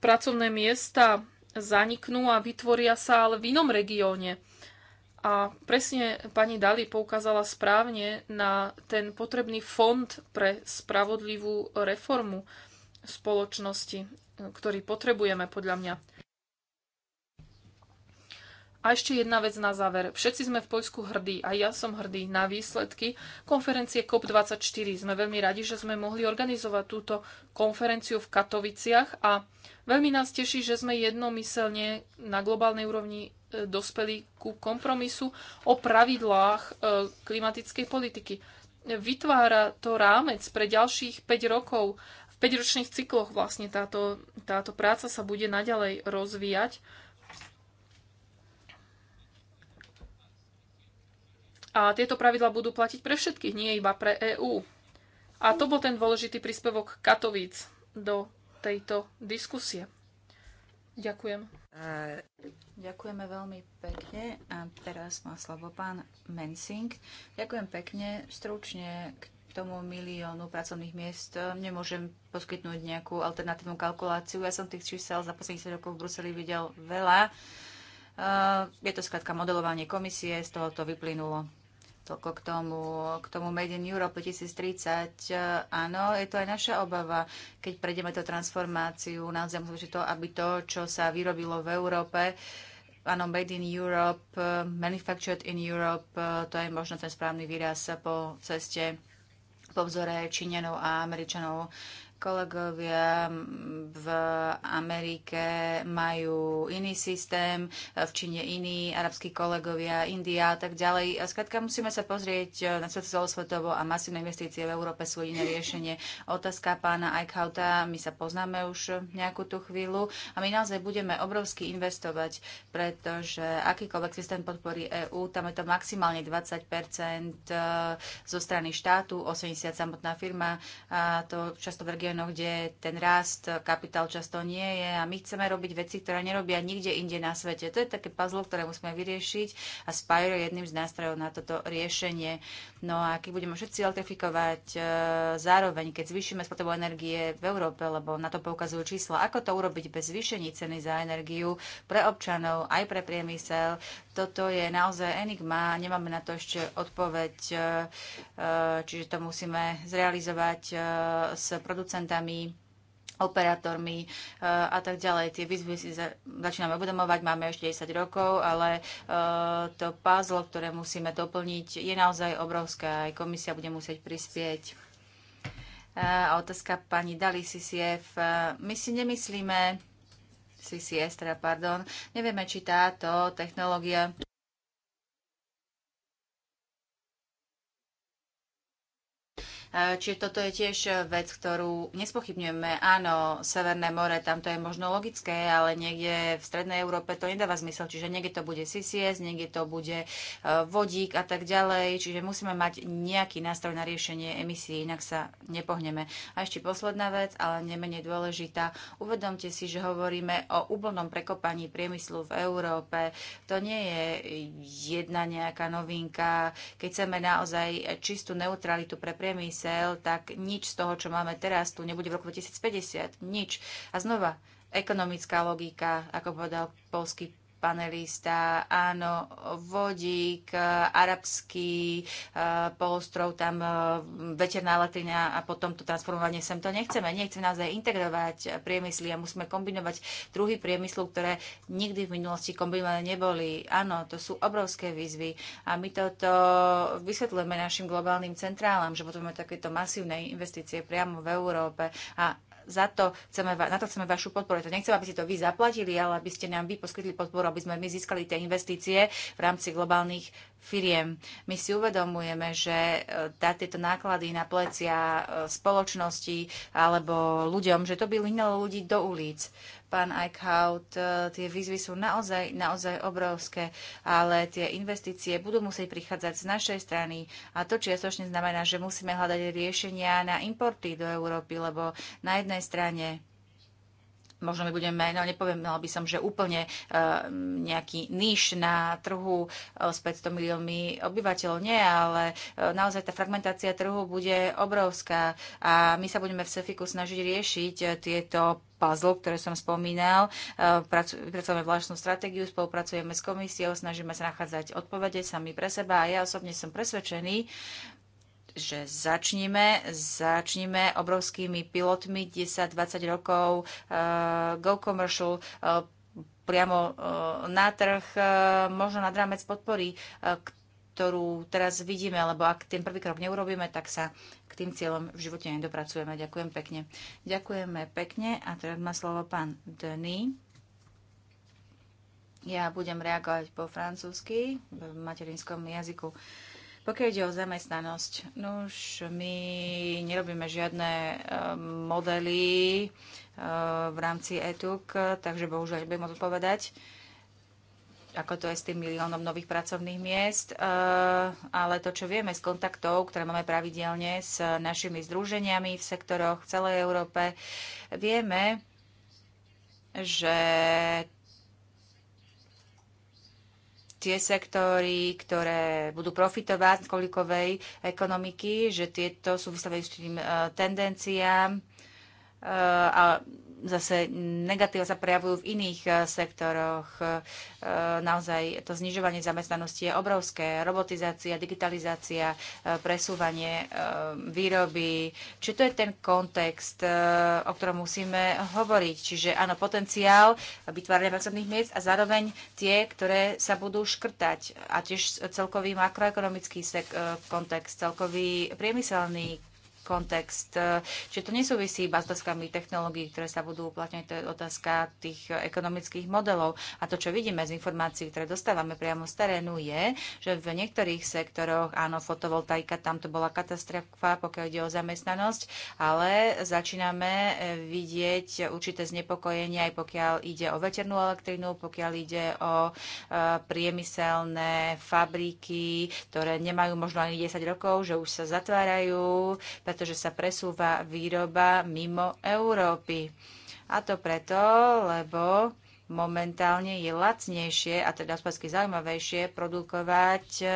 pracovné miesta zaniknú a vytvoria sa ale v inom regióne. A presne pani Dali poukázala správne na ten potrebný fond pre spravodlivú reformu spoločnosti, ktorý potrebujeme podľa mňa. A ešte jedna vec na záver. Všetci sme v Poľsku hrdí a ja som hrdý na výsledky konferencie COP24. Sme veľmi radi, že sme mohli organizovať túto konferenciu v Katoviciach a veľmi nás teší, že sme jednomyselne na globálnej úrovni e, dospeli ku kompromisu o pravidlách e, klimatickej politiky. Vytvára to rámec pre ďalších 5 rokov. V 5-ročných cykloch vlastne táto, táto práca sa bude naďalej rozvíjať A tieto pravidla budú platiť pre všetkých, nie iba pre EÚ. A to bol ten dôležitý príspevok Katovíc do tejto diskusie. Ďakujem. E, ďakujeme veľmi pekne a teraz má slovo pán Mensing. Ďakujem pekne. Stručne k tomu miliónu pracovných miest nemôžem poskytnúť nejakú alternatívnu kalkuláciu. Ja som tých čísel za posledných 10 rokov v Bruseli videl veľa. E, je to skrátka modelovanie komisie, z toho to vyplynulo. Toľko k tomu, k tomu Made in Europe 2030. Áno, je to aj naša obava, keď prejdeme tú transformáciu. Naozaj musíme to, aby to, čo sa vyrobilo v Európe, áno, Made in Europe, Manufactured in Europe, to je možno ten správny výraz po ceste po vzore Číňanov a Američanov kolegovia v Amerike majú iný systém, v Číne iný, arabskí kolegovia, India a tak ďalej. Skladka musíme sa pozrieť eh, na svet celosvetovo a masívne investície v Európe sú iné riešenie. Otázka pána Eichhauta, my sa poznáme už nejakú tú chvíľu a my naozaj budeme obrovsky investovať, pretože akýkoľvek systém podpory EÚ, tam je to maximálne 20 eh, zo strany štátu, 80 samotná firma a to často v regióne regiónoch, kde ten rast kapitál často nie je a my chceme robiť veci, ktoré nerobia nikde inde na svete. To je také puzzle, ktoré musíme vyriešiť a Spire je jedným z nástrojov na toto riešenie. No a keď budeme všetci elektrifikovať e, zároveň, keď zvýšime spotrebu energie v Európe, lebo na to poukazujú čísla, ako to urobiť bez zvýšení ceny za energiu pre občanov, aj pre priemysel, toto je naozaj enigma, nemáme na to ešte odpoveď, e, e, čiže to musíme zrealizovať s producentom producentami, operátormi e, a tak ďalej. Tie výzvy si začíname uvedomovať, máme ešte 10 rokov, ale e, to puzzle, ktoré musíme doplniť, je naozaj obrovské. Aj komisia bude musieť prispieť. E, a otázka pani Dali CCF. My si nemyslíme, CCS, teda pardon, nevieme, či táto technológia Čiže toto je tiež vec, ktorú nespochybňujeme. Áno, Severné more, tam to je možno logické, ale niekde v Strednej Európe to nedáva zmysel. Čiže niekde to bude CCS, niekde to bude e, vodík a tak ďalej. Čiže musíme mať nejaký nástroj na riešenie emisí, inak sa nepohneme. A ešte posledná vec, ale nemenej dôležitá. Uvedomte si, že hovoríme o úplnom prekopaní priemyslu v Európe. To nie je jedna nejaká novinka. Keď chceme naozaj čistú neutralitu pre priemysel, priemysel, tak nič z toho, čo máme teraz, tu nebude v roku 2050. Nič. A znova, ekonomická logika, ako povedal polský panelista, áno, vodík, e, arabský e, polostrov, tam e, veterná elektrina a potom to transformovanie sem to nechceme. Nechceme naozaj integrovať priemysly a musíme kombinovať druhý priemyslu, ktoré nikdy v minulosti kombinované neboli. Áno, to sú obrovské výzvy a my toto vysvetľujeme našim globálnym centrálam, že potom máme takéto masívne investície priamo v Európe a za to chceme, na to chceme vašu podporu. To nechcem, aby ste to vy zaplatili, ale aby ste nám vy poskytli podporu, aby sme my získali tie investície v rámci globálnych firiem. My si uvedomujeme, že e, dať tieto náklady na plecia e, spoločnosti alebo ľuďom, že to by linalo ľudí do ulic pán Eichhout, e, tie výzvy sú naozaj, naozaj obrovské, ale tie investície budú musieť prichádzať z našej strany a to čiastočne znamená, že musíme hľadať riešenia na importy do Európy, lebo na jednej strane možno mi budeme, meno, nepoviem, by som, že úplne e, nejaký níž na trhu e, s 500 miliónmi obyvateľov. Nie, ale e, naozaj tá fragmentácia trhu bude obrovská a my sa budeme v Cefiku snažiť riešiť tieto puzzle, ktoré som spomínal. Vypracujeme vlastnú stratégiu, spolupracujeme s komisiou, snažíme sa nachádzať odpovede sami pre seba a ja osobne som presvedčený, že začneme, začneme obrovskými pilotmi 10-20 rokov uh, Go Commercial uh, priamo uh, na trh, uh, možno nad rámec podpory, uh, ktorú teraz vidíme, lebo ak ten prvý krok neurobíme, tak sa k tým cieľom v živote nedopracujeme. Ďakujem pekne. Ďakujeme pekne a teraz má slovo pán Denis. Ja budem reagovať po francúzsky v materinskom jazyku. Uh, pokiaľ ide o zamestnanosť, no už my nerobíme žiadne eh, modely eh, v rámci ETUK, takže bohužiaľ nebudem odpovedať ako to je s tým miliónom nových pracovných miest, eh, ale to, čo vieme z kontaktov, ktoré máme pravidelne s našimi združeniami v sektoroch v celej Európe, vieme, že tie sektory, ktoré budú profitovať z kolikovej ekonomiky, že tieto sú vystavené tým eh, tendenciám eh, a zase negatíva sa prejavujú v iných eh, sektoroch. Eh, naozaj to znižovanie zamestnanosti je obrovské. Robotizácia, digitalizácia, eh, presúvanie výroby. Či to je ten kontext, o ktorom musíme hovoriť. Čiže áno, potenciál vytvárania pracovných miest a zároveň tie, ktoré sa budú škrtať. A tiež celkový makroekonomický kontext, celkový priemyselný kontext. Čiže to nesúvisí iba s otázkami technológií, ktoré sa budú uplatňovať, to je otázka tých ekonomických modelov. A to, čo vidíme z informácií, ktoré dostávame priamo z terénu, je, že v niektorých sektoroch, áno, fotovoltaika, tam to bola katastrofa, pokiaľ ide o zamestnanosť, ale začíname eh, vidieť určité znepokojenie, aj pokiaľ ide o veternú elektrínu, pokiaľ ide o eh, priemyselné fabriky, ktoré nemajú možno ani 10 rokov, že už sa zatvárajú, pretože pretože sa presúva výroba mimo Európy. A to preto, lebo momentálne je lacnejšie a teda hospodársky zaujímavejšie produkovať e,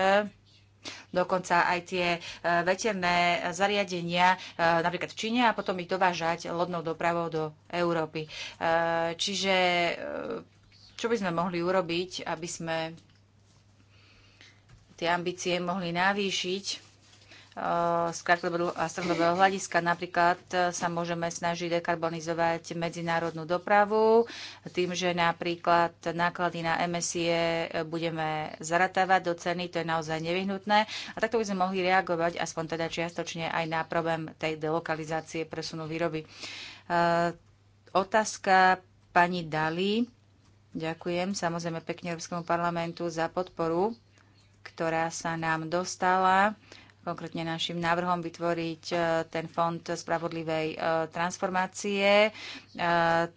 dokonca aj tie e, veterné zariadenia e, napríklad v Číne a potom ich dovážať lodnou dopravou do Európy. Čiže čo by sme mohli urobiť, aby sme tie ambície mohli navýšiť? Eh, z krátkodobého a strednodobého hľadiska. Napríklad eh, sa môžeme snažiť dekarbonizovať medzinárodnú dopravu tým, že napríklad náklady na emisie eh, budeme zaratávať do ceny, to je naozaj nevyhnutné. A takto by sme mohli reagovať aspoň teda čiastočne aj na problém tej delokalizácie presunu výroby. Otázka pani Dali. Ďakujem samozrejme pekne Európskemu parlamentu za podporu, ktorá sa nám dostala konkrétne našim návrhom vytvoriť e, ten fond spravodlivej e, transformácie. E,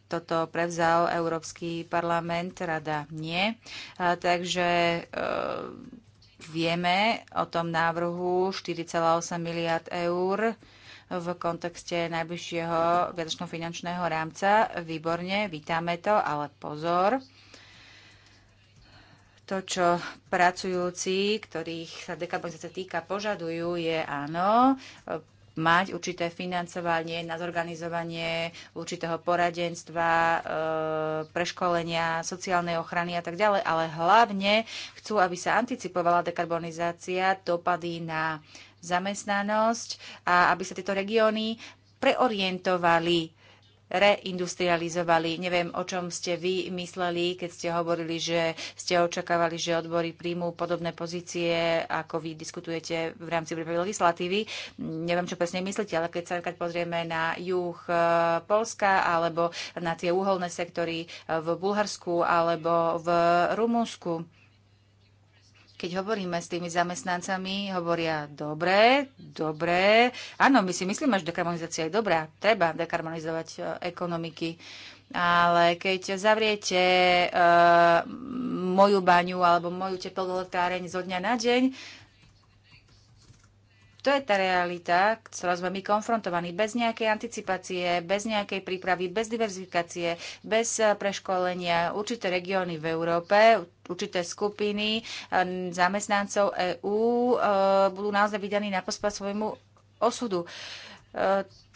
toto prevzal Európsky parlament, rada nie. Takže vieme o tom návrhu 4,8 miliard eur v kontekste najbližšieho viacročného finančného rámca. Výborne, vítame to, ale pozor. To, čo pracujúci, ktorých sa dekarbonizácia týka, požadujú, je áno, mať určité financovanie na zorganizovanie určitého poradenstva, e, preškolenia, sociálnej ochrany a tak ďalej, ale hlavne chcú, aby sa anticipovala dekarbonizácia, dopady na zamestnanosť a aby sa tieto regióny preorientovali reindustrializovali. Neviem, o čom ste vy mysleli, keď ste hovorili, že ste očakávali, že odbory príjmú podobné pozície, ako vy diskutujete v rámci prípravy legislatívy. Neviem, čo presne myslíte, ale keď sa keď pozrieme na juh e, Polska alebo na tie uholné sektory e, v Bulharsku alebo v Rumunsku, keď hovoríme s tými zamestnancami, hovoria, dobre, dobre, áno, my si myslíme, že dekarbonizácia je dobrá, treba dekarbonizovať e, ekonomiky, ale keď zavriete uh, moju baňu alebo moju tepelnú zo dňa na deň, to je tá realita, ktorá sme my konfrontovaní. Bez nejakej anticipácie, bez nejakej prípravy, bez diverzifikácie, bez eh, preškolenia. Určité regióny v Európe, určité skupiny eh, zamestnancov EÚ eh, budú naozaj vydaní na pospa svojmu osudu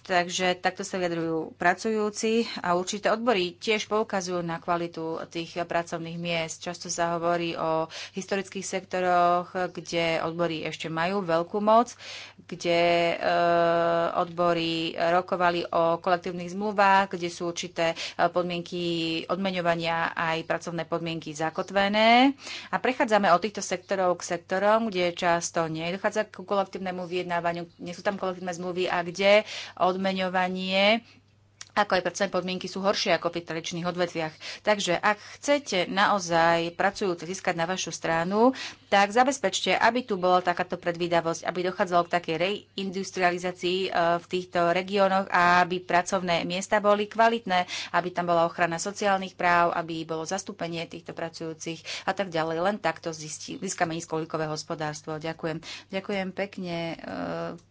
Takže takto sa vyjadrujú pracujúci a určité odbory tiež poukazujú na kvalitu tých pracovných miest. Často sa hovorí o historických sektoroch, kde odbory ešte majú veľkú moc, kde e, odbory rokovali o kolektívnych zmluvách, kde sú určité e, podmienky odmeňovania aj pracovné podmienky zakotvené. A prechádzame od týchto sektorov k sektorom, kde často nedochádza k kolektívnemu vyjednávaniu, nie sú tam kolektívne zmluvy a kde odmeňovanie ako aj predsa podmienky sú horšie ako v tradičných odvetviach. Takže ak chcete naozaj pracujúce získať na vašu stranu, tak zabezpečte, aby tu bola takáto predvídavosť, aby dochádzalo k takej reindustrializácii e, v týchto regiónoch a aby pracovné miesta boli kvalitné, aby tam bola ochrana sociálnych práv, aby bolo zastúpenie týchto pracujúcich a tak ďalej. Len takto získame nízkolikové hospodárstvo. Ďakujem. Ďakujem pekne e,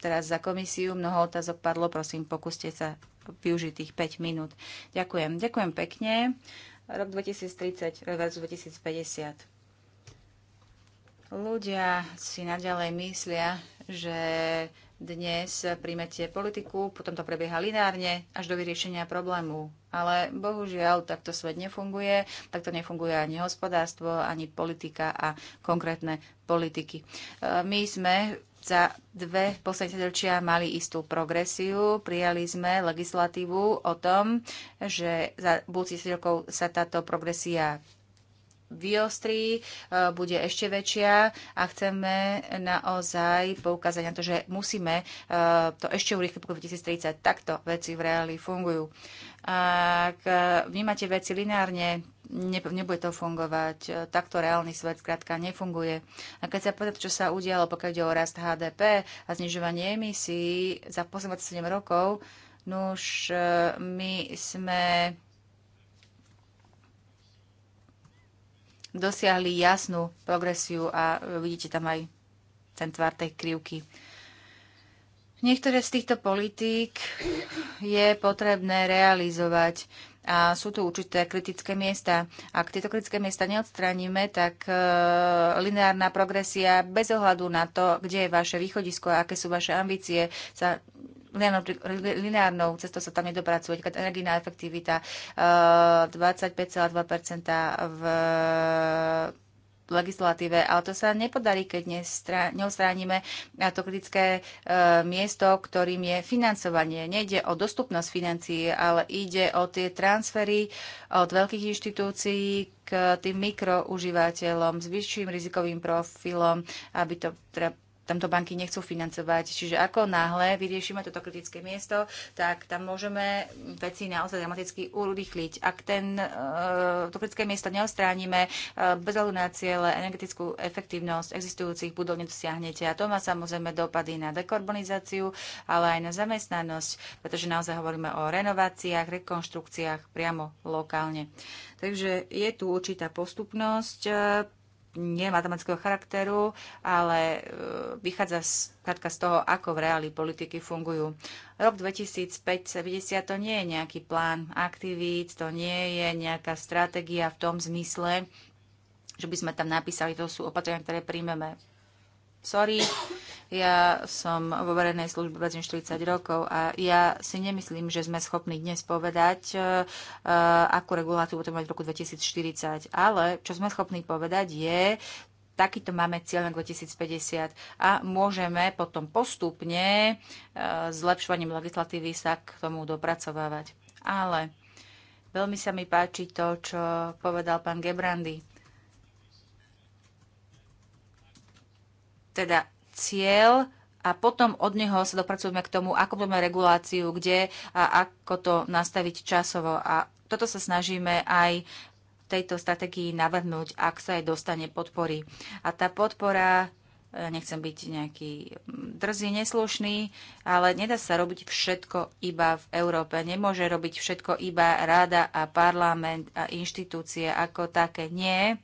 teraz za komisiu. Mnoho otázok padlo, prosím, pokúste sa využitých 5 minút. Ďakujem. Ďakujem pekne. Rok 2030, rok 2050. Ľudia si naďalej myslia, že dnes príjmete politiku, potom to prebieha lineárne až do vyriešenia problému. Ale bohužiaľ, takto svet nefunguje, takto nefunguje ani hospodárstvo, ani politika a konkrétne politiky. E, my sme za dve posledné mali istú progresiu. Prijali sme legislatívu o tom, že za budúci sa táto progresia vyostrí, e, bude ešte väčšia a chceme naozaj poukázať na to, že musíme e, to ešte urýchliť po 2030. Takto veci v reáli fungujú. Ak e, vnímate veci lineárne, nebude to fungovať. Takto reálny svet zkrátka nefunguje. A keď sa povedať, čo sa udialo, pokiaľ ide o rast HDP a znižovanie emisí za 27 rokov, no už my sme dosiahli jasnú progresiu a e, vidíte tam aj ten tvar tej krivky. Niektoré z týchto politík je potrebné realizovať a sú tu určité kritické miesta. Ak tieto kritické miesta neodstraníme, tak e, lineárna progresia bez ohľadu na to, kde je vaše východisko a aké sú vaše ambície, sa lineárnou cestou sa tam nedopracuje. Keď energijná efektivita 25,2% eh, v legislatíve, ale to sa nepodarí, keď neostránime to kritické eh, miesto, ktorým je financovanie. Nejde o dostupnosť financií, ale ide o tie transfery od veľkých inštitúcií k tým mikroužívateľom s vyšším rizikovým profilom, aby to teda tamto banky nechcú financovať. Čiže ako náhle vyriešime toto kritické miesto, tak tam môžeme veci naozaj dramaticky urýchliť. Ak ten, e, to kritické miesto neostránime, e, bez hľadu na cieľe energetickú efektívnosť existujúcich budov nedosiahnete. A to má samozrejme dopady na dekarbonizáciu, ale aj na zamestnanosť, pretože naozaj hovoríme o renováciách, rekonštrukciách priamo lokálne. Takže je tu určitá postupnosť e, nie matematického charakteru, ale e, vychádza z, z toho, ako v reáli politiky fungujú. Rok 2050 to nie je nejaký plán aktivít, to nie je nejaká stratégia v tom zmysle, že by sme tam napísali, to sú opatrenia, ktoré príjmeme. Sorry, ja som vo verejnej službe bez 40 rokov a ja si nemyslím, že sme schopní dnes povedať, e, e, akú reguláciu budeme mať v roku 2040. Ale čo sme schopní povedať je, takýto máme cieľ na 2050 a môžeme potom postupne e, zlepšovaním legislatívy sa k tomu dopracovávať. Ale veľmi sa mi páči to, čo povedal pán Gebrandy. Teda cieľ a potom od neho sa dopracujeme k tomu, ako budeme reguláciu, kde a ako to nastaviť časovo. A toto sa snažíme aj tejto strategii navrhnúť, ak sa aj dostane podpory. A tá podpora nechcem byť nejaký mm, drzý, neslušný, ale nedá sa robiť všetko iba v Európe. Nemôže robiť všetko iba ráda a parlament a inštitúcie ako také. Nie,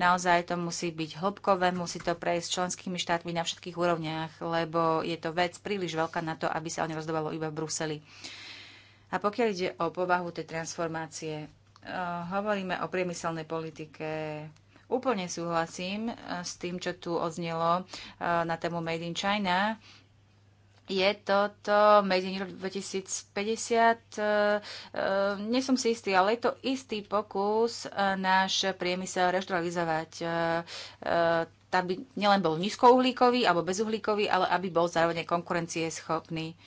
naozaj to musí byť hlbkové, musí to prejsť členskými štátmi na všetkých úrovniach, lebo je to vec príliš veľká na to, aby sa o rozdobalo iba v Bruseli. A pokiaľ ide o povahu tej transformácie, eh, hovoríme o priemyselnej politike, Úplne súhlasím eh, s tým, čo tu odznelo eh, na tému Made in China. Je toto Made in 2050? Eh, nie som si istý, ale je to istý pokus náš priemysel reštralizovať Tak by nielen bol nízkouhlíkový alebo bezuhlíkový, ale aby bol zároveň konkurencieschopný.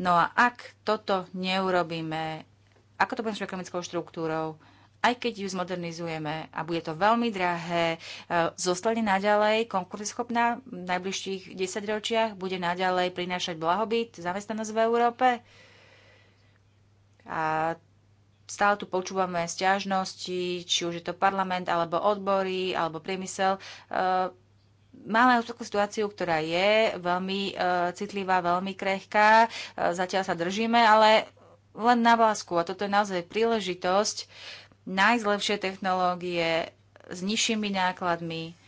No a ak toto neurobíme, ako to bude s ekonomickou štruktúrou? aj keď ju zmodernizujeme a bude to veľmi drahé, e, zostane naďalej konkurenceschopná v najbližších 10 ročiach, bude naďalej prinášať blahobyt, zamestnanosť v Európe. A stále tu počúvame stiažnosti, či už je to parlament, alebo odbory, alebo priemysel. E, máme už takú situáciu, ktorá je veľmi e, citlivá, veľmi krehká. Zatiaľ sa držíme, ale len na vlásku. A toto je naozaj príležitosť najzlepšie technológie s nižšími nákladmi,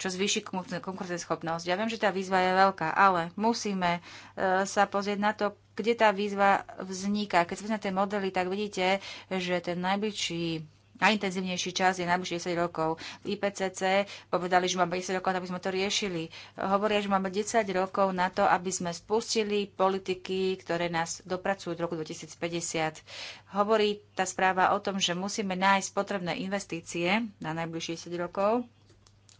čo zvýši konkurenceschopnosť. Ja viem, že tá výzva je veľká, ale musíme e, sa pozrieť na to, kde tá výzva vzniká. Keď sa na tie modely, tak vidíte, že ten najbližší najintenzívnejší čas je najbližšie 10 rokov. V IPCC povedali, že máme 10 rokov, aby sme to riešili. Hovoria, že máme 10 rokov na to, aby sme spustili politiky, ktoré nás dopracujú do roku 2050. Hovorí tá správa o tom, že musíme nájsť potrebné investície na najbližších 10 rokov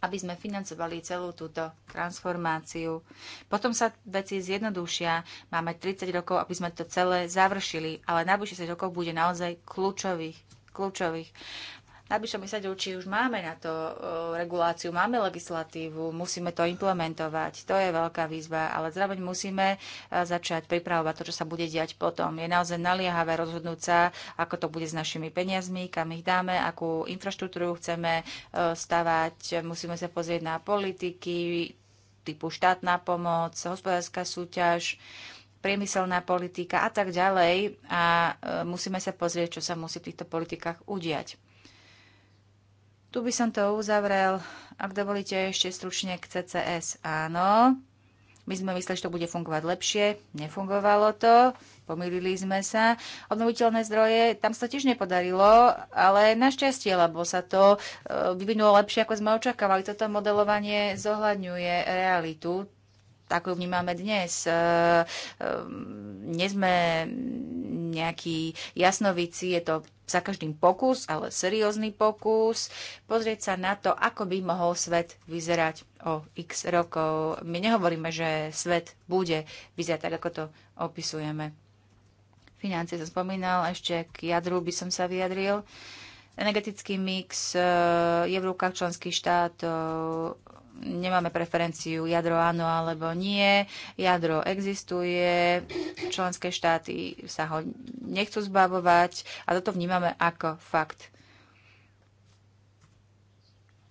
aby sme financovali celú túto transformáciu. Potom sa veci zjednodušia. Máme 30 rokov, aby sme to celé završili, ale najbližších 10 rokov bude naozaj kľúčových kľúčových. Na vyššom či už máme na to e, reguláciu, máme legislatívu, musíme to implementovať. To je veľká výzva, ale zároveň musíme e, začať pripravovať to, čo sa bude diať potom. Je naozaj naliehavé rozhodnúť sa, ako to bude s našimi peniazmi, kam ich dáme, akú infraštruktúru chceme e, stavať. Musíme sa pozrieť na politiky typu štátna pomoc, hospodárska súťaž, priemyselná politika a tak ďalej. A e, musíme sa pozrieť, čo sa musí v týchto politikách udiať. Tu by som to uzavrel. Ak dovolíte ešte stručne k CCS. Áno, my sme mysleli, že to bude fungovať lepšie. Nefungovalo to. Pomýlili sme sa. Obnoviteľné zdroje, tam sa tiež nepodarilo, ale našťastie, lebo sa to e, vyvinulo lepšie, ako sme očakávali. Toto modelovanie zohľadňuje realitu ako ju vnímame dnes. E, e, nie sme nejakí jasnovici, je to za každým pokus, ale seriózny pokus, pozrieť sa na to, ako by mohol svet vyzerať o x rokov. My nehovoríme, že svet bude vyzerať tak, ako to opisujeme. Financie som spomínal, ešte k jadru by som sa vyjadril. Energetický mix e, je v rukách členských štátov nemáme preferenciu jadro áno alebo nie. Jadro existuje, členské štáty sa ho nechcú zbavovať a toto vnímame ako fakt.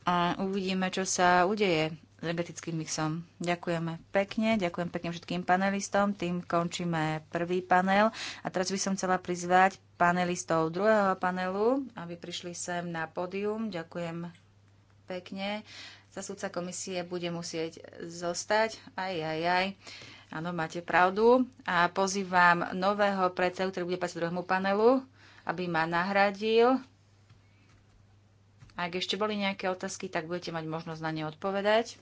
A uvidíme, čo sa udeje energetickým mixom. Ďakujeme pekne, ďakujem pekne všetkým panelistom, tým končíme prvý panel. A teraz by som chcela prizvať panelistov druhého panelu, aby prišli sem na pódium. Ďakujem pekne sa súdca komisie bude musieť zostať. Aj, aj, aj. Áno, máte pravdu. A pozývam nového predsedu, ktorý bude pať druhému panelu, aby ma nahradil. Ak ešte boli nejaké otázky, tak budete mať možnosť na ne odpovedať.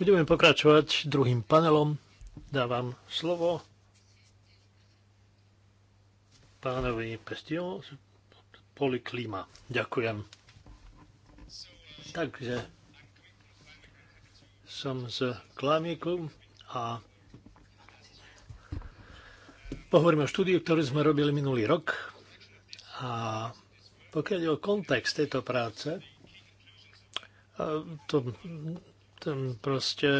Budeme pokračovať druhým panelom. Dávam slovo pánovi Pestio z Poliklima. Ďakujem. Takže som z Klamiku a pohovorím o štúdiu, ktorú sme robili minulý rok. A pokiaľ je o kontext tejto práce, to, tam proste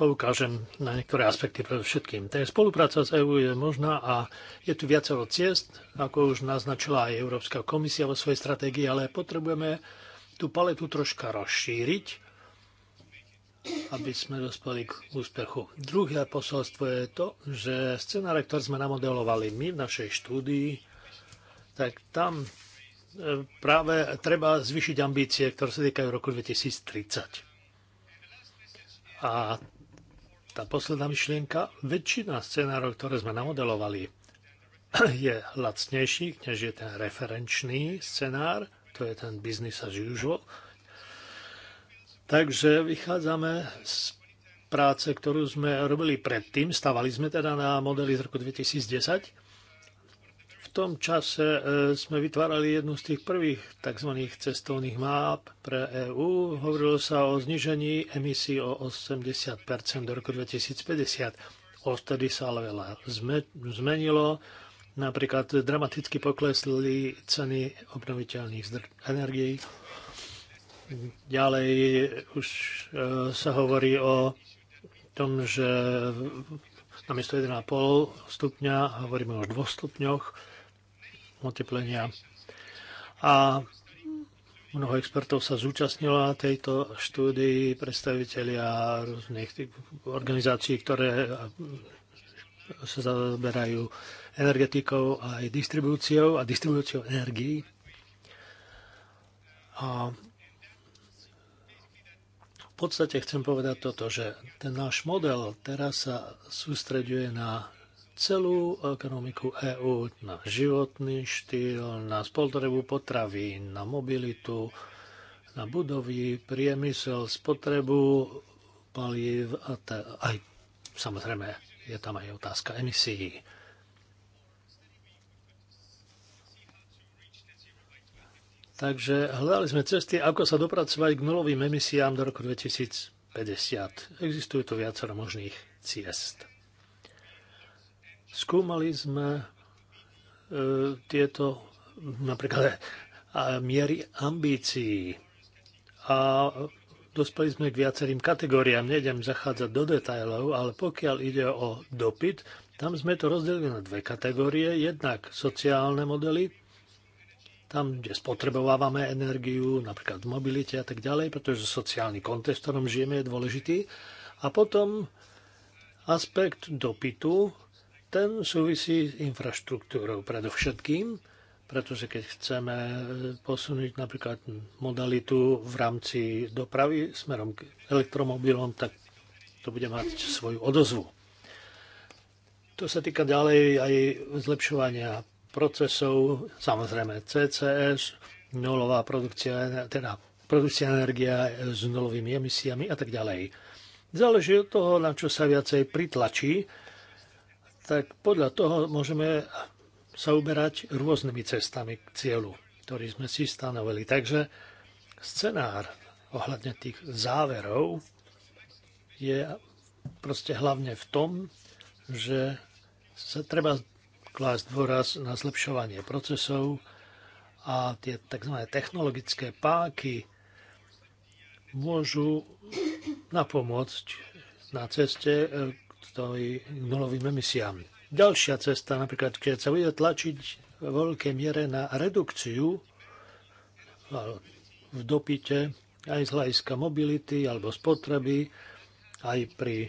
poukážem na niektoré aspekty pre všetkým. Tá spolupráca s EÚ je možná a je tu viacero ciest, ako už naznačila aj Európska komisia vo svojej stratégii, ale potrebujeme tú paletu troška rozšíriť, aby sme dospeli k úspechu. Druhé posolstvo je to, že scenáre, ktoré sme namodelovali my v našej štúdii, tak tam E, práve treba zvyšiť ambície, ktoré sa týkajú roku 2030. A tá posledná myšlienka, väčšina scenárov, ktoré sme namodelovali, je lacnejší, než je ten referenčný scenár, to je ten business as usual. Takže vychádzame z práce, ktorú sme robili predtým, stavali sme teda na modely z roku 2010 tom čase e, sme vytvárali jednu z tých prvých tzv. cestovných map pre EÚ. Hovorilo sa o znižení emisí o 80 do roku 2050. Odtedy sa ale veľa zmenilo. Napríklad dramaticky poklesli ceny obnoviteľných energií. Ďalej už e, sa hovorí o tom, že namiesto 1,5 stupňa hovoríme o 2 stupňoch oteplenia. A mnoho expertov sa zúčastnilo na tejto štúdii, predstavitelia rôznych organizácií, ktoré sa zaberajú energetikou a aj distribúciou a distribúciou energií. A v podstate chcem povedať toto, že ten náš model teraz sa sústreďuje na celú ekonomiku EÚ, na životný štýl, na spotrebu potravy, na mobilitu, na budovy, priemysel, spotrebu palív a t- aj samozrejme je tam aj otázka emisí. Takže hľadali sme cesty, ako sa dopracovať k nulovým emisiám do roku 2050. Existujú tu viacero možných ciest. Skúmali sme e, tieto napríklad a e, miery ambícií a dospeli sme k viacerým kategóriám. Nejdem zachádzať do detajlov, ale pokiaľ ide o dopyt, tam sme to rozdelili na dve kategórie. Jednak sociálne modely, tam, kde spotrebovávame energiu, napríklad v mobilite a tak ďalej, pretože sociálny kontext, v ktorom žijeme, je dôležitý. A potom aspekt dopytu, ten súvisí s infraštruktúrou predovšetkým, pretože keď chceme eh, posunúť napríklad modalitu v rámci dopravy smerom k elektromobilom, tak to bude mať svoju odozvu. To sa týka ďalej aj zlepšovania procesov, samozrejme CCS, nulová produkcia, teda produkcia energia s nulovými emisiami a tak ďalej. Záleží od toho, na čo sa viacej pritlačí, tak podľa toho môžeme sa uberať rôznymi cestami k cieľu, ktorý sme si stanovili. Takže scenár ohľadne tých záverov je proste hlavne v tom, že sa treba klásť dôraz na zlepšovanie procesov a tie tzv. technologické páky môžu napomôcť na ceste e, nulovým emisiám. Ďalšia cesta, napríklad, keď sa bude tlačiť v veľkej miere na redukciu v dopite aj z hľadiska mobility alebo spotreby, aj pri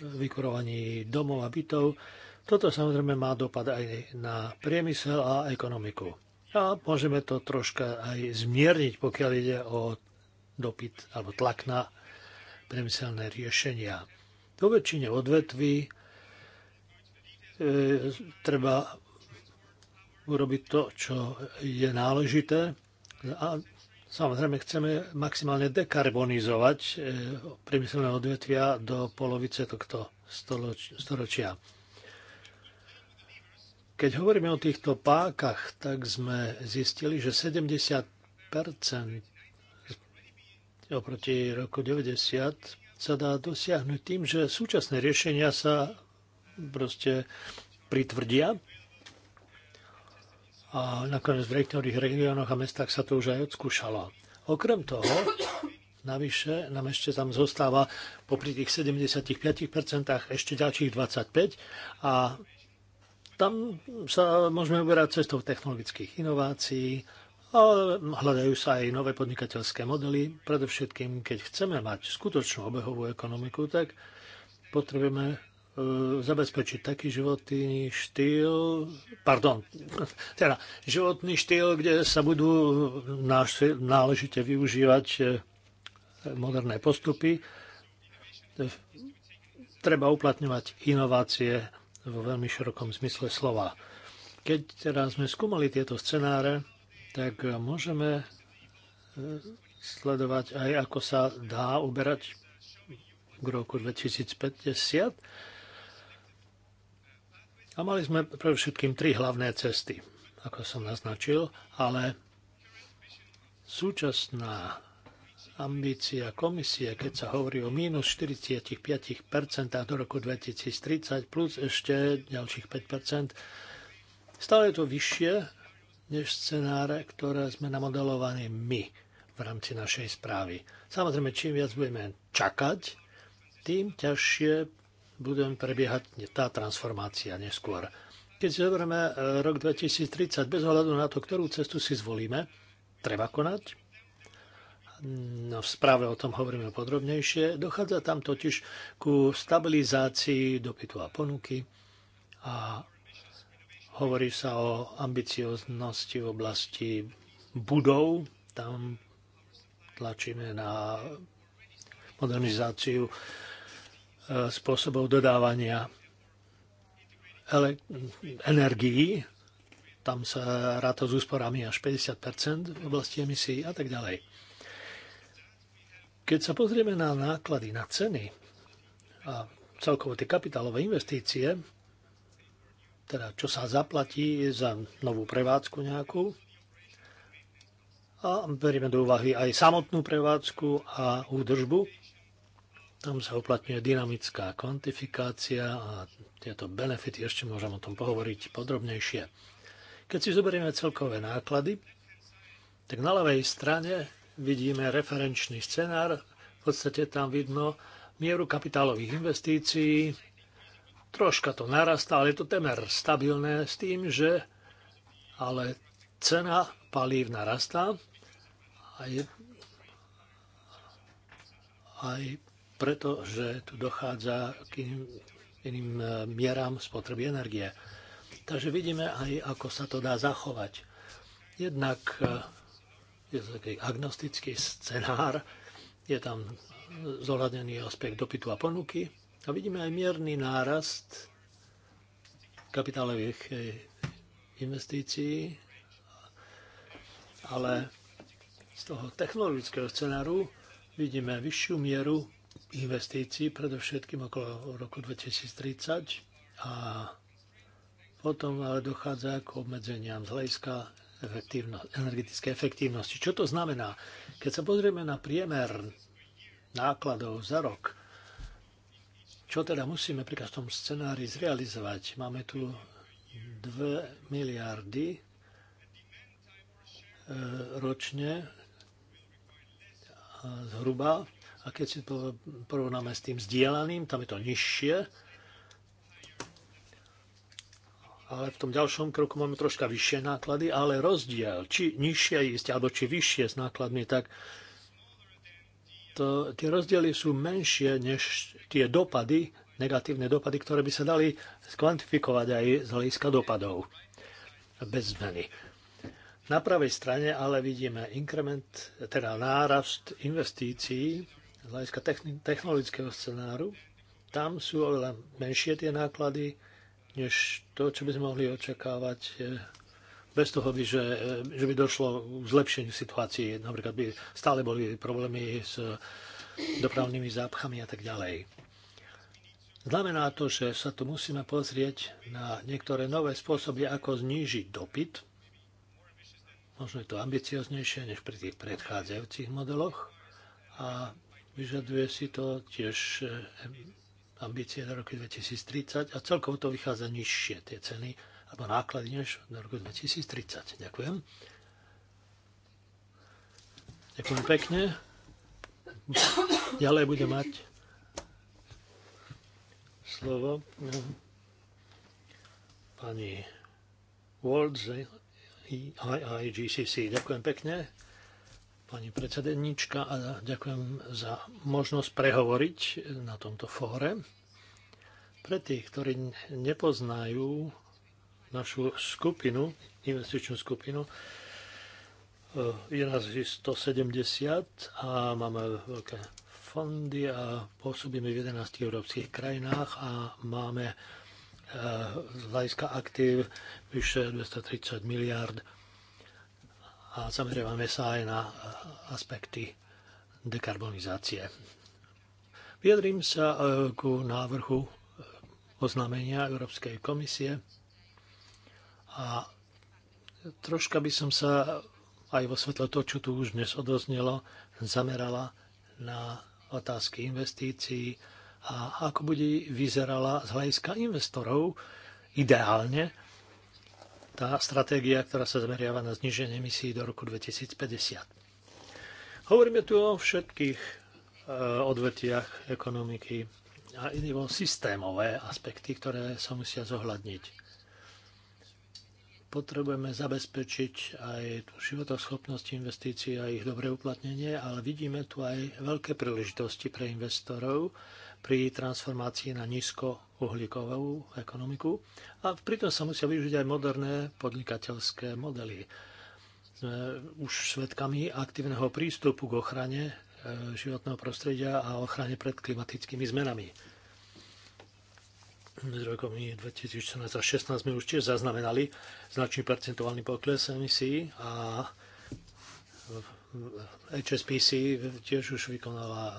vykurovaní domov a bytov. Toto samozrejme má dopad aj na priemysel a ekonomiku. A môžeme to troška aj zmierniť, pokiaľ ide o dopyt alebo tlak na priemyselné riešenia. Po väčšine odvetví e, treba urobiť to, čo je náležité. A samozrejme chceme maximálne dekarbonizovať e, priemyselné odvetvia do polovice tohto storočia. Keď hovoríme o týchto pákach, tak sme zistili, že 70 oproti roku 90 sa dá dosiahnuť tým, že súčasné riešenia sa proste pritvrdia a nakoniec v rektorých regiónoch a mestách sa to už aj odskúšalo. Okrem toho, navyše nám ešte tam zostáva popri tých 75% ešte ďalších 25 a tam sa môžeme uberať cestou technologických inovácií, hľadajú sa aj nové podnikateľské modely. Predovšetkým, keď chceme mať skutočnú obehovú ekonomiku, tak potrebujeme e, zabezpečiť taký životný štýl, pardon, teda životný štýl, kde sa budú náležite využívať e, moderné postupy. Treba uplatňovať inovácie vo veľmi širokom zmysle slova. Keď teraz sme skúmali tieto scenáre, tak e, môžeme e, sledovať aj, ako sa dá uberať k roku 2050. A mali sme pre všetkým tri hlavné cesty, ako som naznačil, ale súčasná ambícia komisie, keď sa hovorí o mínus 45% do roku 2030 plus ešte ďalších 5%, stále je to vyššie než scenáre, ktoré sme namodelovaní my v rámci našej správy. Samozrejme, čím viac budeme čakať, tým ťažšie budeme prebiehať tá transformácia neskôr. Keď si zoberieme e, rok 2030, bez ohľadu na to, ktorú cestu si zvolíme, treba konať. No, v správe o tom hovoríme podrobnejšie. Dochádza tam totiž ku stabilizácii dopytu a ponuky a Hovorí sa o ambicioznosti v oblasti budov. Tam tlačíme na modernizáciu e, spôsobov dodávania energií. Tam sa ráta s úsporami až 50 v oblasti emisí a tak ďalej. Keď sa pozrieme na náklady, na ceny a celkovo tie kapitálové investície, teda čo sa zaplatí za novú prevádzku nejakú. A berieme do úvahy aj samotnú prevádzku a údržbu. Tam sa uplatňuje dynamická kvantifikácia a tieto benefity, ešte môžem o tom pohovoriť podrobnejšie. Keď si zoberieme celkové náklady, tak na ľavej strane vidíme referenčný scenár. V podstate tam vidno mieru kapitálových investícií, Troška to narastá, ale je to temer stabilné s tým, že ale cena palív narastá a je aj preto, že tu dochádza k iným, iným e, mieram spotreby energie. Takže vidíme aj, ako sa to dá zachovať. Jednak e, je to taký agnostický scenár, je tam e, zohľadnený aspekt dopytu a ponuky a vidíme aj mierny nárast kapitálových eh, investícií, ale z toho technologického scenáru vidíme vyššiu mieru investícií, predovšetkým okolo roku 2030 a potom ale dochádza k obmedzeniam z hľadiska energetické efektívnosti. Čo to znamená? Keď sa pozrieme na priemer nákladov za rok, čo teda musíme pri každom scenári zrealizovať? Máme tu 2 miliardy e, ročne zhruba. A keď si porovnáme s tým zdieľaným, tam je to nižšie. Ale v tom ďalšom kroku máme troška vyššie náklady, ale rozdiel, či nižšie ísť, alebo či vyššie s nákladmi, tak to, tie rozdiely sú menšie než tie dopady, negatívne dopady, ktoré by sa dali skvantifikovať aj z hľadiska dopadov bez zmeny. Na pravej strane ale vidíme inkrement, teda nárast investícií z hľadiska technologického scenáru. Tam sú oveľa menšie tie náklady, než to, čo by sme mohli očakávať eh, bez toho by, že, že by došlo k zlepšeniu situácii. Napríklad by stále boli problémy s dopravnými zápchami a tak ďalej. Znamená to, že sa tu musíme pozrieť na niektoré nové spôsoby, ako znížiť dopyt. Možno je to ambicioznejšie než pri tých predchádzajúcich modeloch a vyžaduje si to tiež eh, ambície na roky 2030 a celkovo to vychádza nižšie tie ceny alebo náklady než do roku 2030. Ďakujem. Ďakujem pekne. Ďalej bude mať slovo mm, pani World z IIGCC. Ďakujem pekne, pani predsedníčka, a ďakujem za možnosť prehovoriť na tomto fóre. Pre tých, ktorí nepoznajú našu skupinu, investičnú skupinu. Eh, je nás 170 a máme veľké fondy a pôsobíme v 11 európskych krajinách a máme eh, z hľadiska aktív vyše 230 miliard a zameriavame sa aj na eh, aspekty dekarbonizácie. Vyjadrím sa ku návrhu oznámenia Európskej komisie a troška by som sa aj vo svetle toho, čo tu už dnes odoznelo, zamerala na otázky investícií a ako bude vyzerala z hľadiska investorov ideálne tá stratégia, ktorá sa zameriava na zniženie emisí do roku 2050. Hovoríme tu o všetkých e, odvetiach ekonomiky a iné systémové aspekty, ktoré sa musia zohľadniť potrebujeme zabezpečiť aj tú životoschopnosť investícií a ich dobré uplatnenie, ale vidíme tu aj veľké príležitosti pre investorov pri transformácii na nízkouhlíkovú ekonomiku a pritom sa musia využiť aj moderné podnikateľské modely. Sme už svedkami aktívneho prístupu k ochrane e, životného prostredia a ochrane pred klimatickými zmenami medzi rokmi 2014 a 2016 sme už tiež zaznamenali značný percentuálny pokles emisí a HSPC tiež už vykonala e,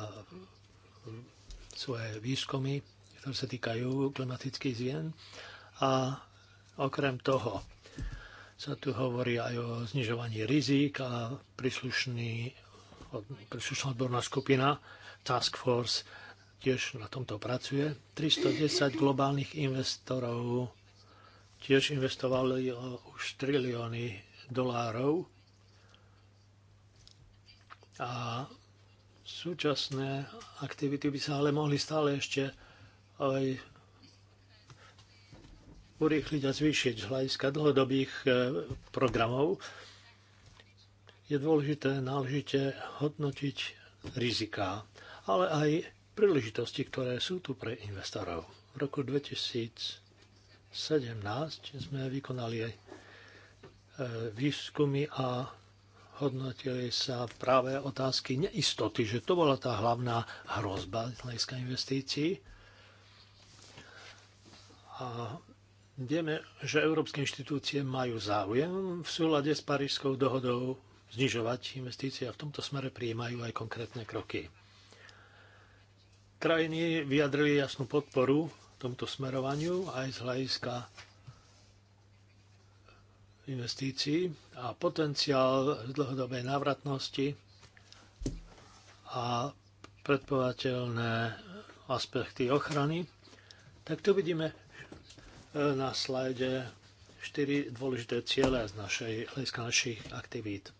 svoje výskumy, ktoré sa týkajú klimatických zmien. A okrem toho sa tu hovorí aj o znižovaní rizik a príslušný, príslušná odborná skupina Task Force tiež na tomto pracuje. 310 globálnych investorov tiež investovali už trilióny dolárov a súčasné aktivity by sa ale mohli stále ešte aj urýchliť a zvýšiť z hľadiska dlhodobých e, programov. Je dôležité náležite hodnotiť riziká, ale aj príležitosti, ktoré sú tu pre investorov. V roku 2017 sme vykonali eh, výskumy a hodnotili sa práve otázky neistoty, že to bola tá hlavná hrozba hľadiska investícií. A vieme, že európske inštitúcie majú záujem v súlade s Parížskou dohodou znižovať investície a v tomto smere prijímajú aj konkrétne kroky krajiny vyjadrili jasnú podporu tomuto smerovaniu aj z hľadiska investícií a potenciál dlhodobej návratnosti a predpovateľné aspekty ochrany. Tak tu vidíme na slajde štyri dôležité ciele z našej, hľadiska našich aktivít.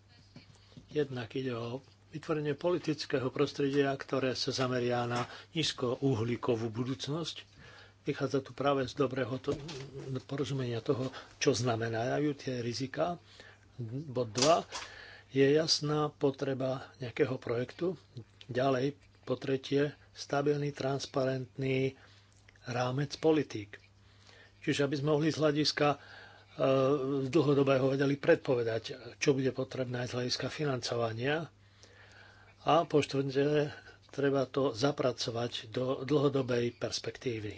Jednak ide o vytvorenie politického prostredia, ktoré sa zameria na nízkouhlíkovú budúcnosť. Vychádza tu práve z dobrého to, porozumenia toho, čo znamenajú tie rizika. Bod 2 je jasná potreba nejakého projektu. Ďalej, po tretie, stabilný, transparentný rámec politík. Čiže aby sme mohli z hľadiska e, z dlhodobého vedeli predpovedať, čo bude potrebné z hľadiska financovania a po štvrte treba to zapracovať do dlhodobej perspektívy.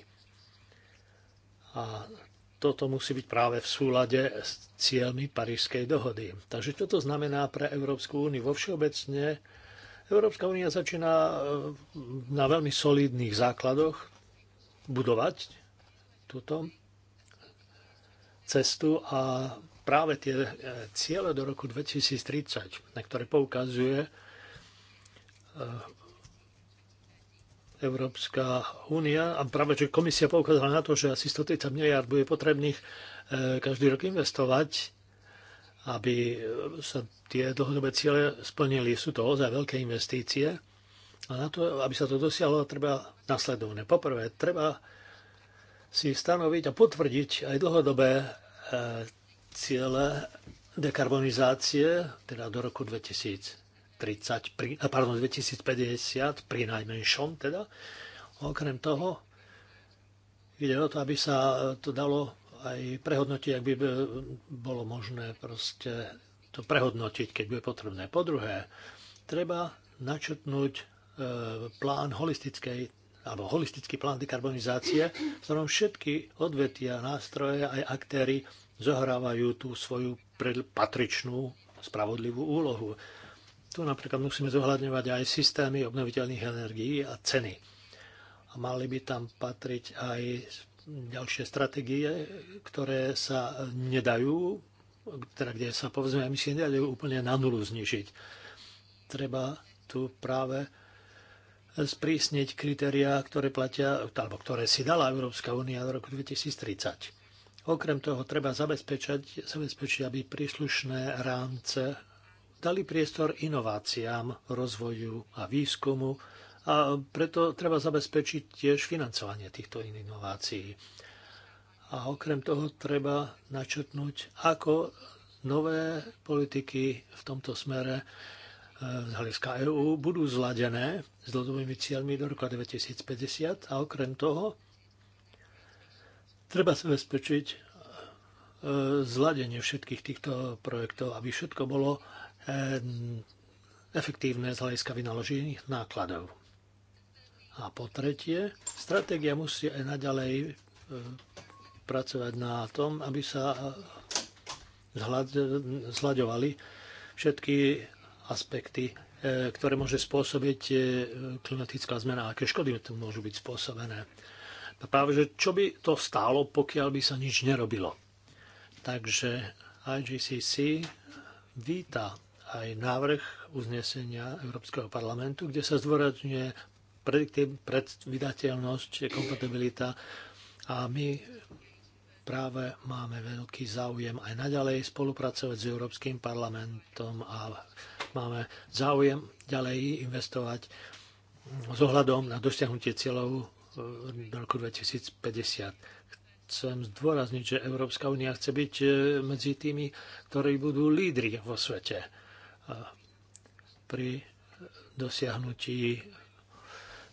A toto musí byť práve v súlade s cieľmi Parížskej dohody. Takže čo to znamená pre Európsku úniu? Vo všeobecne Európska únia začína eh, na veľmi solidných základoch budovať túto cestu a práve tie eh, ciele do roku 2030, na ktoré poukazuje Eh, Európska únia a práve, že komisia poukázala na to, že asi 130 miliard bude potrebných eh, každý rok investovať, aby eh, sa tie dlhodobé ciele splnili. Sú to ozaj veľké investície a na to, aby sa to dosiahlo, treba nasledovne. Poprvé, treba si stanoviť a potvrdiť aj dlhodobé ciele dekarbonizácie, teda do roku 2000 2030, pri, eh, pardon, 2050, pri najmenšom teda. Okrem toho ide o to, aby sa eh, to dalo aj prehodnotiť, ak by eh, bolo možné proste to prehodnotiť, keď bude potrebné. Po druhé, treba načrtnúť plán holistickej alebo holistický plán dekarbonizácie, v ktorom všetky odvetia, nástroje aj aktéry zohrávajú tú svoju patričnú spravodlivú úlohu. Tu napríklad musíme zohľadňovať aj systémy obnoviteľných energií a ceny. A mali by tam patriť aj ďalšie stratégie, ktoré sa nedajú, teda kde sa povedzme emisie nedajú úplne na nulu znižiť. Treba tu práve sprísniť kritériá, ktoré platia, alebo ktoré si dala Európska únia do roku 2030. Okrem toho treba zabezpečiť, zabezpečiť aby príslušné rámce dali priestor inováciám, rozvoju a výskumu a preto treba zabezpečiť tiež financovanie týchto inovácií. A okrem toho treba načrtnúť, ako nové politiky v tomto smere e, z hľadiska EÚ budú zladené s dlhodobými cieľmi do roku 2050 a okrem toho treba zabezpečiť e, zladenie všetkých týchto projektov, aby všetko bolo Ehm, efektívne z hľadiska vynaložených nákladov. A po tretie, stratégia musí aj naďalej e, pracovať na tom, aby sa e, zhľadovali všetky aspekty, e, ktoré môže spôsobiť klimatická zmena, aké škody to môžu byť spôsobené. A práve, že čo by to stálo, pokiaľ by sa nič nerobilo. Takže IGCC víta aj návrh uznesenia Európskeho parlamentu, kde sa zdôrazňuje predvydateľnosť, kompatibilita a my práve máme veľký záujem aj naďalej spolupracovať s Európskym parlamentom a máme záujem ďalej investovať s ohľadom na dosiahnutie cieľov e, do roku 2050. Chcem zdôrazniť, že Európska únia chce byť e, medzi tými, ktorí budú lídri vo svete pri dosiahnutí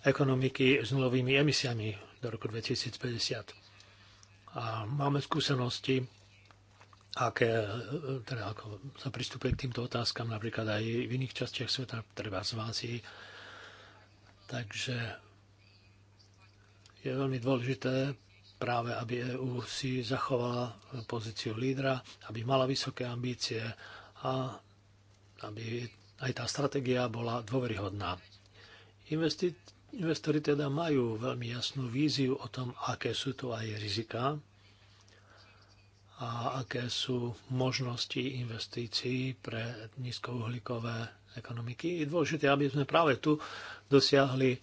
ekonomiky s nulovými emisiami do roku 2050. A máme skúsenosti, aké, teda ako sa pristúpe k týmto otázkam napríklad aj v iných častiach sveta, treba z Ázii. Takže je veľmi dôležité práve, aby EU si zachovala pozíciu lídra, aby mala vysoké ambície a aby aj tá stratégia bola dôveryhodná. Investi- investori teda majú veľmi jasnú víziu o tom, aké sú tu aj rizika a aké sú možnosti investícií pre nízkouhlíkové ekonomiky. Je dôležité, aby sme práve tu dosiahli e,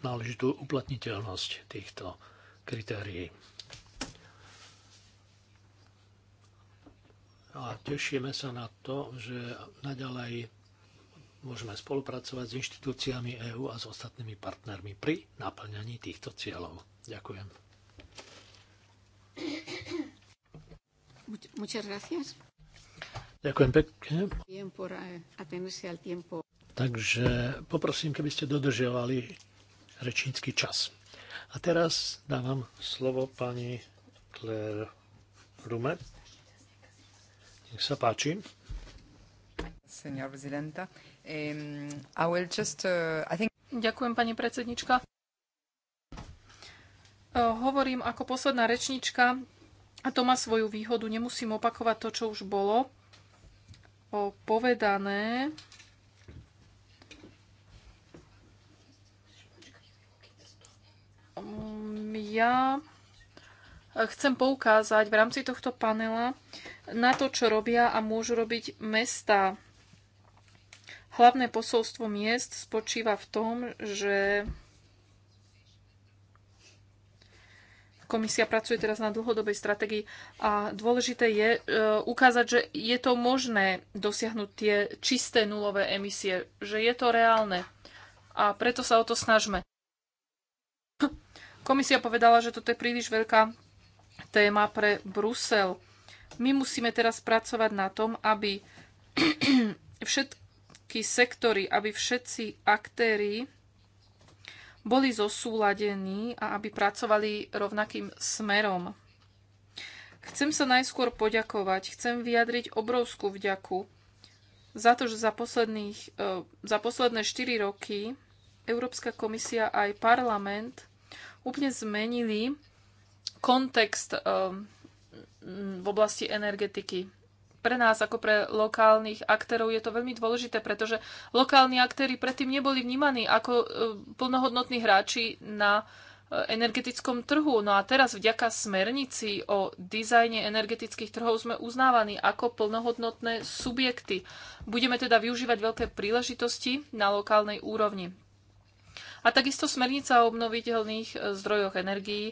náležitú uplatniteľnosť týchto kritérií. a tešíme sa na to, že naďalej môžeme spolupracovať s inštitúciami EÚ a s ostatnými partnermi pri naplňaní týchto cieľov. Ďakujem. Ďakujem pekne. Eh, Takže poprosím, keby ste dodržiavali rečnícky čas. A teraz dávam slovo pani Claire Rumet. Nech sa páči. Ehm, uh, Ďakujem, pani predsednička. Eh, hovorím ako posledná rečnička a to má svoju výhodu. Nemusím opakovať to, čo už bolo povedané. Mm, ja chcem poukázať v rámci tohto panela na to, čo robia a môžu robiť mesta. Hlavné posolstvo miest spočíva v tom, že komisia pracuje teraz na dlhodobej strategii a dôležité je e, ukázať, že je to možné dosiahnuť tie čisté nulové emisie, že je to reálne a preto sa o to snažme. Komisia povedala, že toto je príliš veľká téma pre Brusel. My musíme teraz pracovať na tom, aby všetky sektory, aby všetci aktéry boli zosúladení a aby pracovali rovnakým smerom. Chcem sa najskôr poďakovať, chcem vyjadriť obrovskú vďaku za to, že za, posledných, e, za posledné 4 roky Európska komisia aj parlament úplne zmenili kontext ehm, v oblasti energetiky. Pre nás ako pre lokálnych aktérov je to veľmi dôležité, pretože lokálni aktéry predtým neboli vnímaní ako ehm, plnohodnotní hráči na e, energetickom trhu. No a teraz vďaka smernici o dizajne energetických trhov sme uznávaní ako plnohodnotné subjekty. Budeme teda využívať veľké príležitosti na lokálnej úrovni. A takisto smernica o obnoviteľných e, zdrojoch energií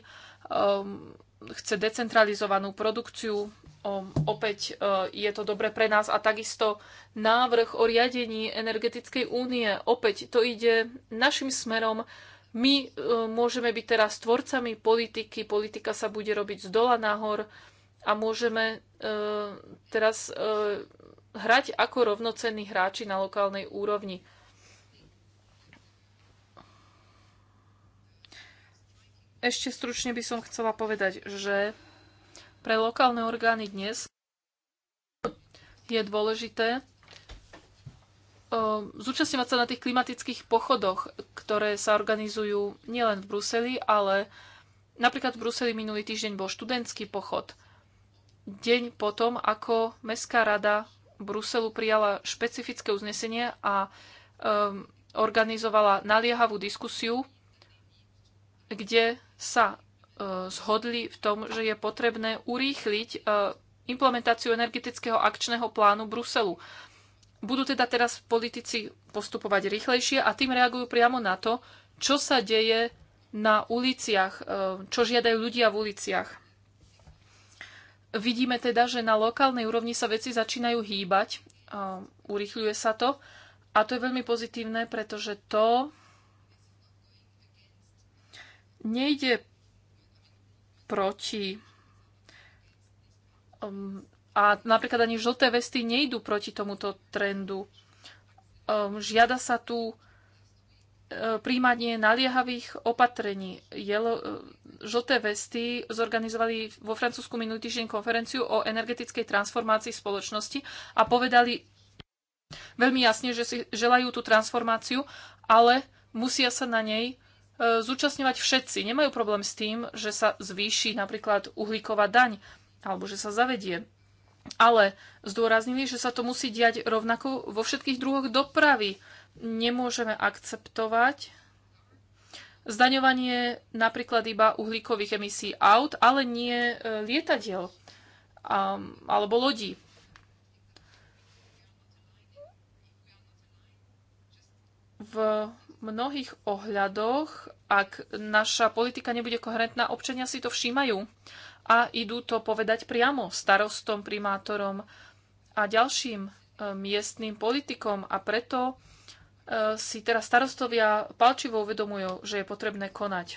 Um, chce decentralizovanú produkciu. Um, opäť uh, je to dobre pre nás a takisto návrh o riadení energetickej únie. Opäť to ide našim smerom. My uh, môžeme byť teraz tvorcami politiky, politika sa bude robiť z dola nahor a môžeme uh, teraz hrať ako rovnocenní hráči na lokálnej úrovni. Ešte stručne by som chcela povedať, že pre lokálne orgány dnes je dôležité zúčastňovať sa na tých klimatických pochodoch, ktoré sa organizujú nielen v Bruseli, ale napríklad v Bruseli minulý týždeň bol študentský pochod. Deň potom, ako Mestská rada Bruselu prijala špecifické uznesenie a um, organizovala naliehavú diskusiu, kde sa e, zhodli v tom, že je potrebné urýchliť e, implementáciu energetického akčného plánu Bruselu. Budú teda teraz politici postupovať rýchlejšie a tým reagujú priamo na to, čo sa deje na uliciach, e, čo žiadajú ľudia v uliciach. Vidíme teda, že na lokálnej úrovni sa veci začínajú hýbať, urýchľuje sa to a to je veľmi pozitívne, pretože to nejde proti um, a napríklad ani žlté vesty nejdu proti tomuto trendu. Um, žiada sa tu uh, príjmanie naliehavých opatrení. Jelo, uh, žlté vesty zorganizovali vo Francúzsku minulý týždeň konferenciu o energetickej transformácii spoločnosti a povedali veľmi jasne, že si želajú tú transformáciu, ale musia sa na nej E, zúčastňovať všetci. Nemajú problém s tým, že sa zvýši napríklad uhlíková daň alebo že sa zavedie. Ale zdôraznili, že sa to musí diať rovnako vo všetkých druhoch dopravy. Nemôžeme akceptovať zdaňovanie napríklad iba uhlíkových emisí aut, ale nie e, lietadiel alebo lodí. V mnohých ohľadoch, ak naša politika nebude koherentná, občania si to všímajú a idú to povedať priamo starostom, primátorom a ďalším e, miestným politikom. A preto e, si teraz starostovia palčivo uvedomujú, že je potrebné konať. E,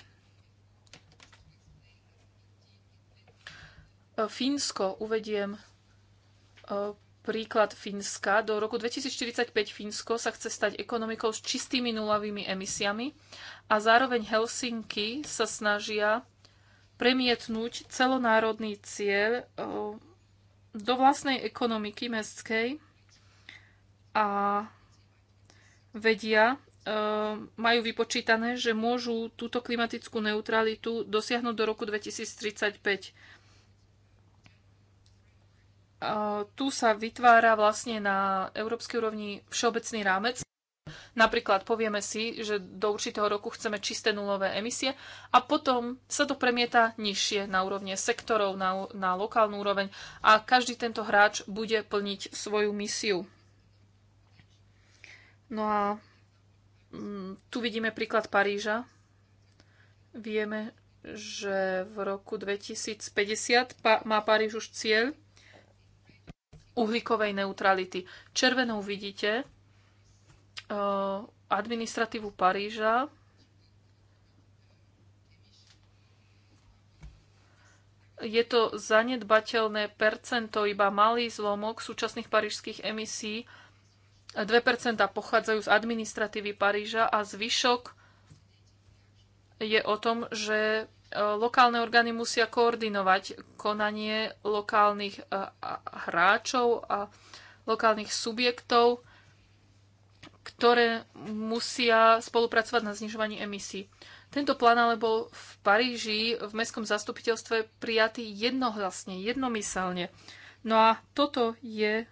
Fínsko uvediem príklad Fínska. Do roku 2045 Fínsko sa chce stať ekonomikou s čistými nulovými emisiami a zároveň Helsinky sa snažia premietnúť celonárodný cieľ eh, do vlastnej ekonomiky mestskej a vedia, eh, majú vypočítané, že môžu túto klimatickú neutralitu dosiahnuť do roku 2035 tu sa vytvára vlastne na európskej úrovni všeobecný rámec. Napríklad povieme si, že do určitého roku chceme čisté nulové emisie a potom sa to premieta nižšie na úrovne sektorov, na, na lokálnu úroveň a každý tento hráč bude plniť svoju misiu. No a mm, tu vidíme príklad Paríža. Vieme, že v roku 2050 má Paríž už cieľ uhlíkovej neutrality. Červenou vidíte e, administratívu Paríža, je to zanedbateľné percento, iba malý zlomok súčasných parížských emisí. 2% pochádzajú z administratívy Paríža a zvyšok je o tom, že E, lokálne orgány musia koordinovať konanie lokálnych e, hráčov a lokálnych subjektov, ktoré musia spolupracovať na znižovaní emisí. Tento plán ale bol v Paríži v mestskom zastupiteľstve prijatý jednohlasne, jednomyselne. No a toto je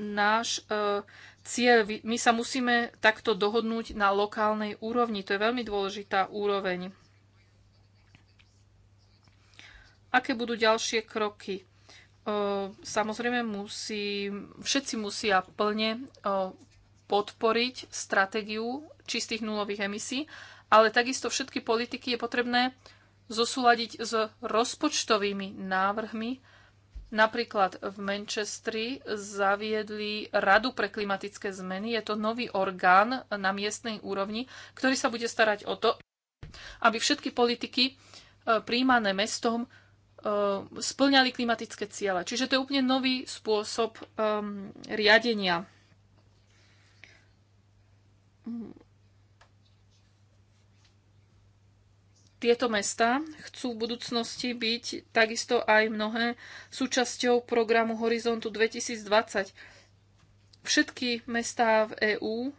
náš e, cieľ. My sa musíme takto dohodnúť na lokálnej úrovni. To je veľmi dôležitá úroveň Aké budú ďalšie kroky? Samozrejme, musí, všetci musia plne podporiť stratégiu čistých nulových emisí, ale takisto všetky politiky je potrebné zosúľadiť s rozpočtovými návrhmi. Napríklad v Manchestri zaviedli Radu pre klimatické zmeny. Je to nový orgán na miestnej úrovni, ktorý sa bude starať o to, aby všetky politiky príjmané mestom Eh, splňali klimatické ciele. Čiže to je úplne nový spôsob um, riadenia. Tieto mesta chcú v budúcnosti byť takisto aj mnohé súčasťou programu Horizontu 2020. Všetky mestá v EÚ eh,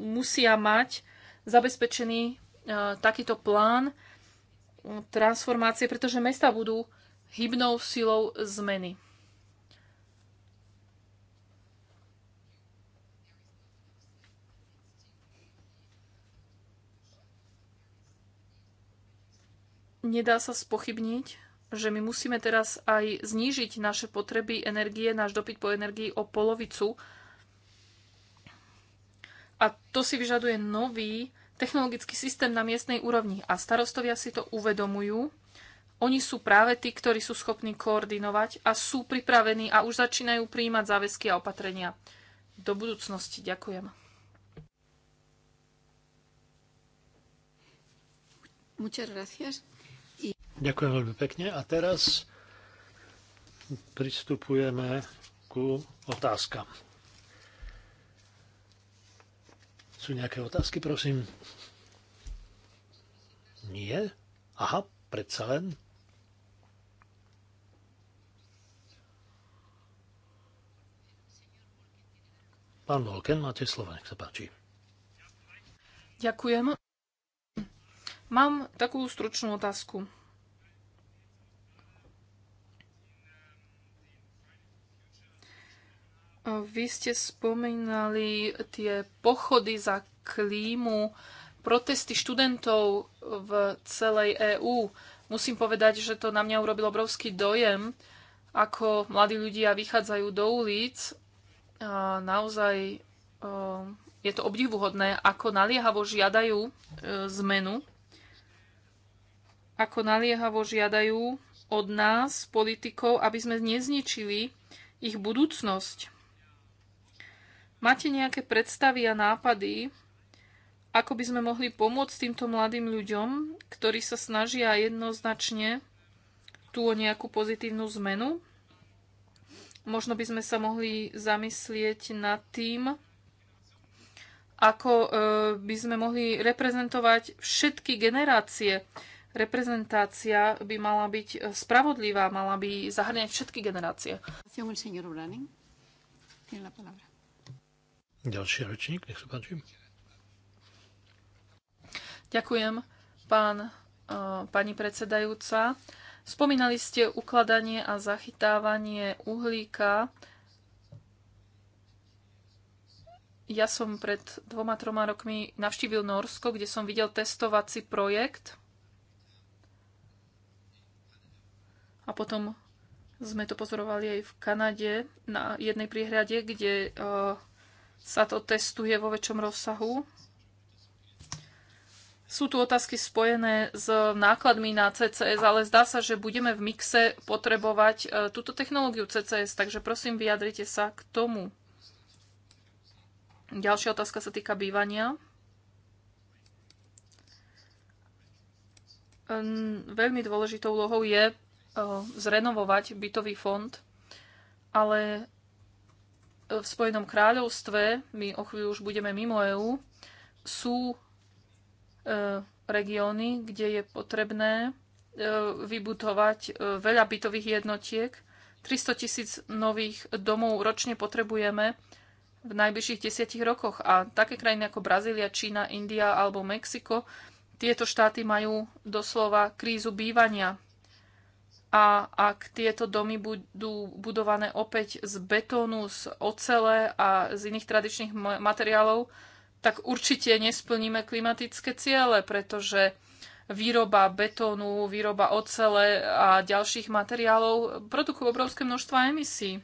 musia mať zabezpečený eh, takýto plán transformácie, pretože mesta budú hybnou silou zmeny. Nedá sa spochybniť, že my musíme teraz aj znížiť naše potreby energie, náš dopyt po energii o polovicu. A to si vyžaduje nový technologický systém na miestnej úrovni a starostovia si to uvedomujú. Oni sú práve tí, ktorí sú schopní koordinovať a sú pripravení a už začínajú prijímať záväzky a opatrenia. Do budúcnosti ďakujem. Ďakujem veľmi pekne. A teraz pristupujeme ku otázkam. Sú nejaké otázky, prosím? Nie? Aha, predsa len. Pán Volken, máte slovo, nech sa páči. Ďakujem. Mám takú stručnú otázku. Vy ste spomínali tie pochody za klímu, protesty študentov v celej EÚ. Musím povedať, že to na mňa urobil obrovský dojem, ako mladí ľudia vychádzajú do ulic. A naozaj je to obdivuhodné, ako naliehavo žiadajú e, zmenu, ako naliehavo žiadajú od nás, politikov, aby sme nezničili ich budúcnosť. Máte nejaké predstavy a nápady, ako by sme mohli pomôcť týmto mladým ľuďom, ktorí sa snažia jednoznačne tú o nejakú pozitívnu zmenu? Možno by sme sa mohli zamyslieť nad tým, ako e, by sme mohli reprezentovať všetky generácie. Reprezentácia by mala byť e, spravodlivá, mala by zahrňať všetky generácie. Tiene la palabra. Ďalší ročník, nech sa páči. Ďakujem, pán, eh, pani predsedajúca. Spomínali ste ukladanie a zachytávanie uhlíka. Ja som pred dvoma, troma rokmi navštívil Norsko, kde som videl testovací projekt. A potom sme to pozorovali aj v Kanade na jednej príhrade, kde uh, sa to testuje vo väčšom rozsahu. Sú tu otázky spojené s nákladmi na CCS, ale zdá sa, že budeme v mixe potrebovať e, túto technológiu CCS, takže prosím, vyjadrite sa k tomu. Ďalšia otázka sa týka bývania. Ehm, veľmi dôležitou úlohou je e, zrenovovať bytový fond, ale v Spojenom kráľovstve, my o chvíľu už budeme mimo EÚ, sú e, regióny, kde je potrebné e, vybudovať e, veľa bytových jednotiek. 300 tisíc nových domov ročne potrebujeme v najbližších desiatich rokoch. A také krajiny ako Brazília, Čína, India alebo Mexiko, tieto štáty majú doslova krízu bývania a ak tieto domy budú budované opäť z betónu, z ocele a z iných tradičných materiálov, tak určite nesplníme klimatické ciele, pretože výroba betónu, výroba ocele a ďalších materiálov produkujú obrovské množstva emisí.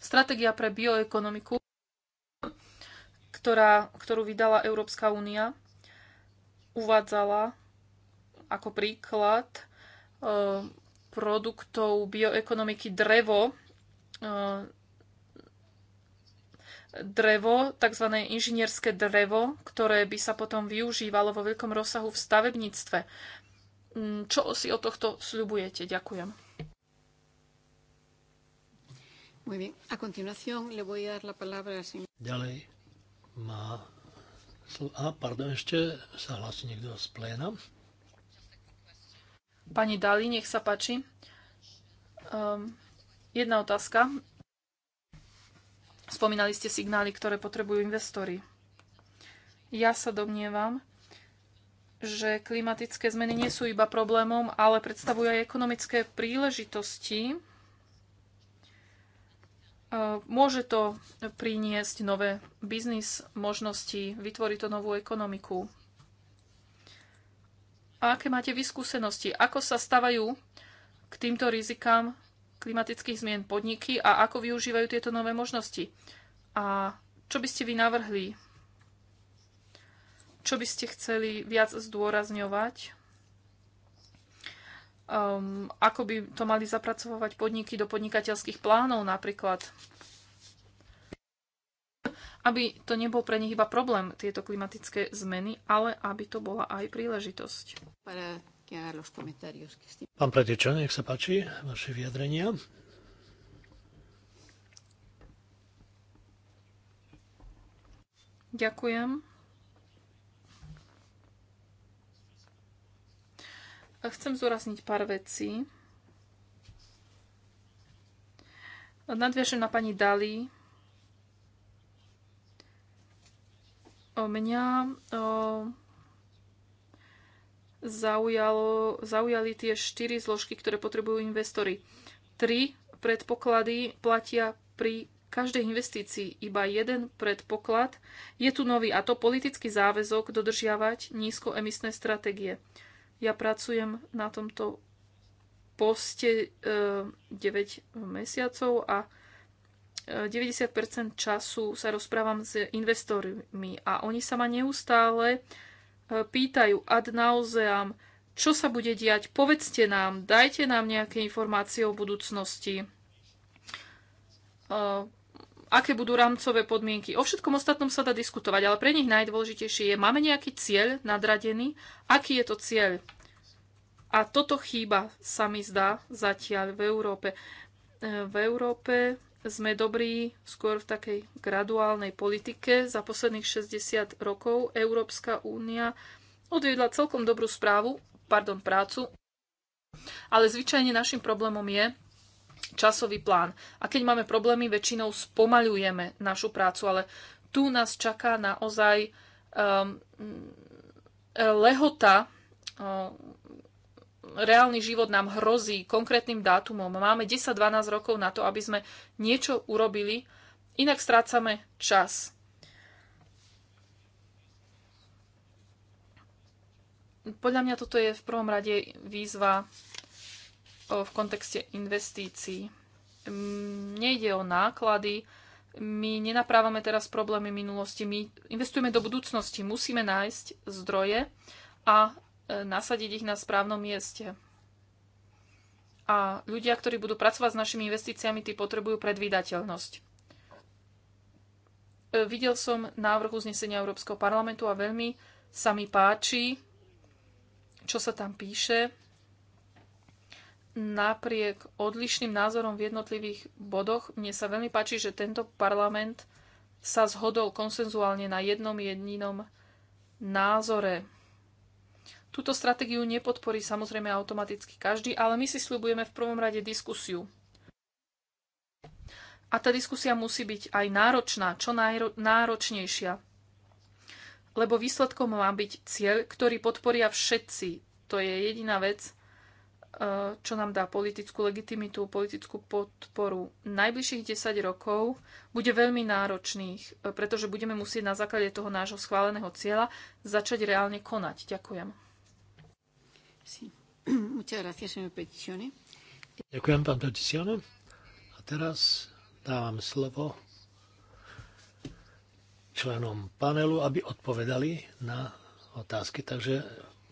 Stratégia pre bioekonomiku, ktorá, ktorú vydala Európska únia, uvádzala ako príklad Eh, produktov bioekonomiky drevo, eh, drevo, tzv. inžinierské drevo, ktoré by sa potom využívalo vo veľkom rozsahu v stavebníctve. Mm, čo si od tohto sľubujete? Ďakujem. Ďalej má... A, pardon, ešte sa hlási niekto z pléna. Pani Dali, nech sa páči. Um, jedna otázka. Spomínali ste signály, ktoré potrebujú investori. Ja sa domnievam, že klimatické zmeny nie sú iba problémom, ale predstavujú aj ekonomické príležitosti. Ehm, môže to priniesť nové biznis možnosti, vytvoriť to novú ekonomiku a aké máte vyskúsenosti, ako sa stavajú k týmto rizikám klimatických zmien podniky a ako využívajú tieto nové možnosti. A čo by ste vy navrhli? Čo by ste chceli viac zdôrazňovať? Um, ako by to mali zapracovať podniky do podnikateľských plánov napríklad? aby to nebol pre nich iba problém, tieto klimatické zmeny, ale aby to bola aj príležitosť. Pán Pretečo, nech sa páči, vaše vyjadrenia. Ďakujem. Chcem zúrazniť pár vecí. Nadviažem na pani Dali Mňa zaujalo, zaujali tie štyri zložky, ktoré potrebujú investori. Tri predpoklady platia pri každej investícii iba jeden predpoklad. Je tu nový a to politický záväzok dodržiavať nízkoemisné stratégie. Ja pracujem na tomto poste e, 9 mesiacov a 90% času sa rozprávam s investormi a oni sa ma neustále e, pýtajú ad nauseam, čo sa bude diať, povedzte nám, dajte nám nejaké informácie o budúcnosti, e, aké budú rámcové podmienky. O všetkom ostatnom sa dá diskutovať, ale pre nich najdôležitejšie je, máme nejaký cieľ nadradený, aký je to cieľ. A toto chýba, sa mi zdá, zatiaľ v Európe. E, v Európe sme dobrí skôr v takej graduálnej politike. Za posledných 60 rokov Európska únia odvedla celkom dobrú správu, pardon, prácu, ale zvyčajne našim problémom je časový plán. A keď máme problémy, väčšinou spomaľujeme našu prácu, ale tu nás čaká naozaj um, lehota um, reálny život nám hrozí konkrétnym dátumom. Máme 10-12 rokov na to, aby sme niečo urobili, inak strácame čas. Podľa mňa toto je v prvom rade výzva v kontexte investícií. Mm, nejde o náklady, my nenaprávame teraz problémy minulosti, my investujeme do budúcnosti, musíme nájsť zdroje a E, nasadiť ich na správnom mieste. A ľudia, ktorí budú pracovať s našimi investíciami, tí potrebujú predvídateľnosť. E, videl som návrh uznesenia Európskeho parlamentu a veľmi sa mi páči, čo sa tam píše. Napriek odlišným názorom v jednotlivých bodoch, mne sa veľmi páči, že tento parlament sa zhodol konsenzuálne na jednom jedinom názore Túto stratégiu nepodporí samozrejme automaticky každý, ale my si slibujeme v prvom rade diskusiu. A tá diskusia musí byť aj náročná, čo najro- náročnejšia. Lebo výsledkom má byť cieľ, ktorý podporia všetci. To je jediná vec, e, čo nám dá politickú legitimitu, politickú podporu. Najbližších 10 rokov bude veľmi náročných, e, pretože budeme musieť na základe toho nášho schváleného cieľa začať reálne konať. Ďakujem. Ďakujem, pán Peticione. A teraz dávam slovo členom panelu, aby odpovedali na otázky. Takže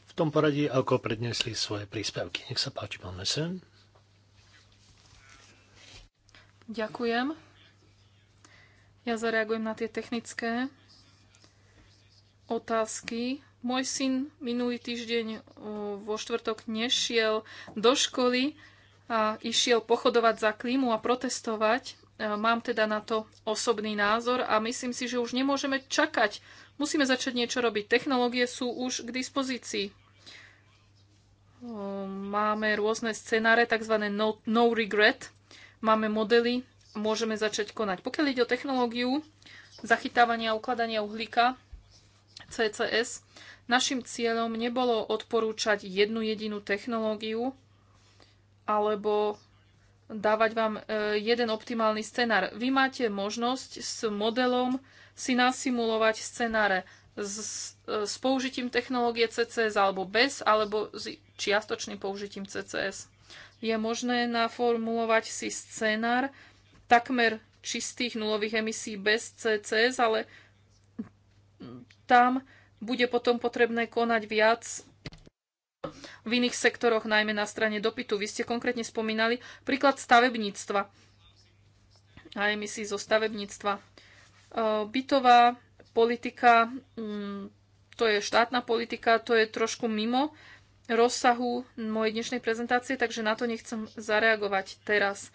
v tom poradí, ako predniesli svoje príspevky. Nech sa páči, pán Mesen. Ďakujem. Ja zareagujem na tie technické otázky môj syn minulý týždeň uh, vo štvrtok nešiel do školy a išiel pochodovať za klímu a protestovať. Uh, mám teda na to osobný názor a myslím si, že už nemôžeme čakať. Musíme začať niečo robiť. Technológie sú už k dispozícii. Uh, máme rôzne scenáre, tzv. No, no regret. Máme modely, môžeme začať konať. Pokiaľ ide o technológiu zachytávania a ukladania uhlíka, CCS, našim cieľom nebolo odporúčať jednu jedinú technológiu alebo dávať vám e, jeden optimálny scenár. Vy máte možnosť s modelom si nasimulovať scenáre s, s použitím technológie CCS alebo bez, alebo s čiastočným použitím CCS. Je možné naformulovať si scenár takmer čistých nulových emisí bez CCS, ale tam bude potom potrebné konať viac v iných sektoroch, najmä na strane dopytu. Vy ste konkrétne spomínali príklad stavebníctva a emisí zo stavebníctva. E, bytová politika, mm, to je štátna politika, to je trošku mimo rozsahu mojej dnešnej prezentácie, takže na to nechcem zareagovať teraz.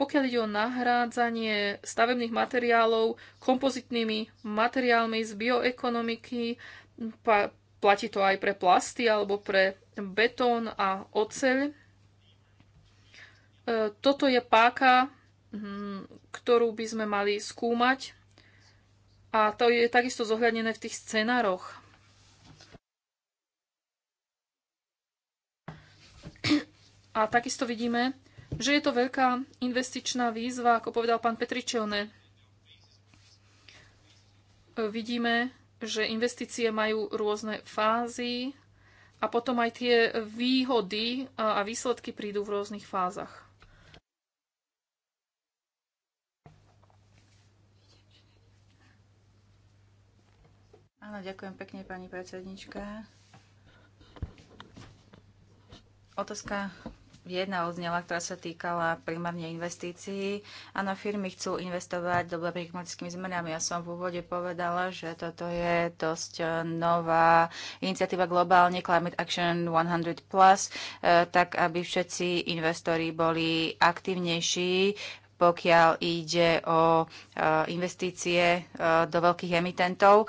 Pokiaľ ide o nahrádzanie stavebných materiálov kompozitnými materiálmi z bioekonomiky, platí to aj pre plasty alebo pre betón a oceľ. E, toto je páka, mm, ktorú by sme mali skúmať a to je takisto zohľadnené v tých scenároch. A takisto vidíme, že je to veľká investičná výzva, ako povedal pán Petričelne. Vidíme, že investície majú rôzne fázy a potom aj tie výhody a výsledky prídu v rôznych fázach. Áno, ďakujem pekne, pani predsednička. Otázka jedna odznela, ktorá sa týkala primárne investícií. Áno, firmy chcú investovať do dobrých klimatickým zmenám. Ja som v úvode povedala, že toto je dosť e, nová iniciatíva globálne Climate Action 100+, e, tak aby všetci investori boli aktívnejší pokiaľ ide o eh, investície eh, do veľkých emitentov. Eh,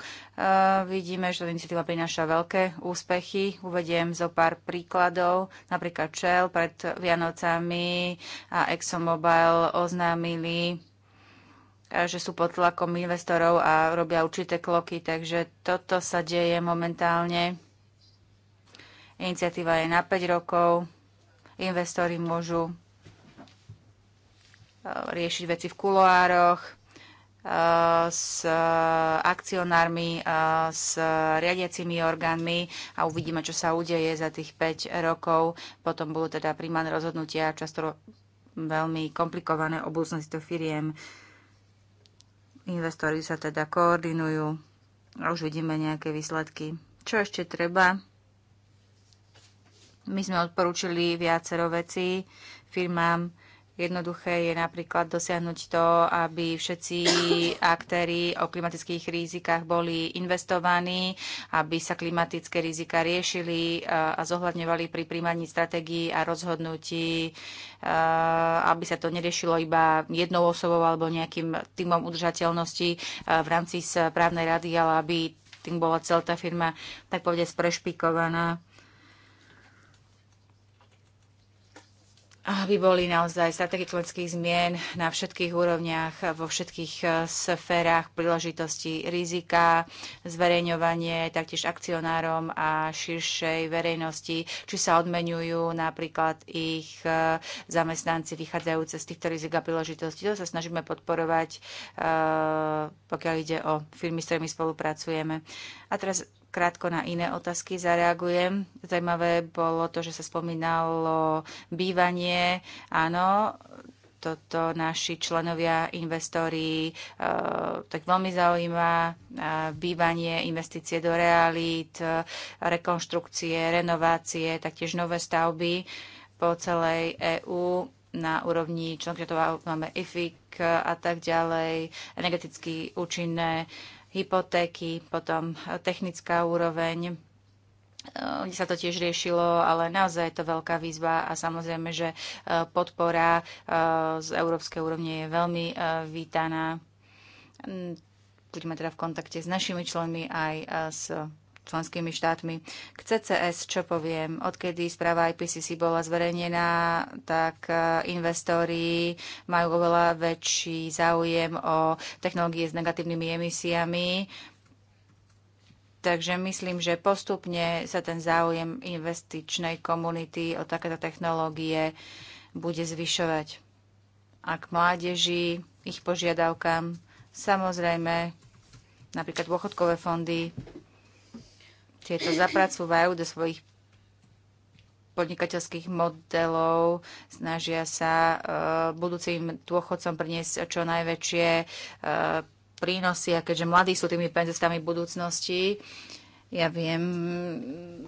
vidíme, že iniciatíva prináša veľké úspechy. Uvediem zo pár príkladov. Napríklad Shell pred Vianocami a ExxonMobil oznámili že sú pod tlakom investorov a robia určité kloky. Takže toto sa deje momentálne. Iniciatíva je na 5 rokov. Investori môžu riešiť veci v kuloároch, e, s akcionármi, e, s riadiacimi orgánmi a uvidíme, čo sa udeje za tých 5 rokov. Potom budú teda príjmané rozhodnutia, často veľmi komplikované o budúcnosti to firiem. Investori sa teda koordinujú a už vidíme nejaké výsledky. Čo ešte treba? My sme odporúčili viacero veci firmám, Jednoduché je napríklad dosiahnuť to, aby všetci aktéry o klimatických rizikách boli investovaní, aby sa klimatické rizika riešili e, a zohľadňovali pri príjmaní stratégií a rozhodnutí, e, aby sa to neriešilo iba jednou osobou alebo nejakým týmom udržateľnosti e, v rámci správnej rady, ale aby tým bola celá tá firma, tak povedať, sprešpikovaná aby boli naozaj strategických zmien na všetkých úrovniach, vo všetkých eh, sférach príležitosti rizika, zverejňovanie taktiež akcionárom a širšej verejnosti, či sa odmenujú napríklad ich eh, zamestnanci vychádzajúce z týchto rizik a príležitostí. To sa snažíme podporovať, eh, pokiaľ ide o firmy, s ktorými spolupracujeme. A teraz Krátko na iné otázky zareagujem. Zajímavé bolo to, že sa spomínalo bývanie. Áno, toto naši členovia, investori, e, tak veľmi zaujíma e, bývanie, investície do realít, e, rekonštrukcie, renovácie, taktiež nové stavby po celej EÚ na úrovni členských máme IFIC a tak ďalej, energeticky účinné e, hypotéky, potom e, technická úroveň, e, kde sa to tiež riešilo, ale naozaj je to veľká výzva a samozrejme, že e, podpora z európskej úrovne je veľmi vítaná. Budeme teda v kontakte s našimi členmi aj s členskými štátmi. K CCS, čo poviem, odkedy správa IPCC bola zverejnená, tak e, investóri majú oveľa väčší záujem o technológie s negatívnymi emisiami. Takže myslím, že postupne sa ten záujem investičnej komunity o takéto technológie bude zvyšovať. A k mládeži, ich požiadavkám, samozrejme, napríklad dôchodkové fondy, tieto zapracúvajú do svojich podnikateľských modelov, snažia sa eh, budúcim dôchodcom priniesť čo najväčšie eh, prínosy a keďže mladí sú tými penzistami budúcnosti, ja viem,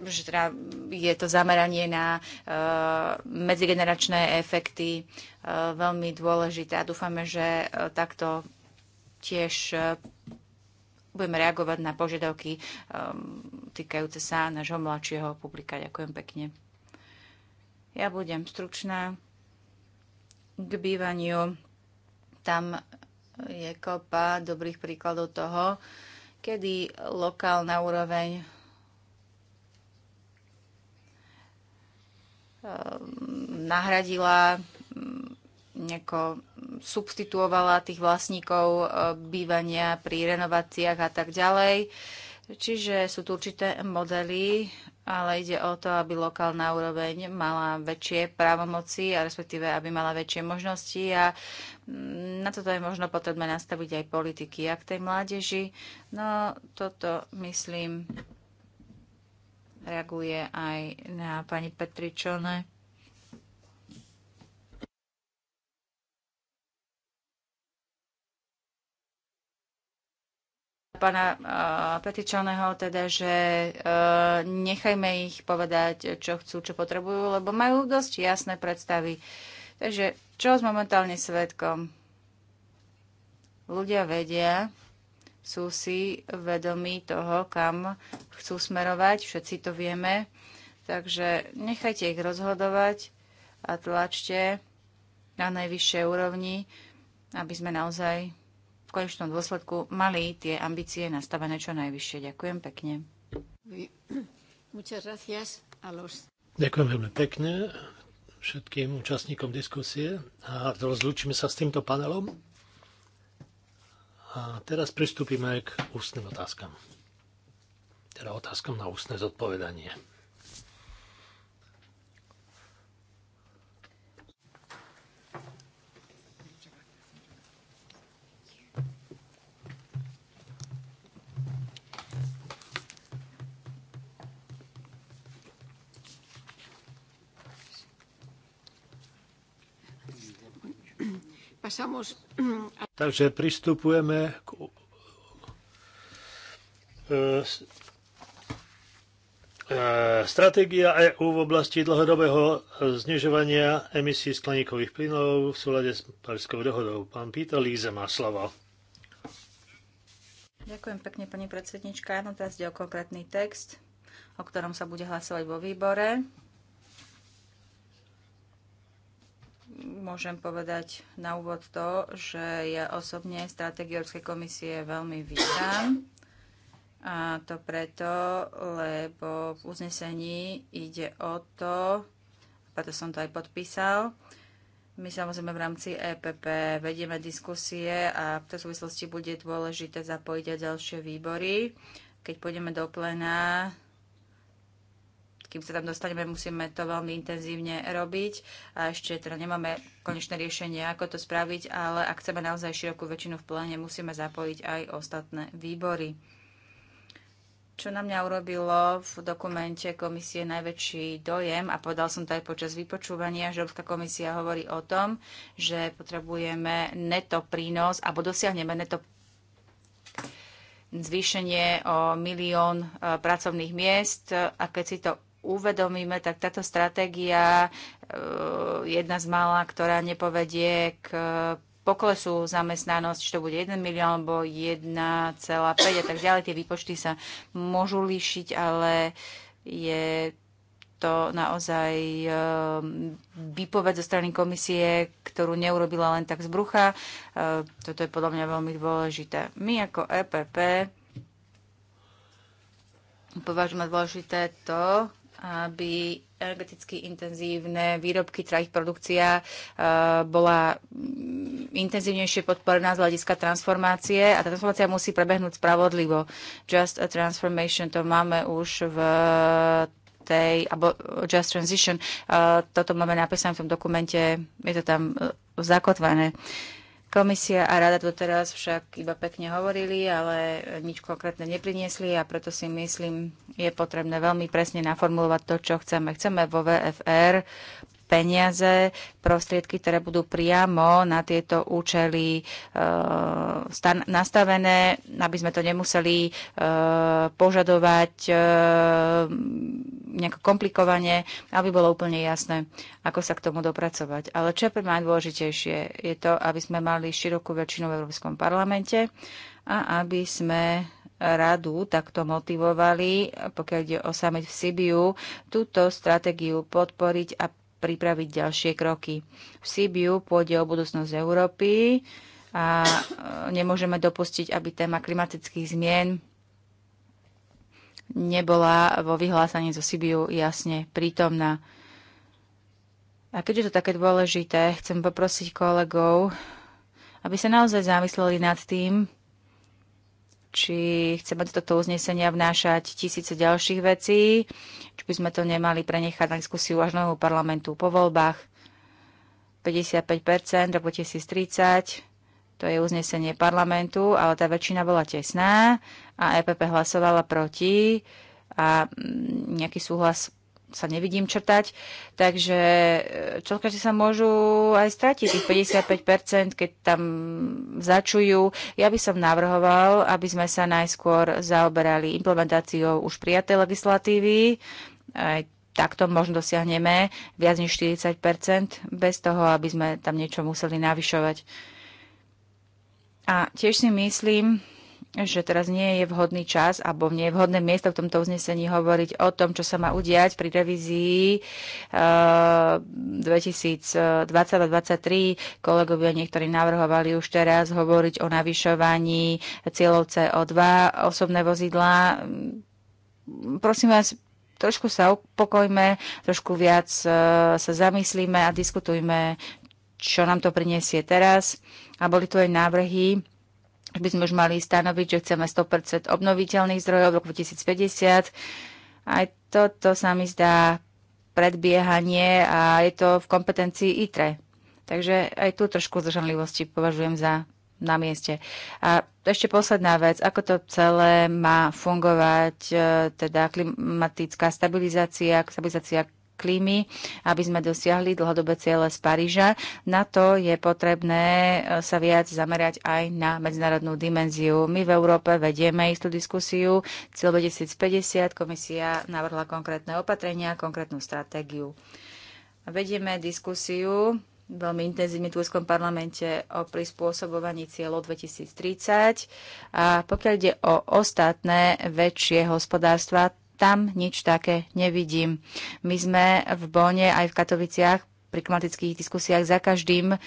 že teda je to zameranie na uh, medzigeneračné efekty uh, veľmi dôležité a dúfame, že uh, takto tiež budeme reagovať na požiadavky um, týkajúce sa nášho mladšieho publika. Ďakujem pekne. Ja budem stručná k bývaniu. Tam je kopa dobrých príkladov toho, kedy lokálna úroveň um, nahradila um, nejako substituovala tých vlastníkov e, bývania pri renováciách a tak ďalej. Čiže sú tu určité modely, ale ide o to, aby lokálna úroveň mala väčšie právomoci a respektíve, aby mala väčšie možnosti a mm, na toto je možno potrebné nastaviť aj politiky a k tej mládeži. No toto, myslím, reaguje aj na pani Petričone. pána eh, Petičaného, teda, že eh, nechajme ich povedať, čo chcú, čo potrebujú, lebo majú dosť jasné predstavy. Takže čo s momentálne svetkom? Ľudia vedia, sú si vedomí toho, kam chcú smerovať, všetci to vieme, takže nechajte ich rozhodovať a tlačte na najvyššej úrovni, aby sme naozaj konečnom dôsledku mali tie ambície nastavené čo najvyššie. Ďakujem pekne. Ďakujem veľmi pekne všetkým účastníkom diskusie a rozlúčime sa s týmto panelom. A teraz pristúpime k ústnym otázkam. Teda otázkam na ústne zodpovedanie. Takže pristupujeme k e, e, Stratégia EÚ v oblasti dlhodobého znižovania emisí skleníkových plynov v súlade s Parískou dohodou. Pán Pýta Líze má slovo. Ďakujem pekne, pani predsednička. Ja teraz ide o konkrétny text, o ktorom sa bude hlasovať vo výbore. môžem povedať na úvod to, že ja osobne stratégiu Európskej komisie veľmi vítam. A to preto, lebo v uznesení ide o to, preto som to aj podpísal, my samozrejme v rámci EPP vedieme diskusie a v tej súvislosti bude dôležité zapojiť aj ďalšie výbory. Keď pôjdeme do plena, kým sa tam dostaneme, musíme to veľmi intenzívne robiť a ešte teda nemáme konečné riešenie, ako to spraviť, ale ak chceme naozaj širokú väčšinu v pléne, musíme zapojiť aj ostatné výbory. Čo na mňa urobilo v dokumente komisie najväčší dojem, a povedal som to aj počas vypočúvania, že Európska komisia hovorí o tom, že potrebujeme neto prínos, alebo dosiahneme neto zvýšenie o milión e, pracovných miest a keď si to uvedomíme, tak táto stratégia e, jedna z mála, ktorá nepovedie k poklesu zamestnanosť, či to bude 1 milión alebo 1,5 a tak ďalej. Tie výpočty sa môžu líšiť, ale je to naozaj e, výpoveď zo strany komisie, ktorú neurobila len tak z brucha. E, toto je podľa mňa veľmi dôležité. My ako EPP považujeme dôležité to, aby energeticky intenzívne výrobky, teda ich produkcia e, bola mm, intenzívnejšie podporená z hľadiska transformácie a tá transformácia musí prebehnúť spravodlivo. Just a transformation, to máme už v tej, alebo Just Transition, e, toto máme napísané v tom dokumente, je to tam e, zakotvané. Uh, Komisia a rada doteraz však iba pekne hovorili, ale nič konkrétne nepriniesli a preto si myslím, je potrebné veľmi presne naformulovať to, čo chceme. Chceme vo VFR peniaze, prostriedky, ktoré budú priamo na tieto účely e, nastavené, aby sme to nemuseli e, požadovať e, nejako komplikovane, aby bolo úplne jasné, ako sa k tomu dopracovať. Ale čo je pre mňa najdôležitejšie, je to, aby sme mali širokú väčšinu v Európskom parlamente a aby sme radu takto motivovali, pokiaľ ide o summit v Sibiu, túto stratégiu podporiť a pripraviť ďalšie kroky. V Sibiu pôjde o budúcnosť Európy a e, nemôžeme dopustiť, aby téma klimatických zmien nebola vo vyhlásení zo Sibiu jasne prítomná. A keď je to také dôležité, chcem poprosiť kolegov, aby sa naozaj zamysleli nad tým, či chceme do tohto uznesenia vnášať tisíce ďalších vecí, či by sme to nemali prenechať na diskusiu až nového parlamentu po voľbách. 55% roku 2030, to je uznesenie parlamentu, ale tá väčšina bola tesná a EPP hlasovala proti a mm, nejaký súhlas sa nevidím črtať, takže e, čelkači sa môžu aj stratiť tých 55%, keď tam začujú. Ja by som navrhoval, aby sme sa najskôr zaoberali implementáciou už prijatej legislatívy, aj takto možno dosiahneme viac než 40 bez toho, aby sme tam niečo museli navyšovať. A tiež si myslím, že teraz nie je vhodný čas alebo nie je vhodné miesto v tomto uznesení hovoriť o tom, čo sa má udiať pri revízii uh, eh, 2020-2023. Kolegovia niektorí navrhovali už teraz hovoriť o navyšovaní cieľov CO2, osobné vozidlá. Prosím vás, trošku sa upokojme, trošku viac uh, sa zamyslíme a diskutujme, čo nám to prinesie teraz. A boli tu aj návrhy, že by sme už mali stanoviť, že chceme 100% obnoviteľných zdrojov v roku 2050. Aj toto sa mi zdá predbiehanie a je to v kompetencii ITRE. Takže aj tu trošku zdržanlivosti považujem za na mieste. A ešte posledná vec, ako to celé má fungovať, e, teda klimatická stabilizácia, stabilizácia klímy, aby sme dosiahli dlhodobé ciele z Paríža. Na to je potrebné e, sa viac zamerať aj na medzinárodnú dimenziu. My v Európe vedieme istú diskusiu. Cieľ 2050 komisia navrhla konkrétne opatrenia, konkrétnu stratégiu. Vedieme diskusiu veľmi intenzívne v Turskom parlamente o prispôsobovaní cieľov 2030. A pokiaľ ide o ostatné väčšie hospodárstva, tam nič také nevidím. My sme v Bone aj v Katoviciach pri klimatických diskusiách za každým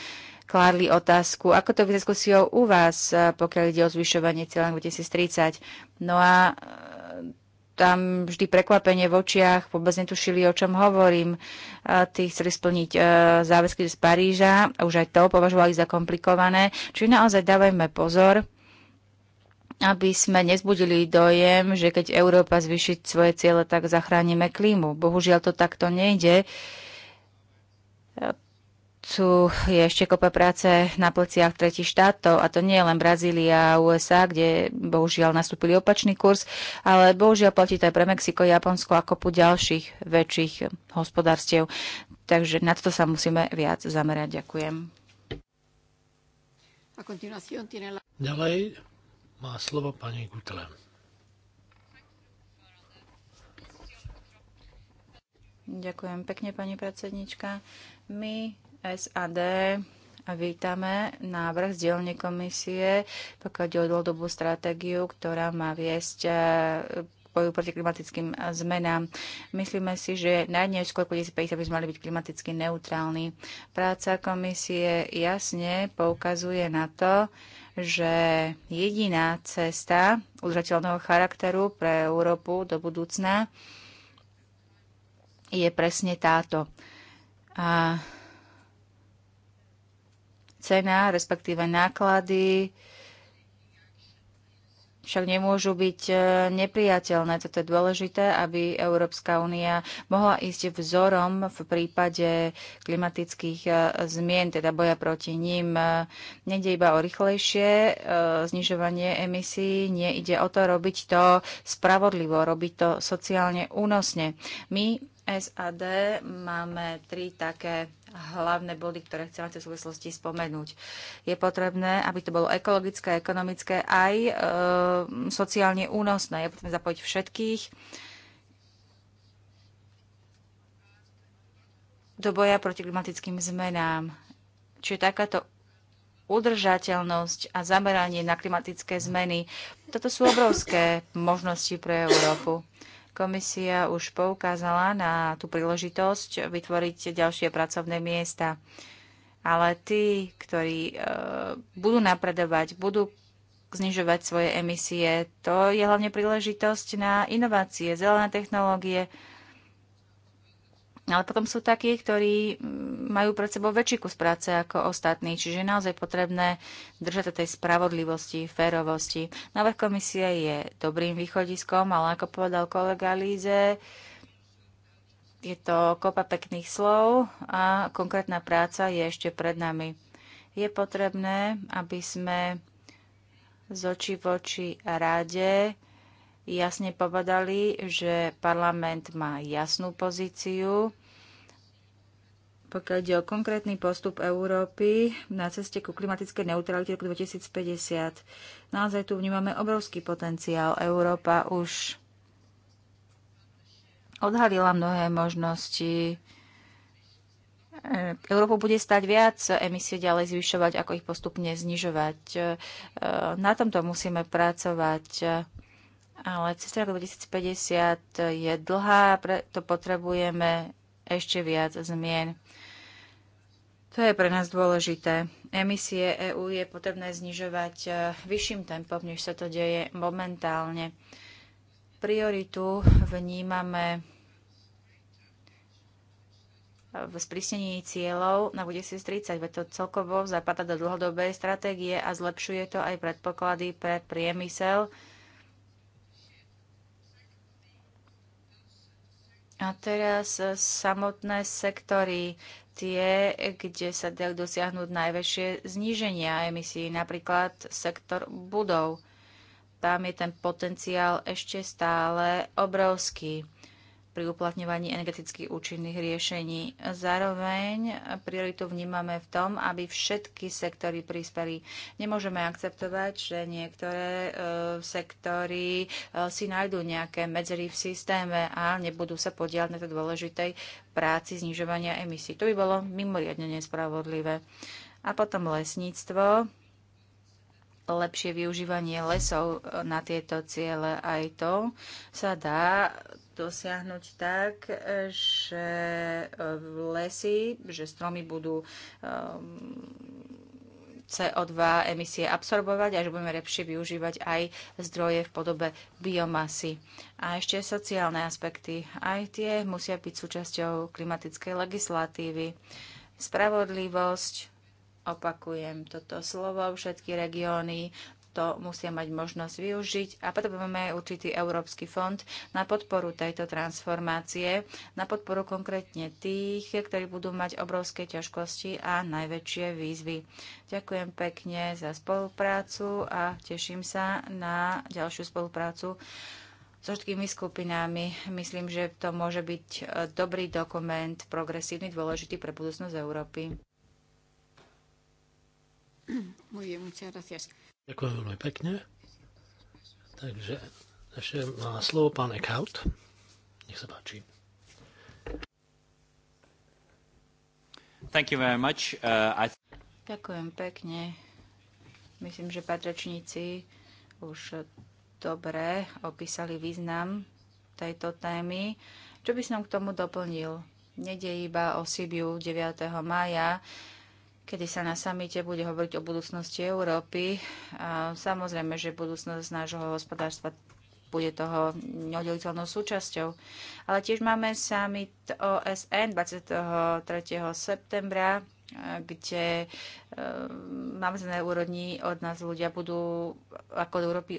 kládli otázku, ako to je diskusiou u vás, eh, pokiaľ ide o zvyšovanie cieľa 2030. No a eh, tam vždy prekvapenie v očiach, vôbec netušili, o čom hovorím. Tí chceli splniť eh, záväzky z Paríža, už aj to považovali za komplikované. Čiže naozaj dávajme pozor, aby sme nezbudili dojem, že keď Európa zvyši svoje ciele, tak zachránime klímu. Bohužiaľ to takto nejde. Tu je ešte kopa práce na pleciach tretich štátov, a to nie je len Brazília a USA, kde bohužiaľ nastúpili opačný kurz, ale bohužiaľ platí to aj pre Mexiko, Japonsko a kopu ďalších väčších hospodárstiev. Takže na to sa musíme viac zamerať. Ďakujem. Ďalej má slovo pani Gutle. Ďakujem pekne, pani predsednička. My SAD vítame návrh z dielne komisie, pokiaľ ide o dlhodobú stratégiu, ktorá má viesť eh, boju proti klimatickým eh, zmenám. Myslíme si, že najneskôr po 2050 by sme mali byť klimaticky neutrálni. Práca komisie jasne poukazuje na to, že jediná cesta udržateľného charakteru pre Európu do budúcna je presne táto. A cena, respektíve náklady, však nemôžu byť e, nepriateľné. Toto je dôležité, aby Európska únia mohla ísť vzorom v prípade klimatických e, zmien, teda boja proti ním. E, Nede iba o rýchlejšie znižovanie emisí, nie ide o to robiť to spravodlivo, robiť to sociálne únosne. My SAD máme tri také hlavné body, ktoré chcem v tej súvislosti spomenúť. Je potrebné, aby to bolo ekologické, ekonomické, aj e, sociálne únosné. Je potrebné zapojiť všetkých do boja proti klimatickým zmenám. Čiže takáto udržateľnosť a zameranie na klimatické zmeny. Toto sú obrovské možnosti pre Európu. Komisia už poukázala na tú príležitosť vytvoriť ďalšie pracovné miesta. Ale tí, ktorí e, budú napredovať, budú znižovať svoje emisie, to je hlavne príležitosť na inovácie, zelené technológie, ale potom sú takí, ktorí mm, majú pred sebou väčší kus práce ako ostatní, čiže je naozaj potrebné držať tej spravodlivosti, férovosti. Návrh komisie je dobrým východiskom, ale ako povedal kolega Líze, je to kopa pekných slov a konkrétna práca je ešte pred nami. Je potrebné, aby sme z očí v oči rade jasne povedali, že parlament má jasnú pozíciu, pokiaľ ide o konkrétny postup Európy na ceste ku klimatickej neutralite roku 2050. Naozaj tu vnímame obrovský potenciál. Európa už odhalila mnohé možnosti. Európu bude stať viac emisie ďalej zvyšovať, ako ich postupne znižovať. Na tomto musíme pracovať. Ale cesta roku 2050 je dlhá, preto potrebujeme ešte viac zmien. To je pre nás dôležité. Emisie EÚ je potrebné znižovať eh, vyšším tempom, než sa to deje momentálne. Prioritu vnímame v sprísnení cieľov na 2030, veď to celkovo zapadá do dlhodobej stratégie a zlepšuje to aj predpoklady pre priemysel, A teraz e, samotné sektory, tie, kde sa dajú dosiahnuť najväčšie zníženia emisí, napríklad sektor budov. Tam je ten potenciál ešte stále obrovský pri uplatňovaní energeticky účinných riešení. Zároveň prioritu vnímame v tom, aby všetky sektory prispeli. Nemôžeme akceptovať, že niektoré e, sektory e, si nájdú nejaké medzery v systéme a nebudú sa podielať na tej dôležitej práci znižovania emisí. To by bolo mimoriadne nespravodlivé. A potom lesníctvo lepšie využívanie lesov e, na tieto ciele. Aj to sa dá dosiahnuť tak, e, že e, lesy, že stromy budú CO2 emisie absorbovať a že budeme lepšie využívať aj zdroje v podobe biomasy. A ešte sociálne aspekty. Aj tie musia byť súčasťou klimatickej legislatívy. Spravodlivosť, Opakujem toto slovo, všetky regióny to musia mať možnosť využiť a potrebujeme aj určitý Európsky fond na podporu tejto transformácie, na podporu konkrétne tých, ktorí budú mať obrovské ťažkosti a najväčšie výzvy. Ďakujem pekne za spoluprácu a teším sa na ďalšiu spoluprácu so všetkými skupinami. Myslím, že to môže byť e, dobrý dokument, progresívny, dôležitý pre budúcnosť Európy. Muy bien, muchas gracias. Ďakujem veľmi pekne. Takže ešte má slovo pán Eckhout. Nech sa páči. Thank you very much. Uh, I... Ďakujem pekne. Myslím, že patračníci už dobre opísali význam tejto témy. Čo by som k tomu doplnil? Nede iba o Sibiu 9. maja, kedy sa na samite bude hovoriť o budúcnosti Európy. A samozrejme, že budúcnosť nášho hospodárstva bude toho neoddeliteľnou súčasťou. Ale tiež máme summit OSN 23. septembra, kde máme na úrovni od nás ľudia budú ako od Európy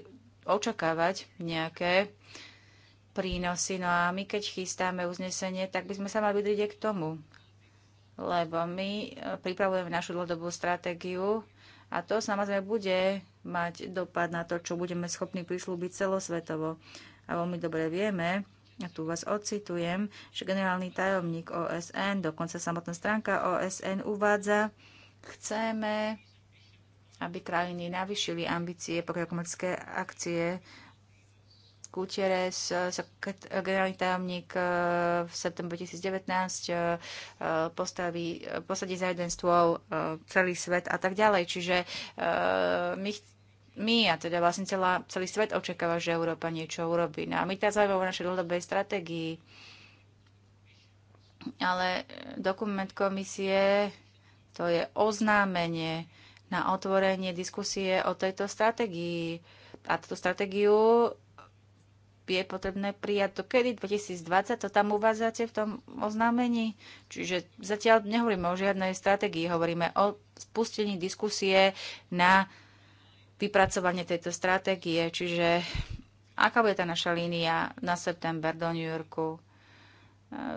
očakávať nejaké prínosy. No a my keď chystáme uznesenie, tak by sme sa mali vydriť k tomu lebo my e, pripravujeme našu dlhodobú stratégiu a to samozrejme bude mať dopad na to, čo budeme schopní prislúbiť celosvetovo. A veľmi dobre vieme, a ja tu vás ocitujem, že generálny tajomník OSN, dokonca samotná stránka OSN uvádza, chceme, aby krajiny navýšili ambície pre akcie Gutierrez, eh, generálny tajomník eh, v septembri 2019 eh, postaví, posadí za jeden stôl celý svet a tak ďalej. Čiže my my a teda vlastne celá, celý svet očakáva, že Európa niečo urobí. No a my tá zaujímavé o našej dlhodobej stratégii. Ale dokument komisie to je oznámenie na otvorenie diskusie o tejto stratégii. A túto stratégiu je potrebné prijať to kedy? 2020? To tam uvádzate v tom oznámení? Čiže zatiaľ nehovoríme o žiadnej stratégii, hovoríme o spustení diskusie na vypracovanie tejto stratégie. Čiže aká bude tá naša línia na september do New Yorku? E,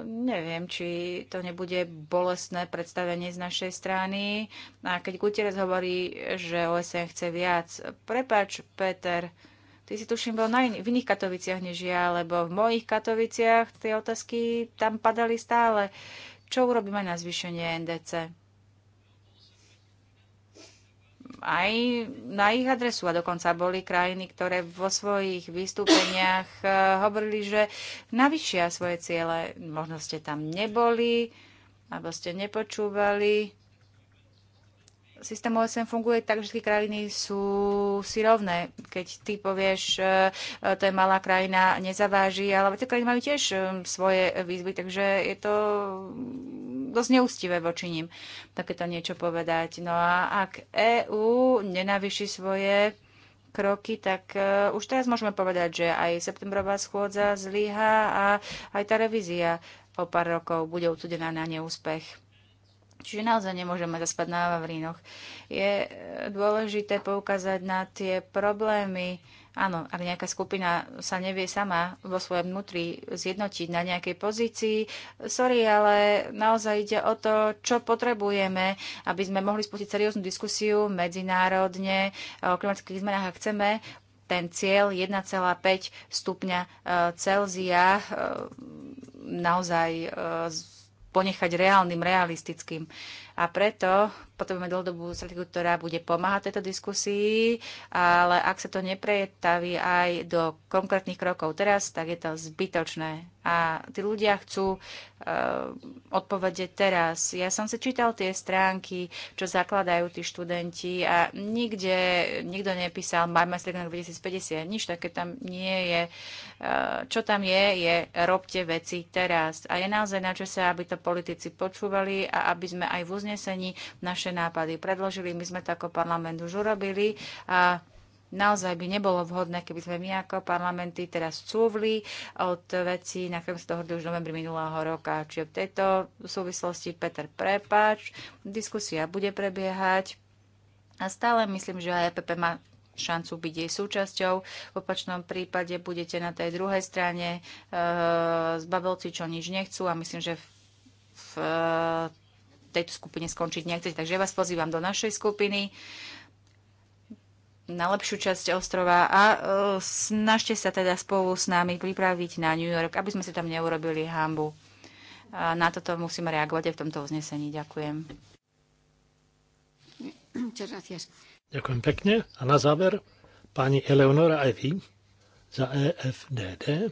neviem, či to nebude bolestné predstavenie z našej strany. A keď Gutierrez hovorí, že OSN chce viac, prepač, Peter, Ty si tuším bol na in- v iných Katoviciach než ja, lebo v mojich Katoviciach tie otázky tam padali stále. Čo urobíme na zvýšenie NDC? Aj na ich adresu a dokonca boli krajiny, ktoré vo svojich vystúpeniach eh, hovorili, že navyšia svoje ciele. Možno ste tam neboli, alebo ste nepočúvali systém OSN funguje tak, že všetky krajiny sú si rovné. Keď ty povieš, e, e, to je malá krajina, nezaváži, ale tie krajiny majú tiež e, svoje výzvy, takže je to dosť neústivé voči ním takéto niečo povedať. No a ak EÚ nenavyši svoje kroky, tak uh, už teraz môžeme povedať, že aj septembrová schôdza zlyha a aj tá revízia o pár rokov bude odsudená na neúspech. Čiže naozaj nemôžeme zaspať na Vavrínoch. Je e, dôležité poukázať na tie problémy. Áno, ak nejaká skupina sa nevie sama vo svojom vnútri zjednotiť na nejakej pozícii, sorry, ale naozaj ide o to, čo potrebujeme, aby sme mohli spustiť serióznu diskusiu medzinárodne o klimatických zmenách, ak chceme ten cieľ 1,5 stupňa e, Celzia e, naozaj ponechať reálnym, realistickým. A preto potrebujeme dlhodobú strategiu, ktorá bude pomáhať tejto diskusii, ale ak sa to neprejetaví aj do konkrétnych krokov teraz, tak je to zbytočné. A tí ľudia chcú uh, odpovede teraz. Ja som si čítal tie stránky, čo zakladajú tí študenti a nikde, nikto nepísal majme na 2050, nič také tam nie je. Uh, čo tam je, je robte veci teraz. A je naozaj na čase, aby to politici počúvali a aby sme aj v uznesení naše nápady predložili. My sme to ako parlament už urobili a naozaj by nebolo vhodné, keby sme my ako parlamenty teraz cúvli od vecí, na ktorých sa dohodli už v novembri minulého roka. Čiže v tejto súvislosti Peter Prepač, diskusia bude prebiehať a stále myslím, že aj EPP má šancu byť jej súčasťou. V opačnom prípade budete na tej druhej strane e, zbabelci, čo nič nechcú a myslím, že v, v tejto skupine skončiť nechcete. Takže ja vás pozývam do našej skupiny na lepšiu časť ostrova a uh, snažte sa teda spolu s nami pripraviť na New York, aby sme si tam neurobili hambu. A na toto musíme reagovať aj v tomto uznesení. Ďakujem. Ďakujem pekne. A na záver, pani Eleonora aj vy za EFDD.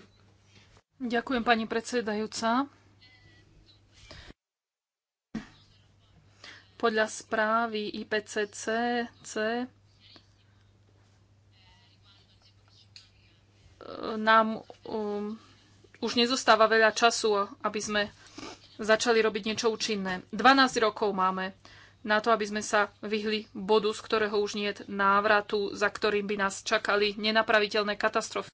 Ďakujem, pani predsedajúca. Podľa správy IPCC e, nám um, už nezostáva veľa času, aby sme začali robiť niečo účinné. 12 rokov máme na to, aby sme sa vyhli bodu, z ktorého už nie je návratu, za ktorým by nás čakali nenapraviteľné katastrofy.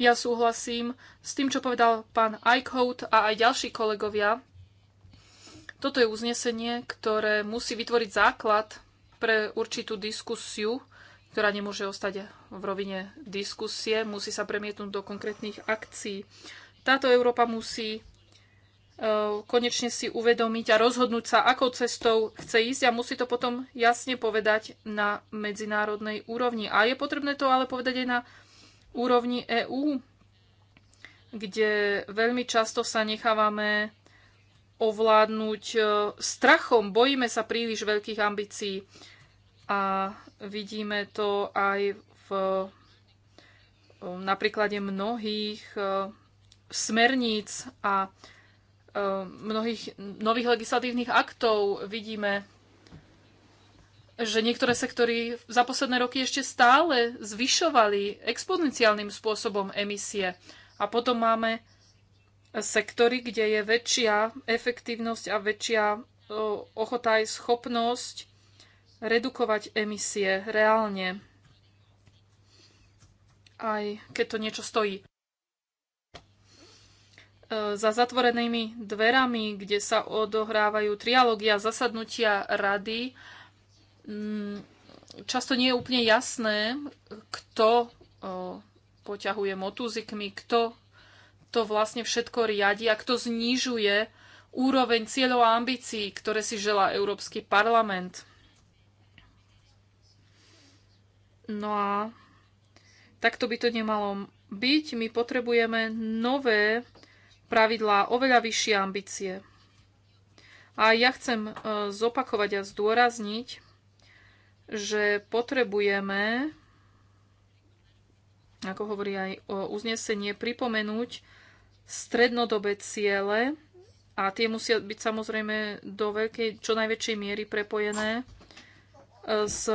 Ja súhlasím s tým, čo povedal pán Eichhout a aj ďalší kolegovia toto je uznesenie, ktoré musí vytvoriť základ pre určitú diskusiu, ktorá nemôže ostať v rovine diskusie, musí sa premietnúť do konkrétnych akcií. Táto Európa musí e, konečne si uvedomiť a rozhodnúť sa, akou cestou chce ísť a musí to potom jasne povedať na medzinárodnej úrovni. A je potrebné to ale povedať aj na úrovni EÚ, kde veľmi často sa nechávame ovládnuť e, strachom. Bojíme sa príliš veľkých ambícií a vidíme to aj v e, napríklade mnohých e, smerníc a mnohých nových legislatívnych aktov vidíme, že niektoré sektory za posledné roky ešte stále zvyšovali exponenciálnym spôsobom emisie. A potom máme sektory, kde je väčšia efektívnosť a väčšia ochota aj schopnosť redukovať emisie reálne, aj keď to niečo stojí. E, za zatvorenými dverami, kde sa odohrávajú trialógy a zasadnutia rady, často nie je úplne jasné, kto poťahuje motúzikmi, kto kto vlastne všetko riadi a kto znižuje úroveň cieľov a ambícií, ktoré si želá Európsky parlament. No a takto by to nemalo byť. My potrebujeme nové pravidlá, oveľa vyššie ambície. A ja chcem e, zopakovať a zdôrazniť, že potrebujeme, ako hovorí aj o uznesenie, pripomenúť strednodobé ciele a tie musia byť samozrejme do veľkej, čo najväčšej miery prepojené e, s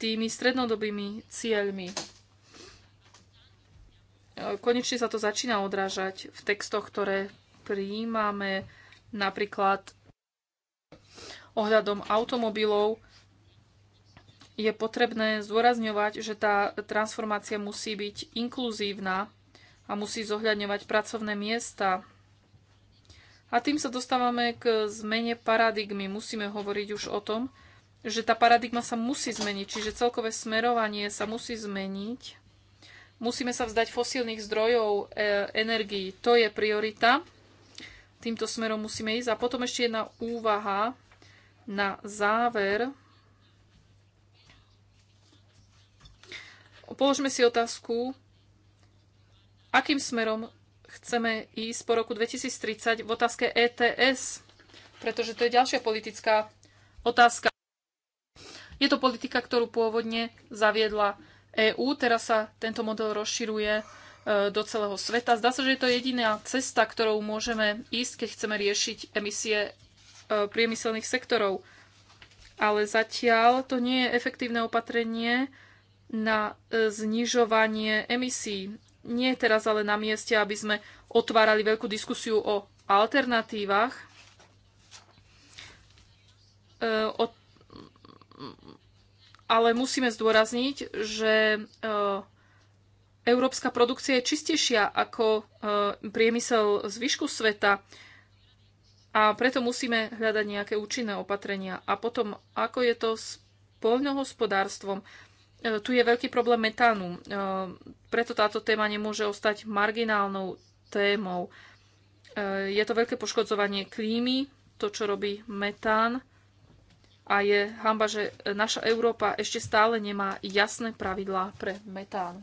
tými strednodobými cieľmi. E, konečne sa to začína odrážať v textoch, ktoré prijímame napríklad ohľadom automobilov. Je potrebné zdôrazňovať, že tá transformácia musí byť inkluzívna a musí zohľadňovať pracovné miesta. A tým sa dostávame k zmene paradigmy. Musíme hovoriť už o tom, že tá paradigma sa musí zmeniť, čiže celkové smerovanie sa musí zmeniť. Musíme sa vzdať fosílnych zdrojov e, energií. To je priorita. Týmto smerom musíme ísť. A potom ešte jedna úvaha na záver. Položme si otázku, akým smerom chceme ísť po roku 2030 v otázke ETS, pretože to je ďalšia politická otázka. Je to politika, ktorú pôvodne zaviedla EÚ, teraz sa tento model rozširuje e, do celého sveta. Zdá sa, že je to jediná cesta, ktorou môžeme ísť, keď chceme riešiť emisie e, priemyselných sektorov. Ale zatiaľ to nie je efektívne opatrenie na e, znižovanie emisí. Nie je teraz ale na mieste, aby sme otvárali veľkú diskusiu o alternatívach. E, ale musíme zdôrazniť, že e, európska produkcia je čistejšia ako e, priemysel zvyšku sveta. A preto musíme hľadať nejaké účinné opatrenia. A potom, ako je to s poľnohospodárstvom? E, tu je veľký problém metánu. E, preto táto téma nemôže ostať marginálnou témou. E, je to veľké poškodzovanie klímy, to, čo robí metán. A je hamba, že naša Európa ešte stále nemá jasné pravidlá pre metán.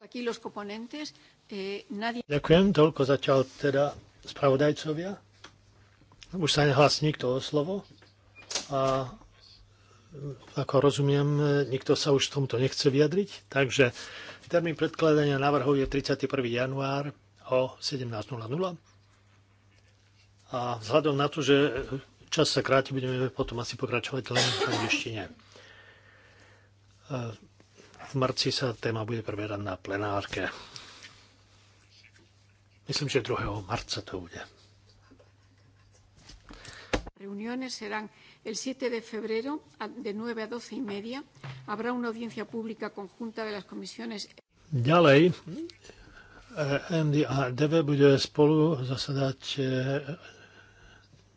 Eh, Ďakujem, toľko zatiaľ teda spravodajcovia. Už sa nehlasí nikto o slovo. A ako rozumiem, nikto sa už v tomto nechce vyjadriť, takže termín predkladania návrhov je 31. január o 17.00. A vzhľadom na to, že čas sa kráti, budeme potom asi pokračovať len v angličtine. V marci sa téma bude preberať na plenárke. Myslím, že 2. marca to bude. Reuniones serán El 7 de febrero, de 9 a 12 y media, habrá una audiencia pública conjunta de las comisiones. Ďalej, MD eh, a DV bude spolu zasadať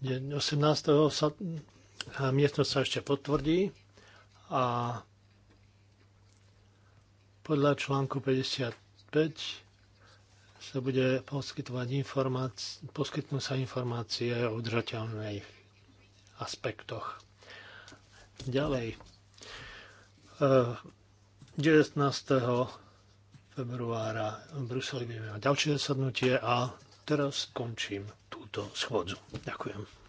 18. Eh, sa, miestnosť sa ešte potvrdí a podľa článku 55 sa bude poskytovať informácie, poskytnú sa informácie o udržateľnej aspektoch. Ďalej. 19. Eh, februára v Bruseli budeme mať ďalšie zasadnutie a teraz skončím túto schôdzu. Ďakujem.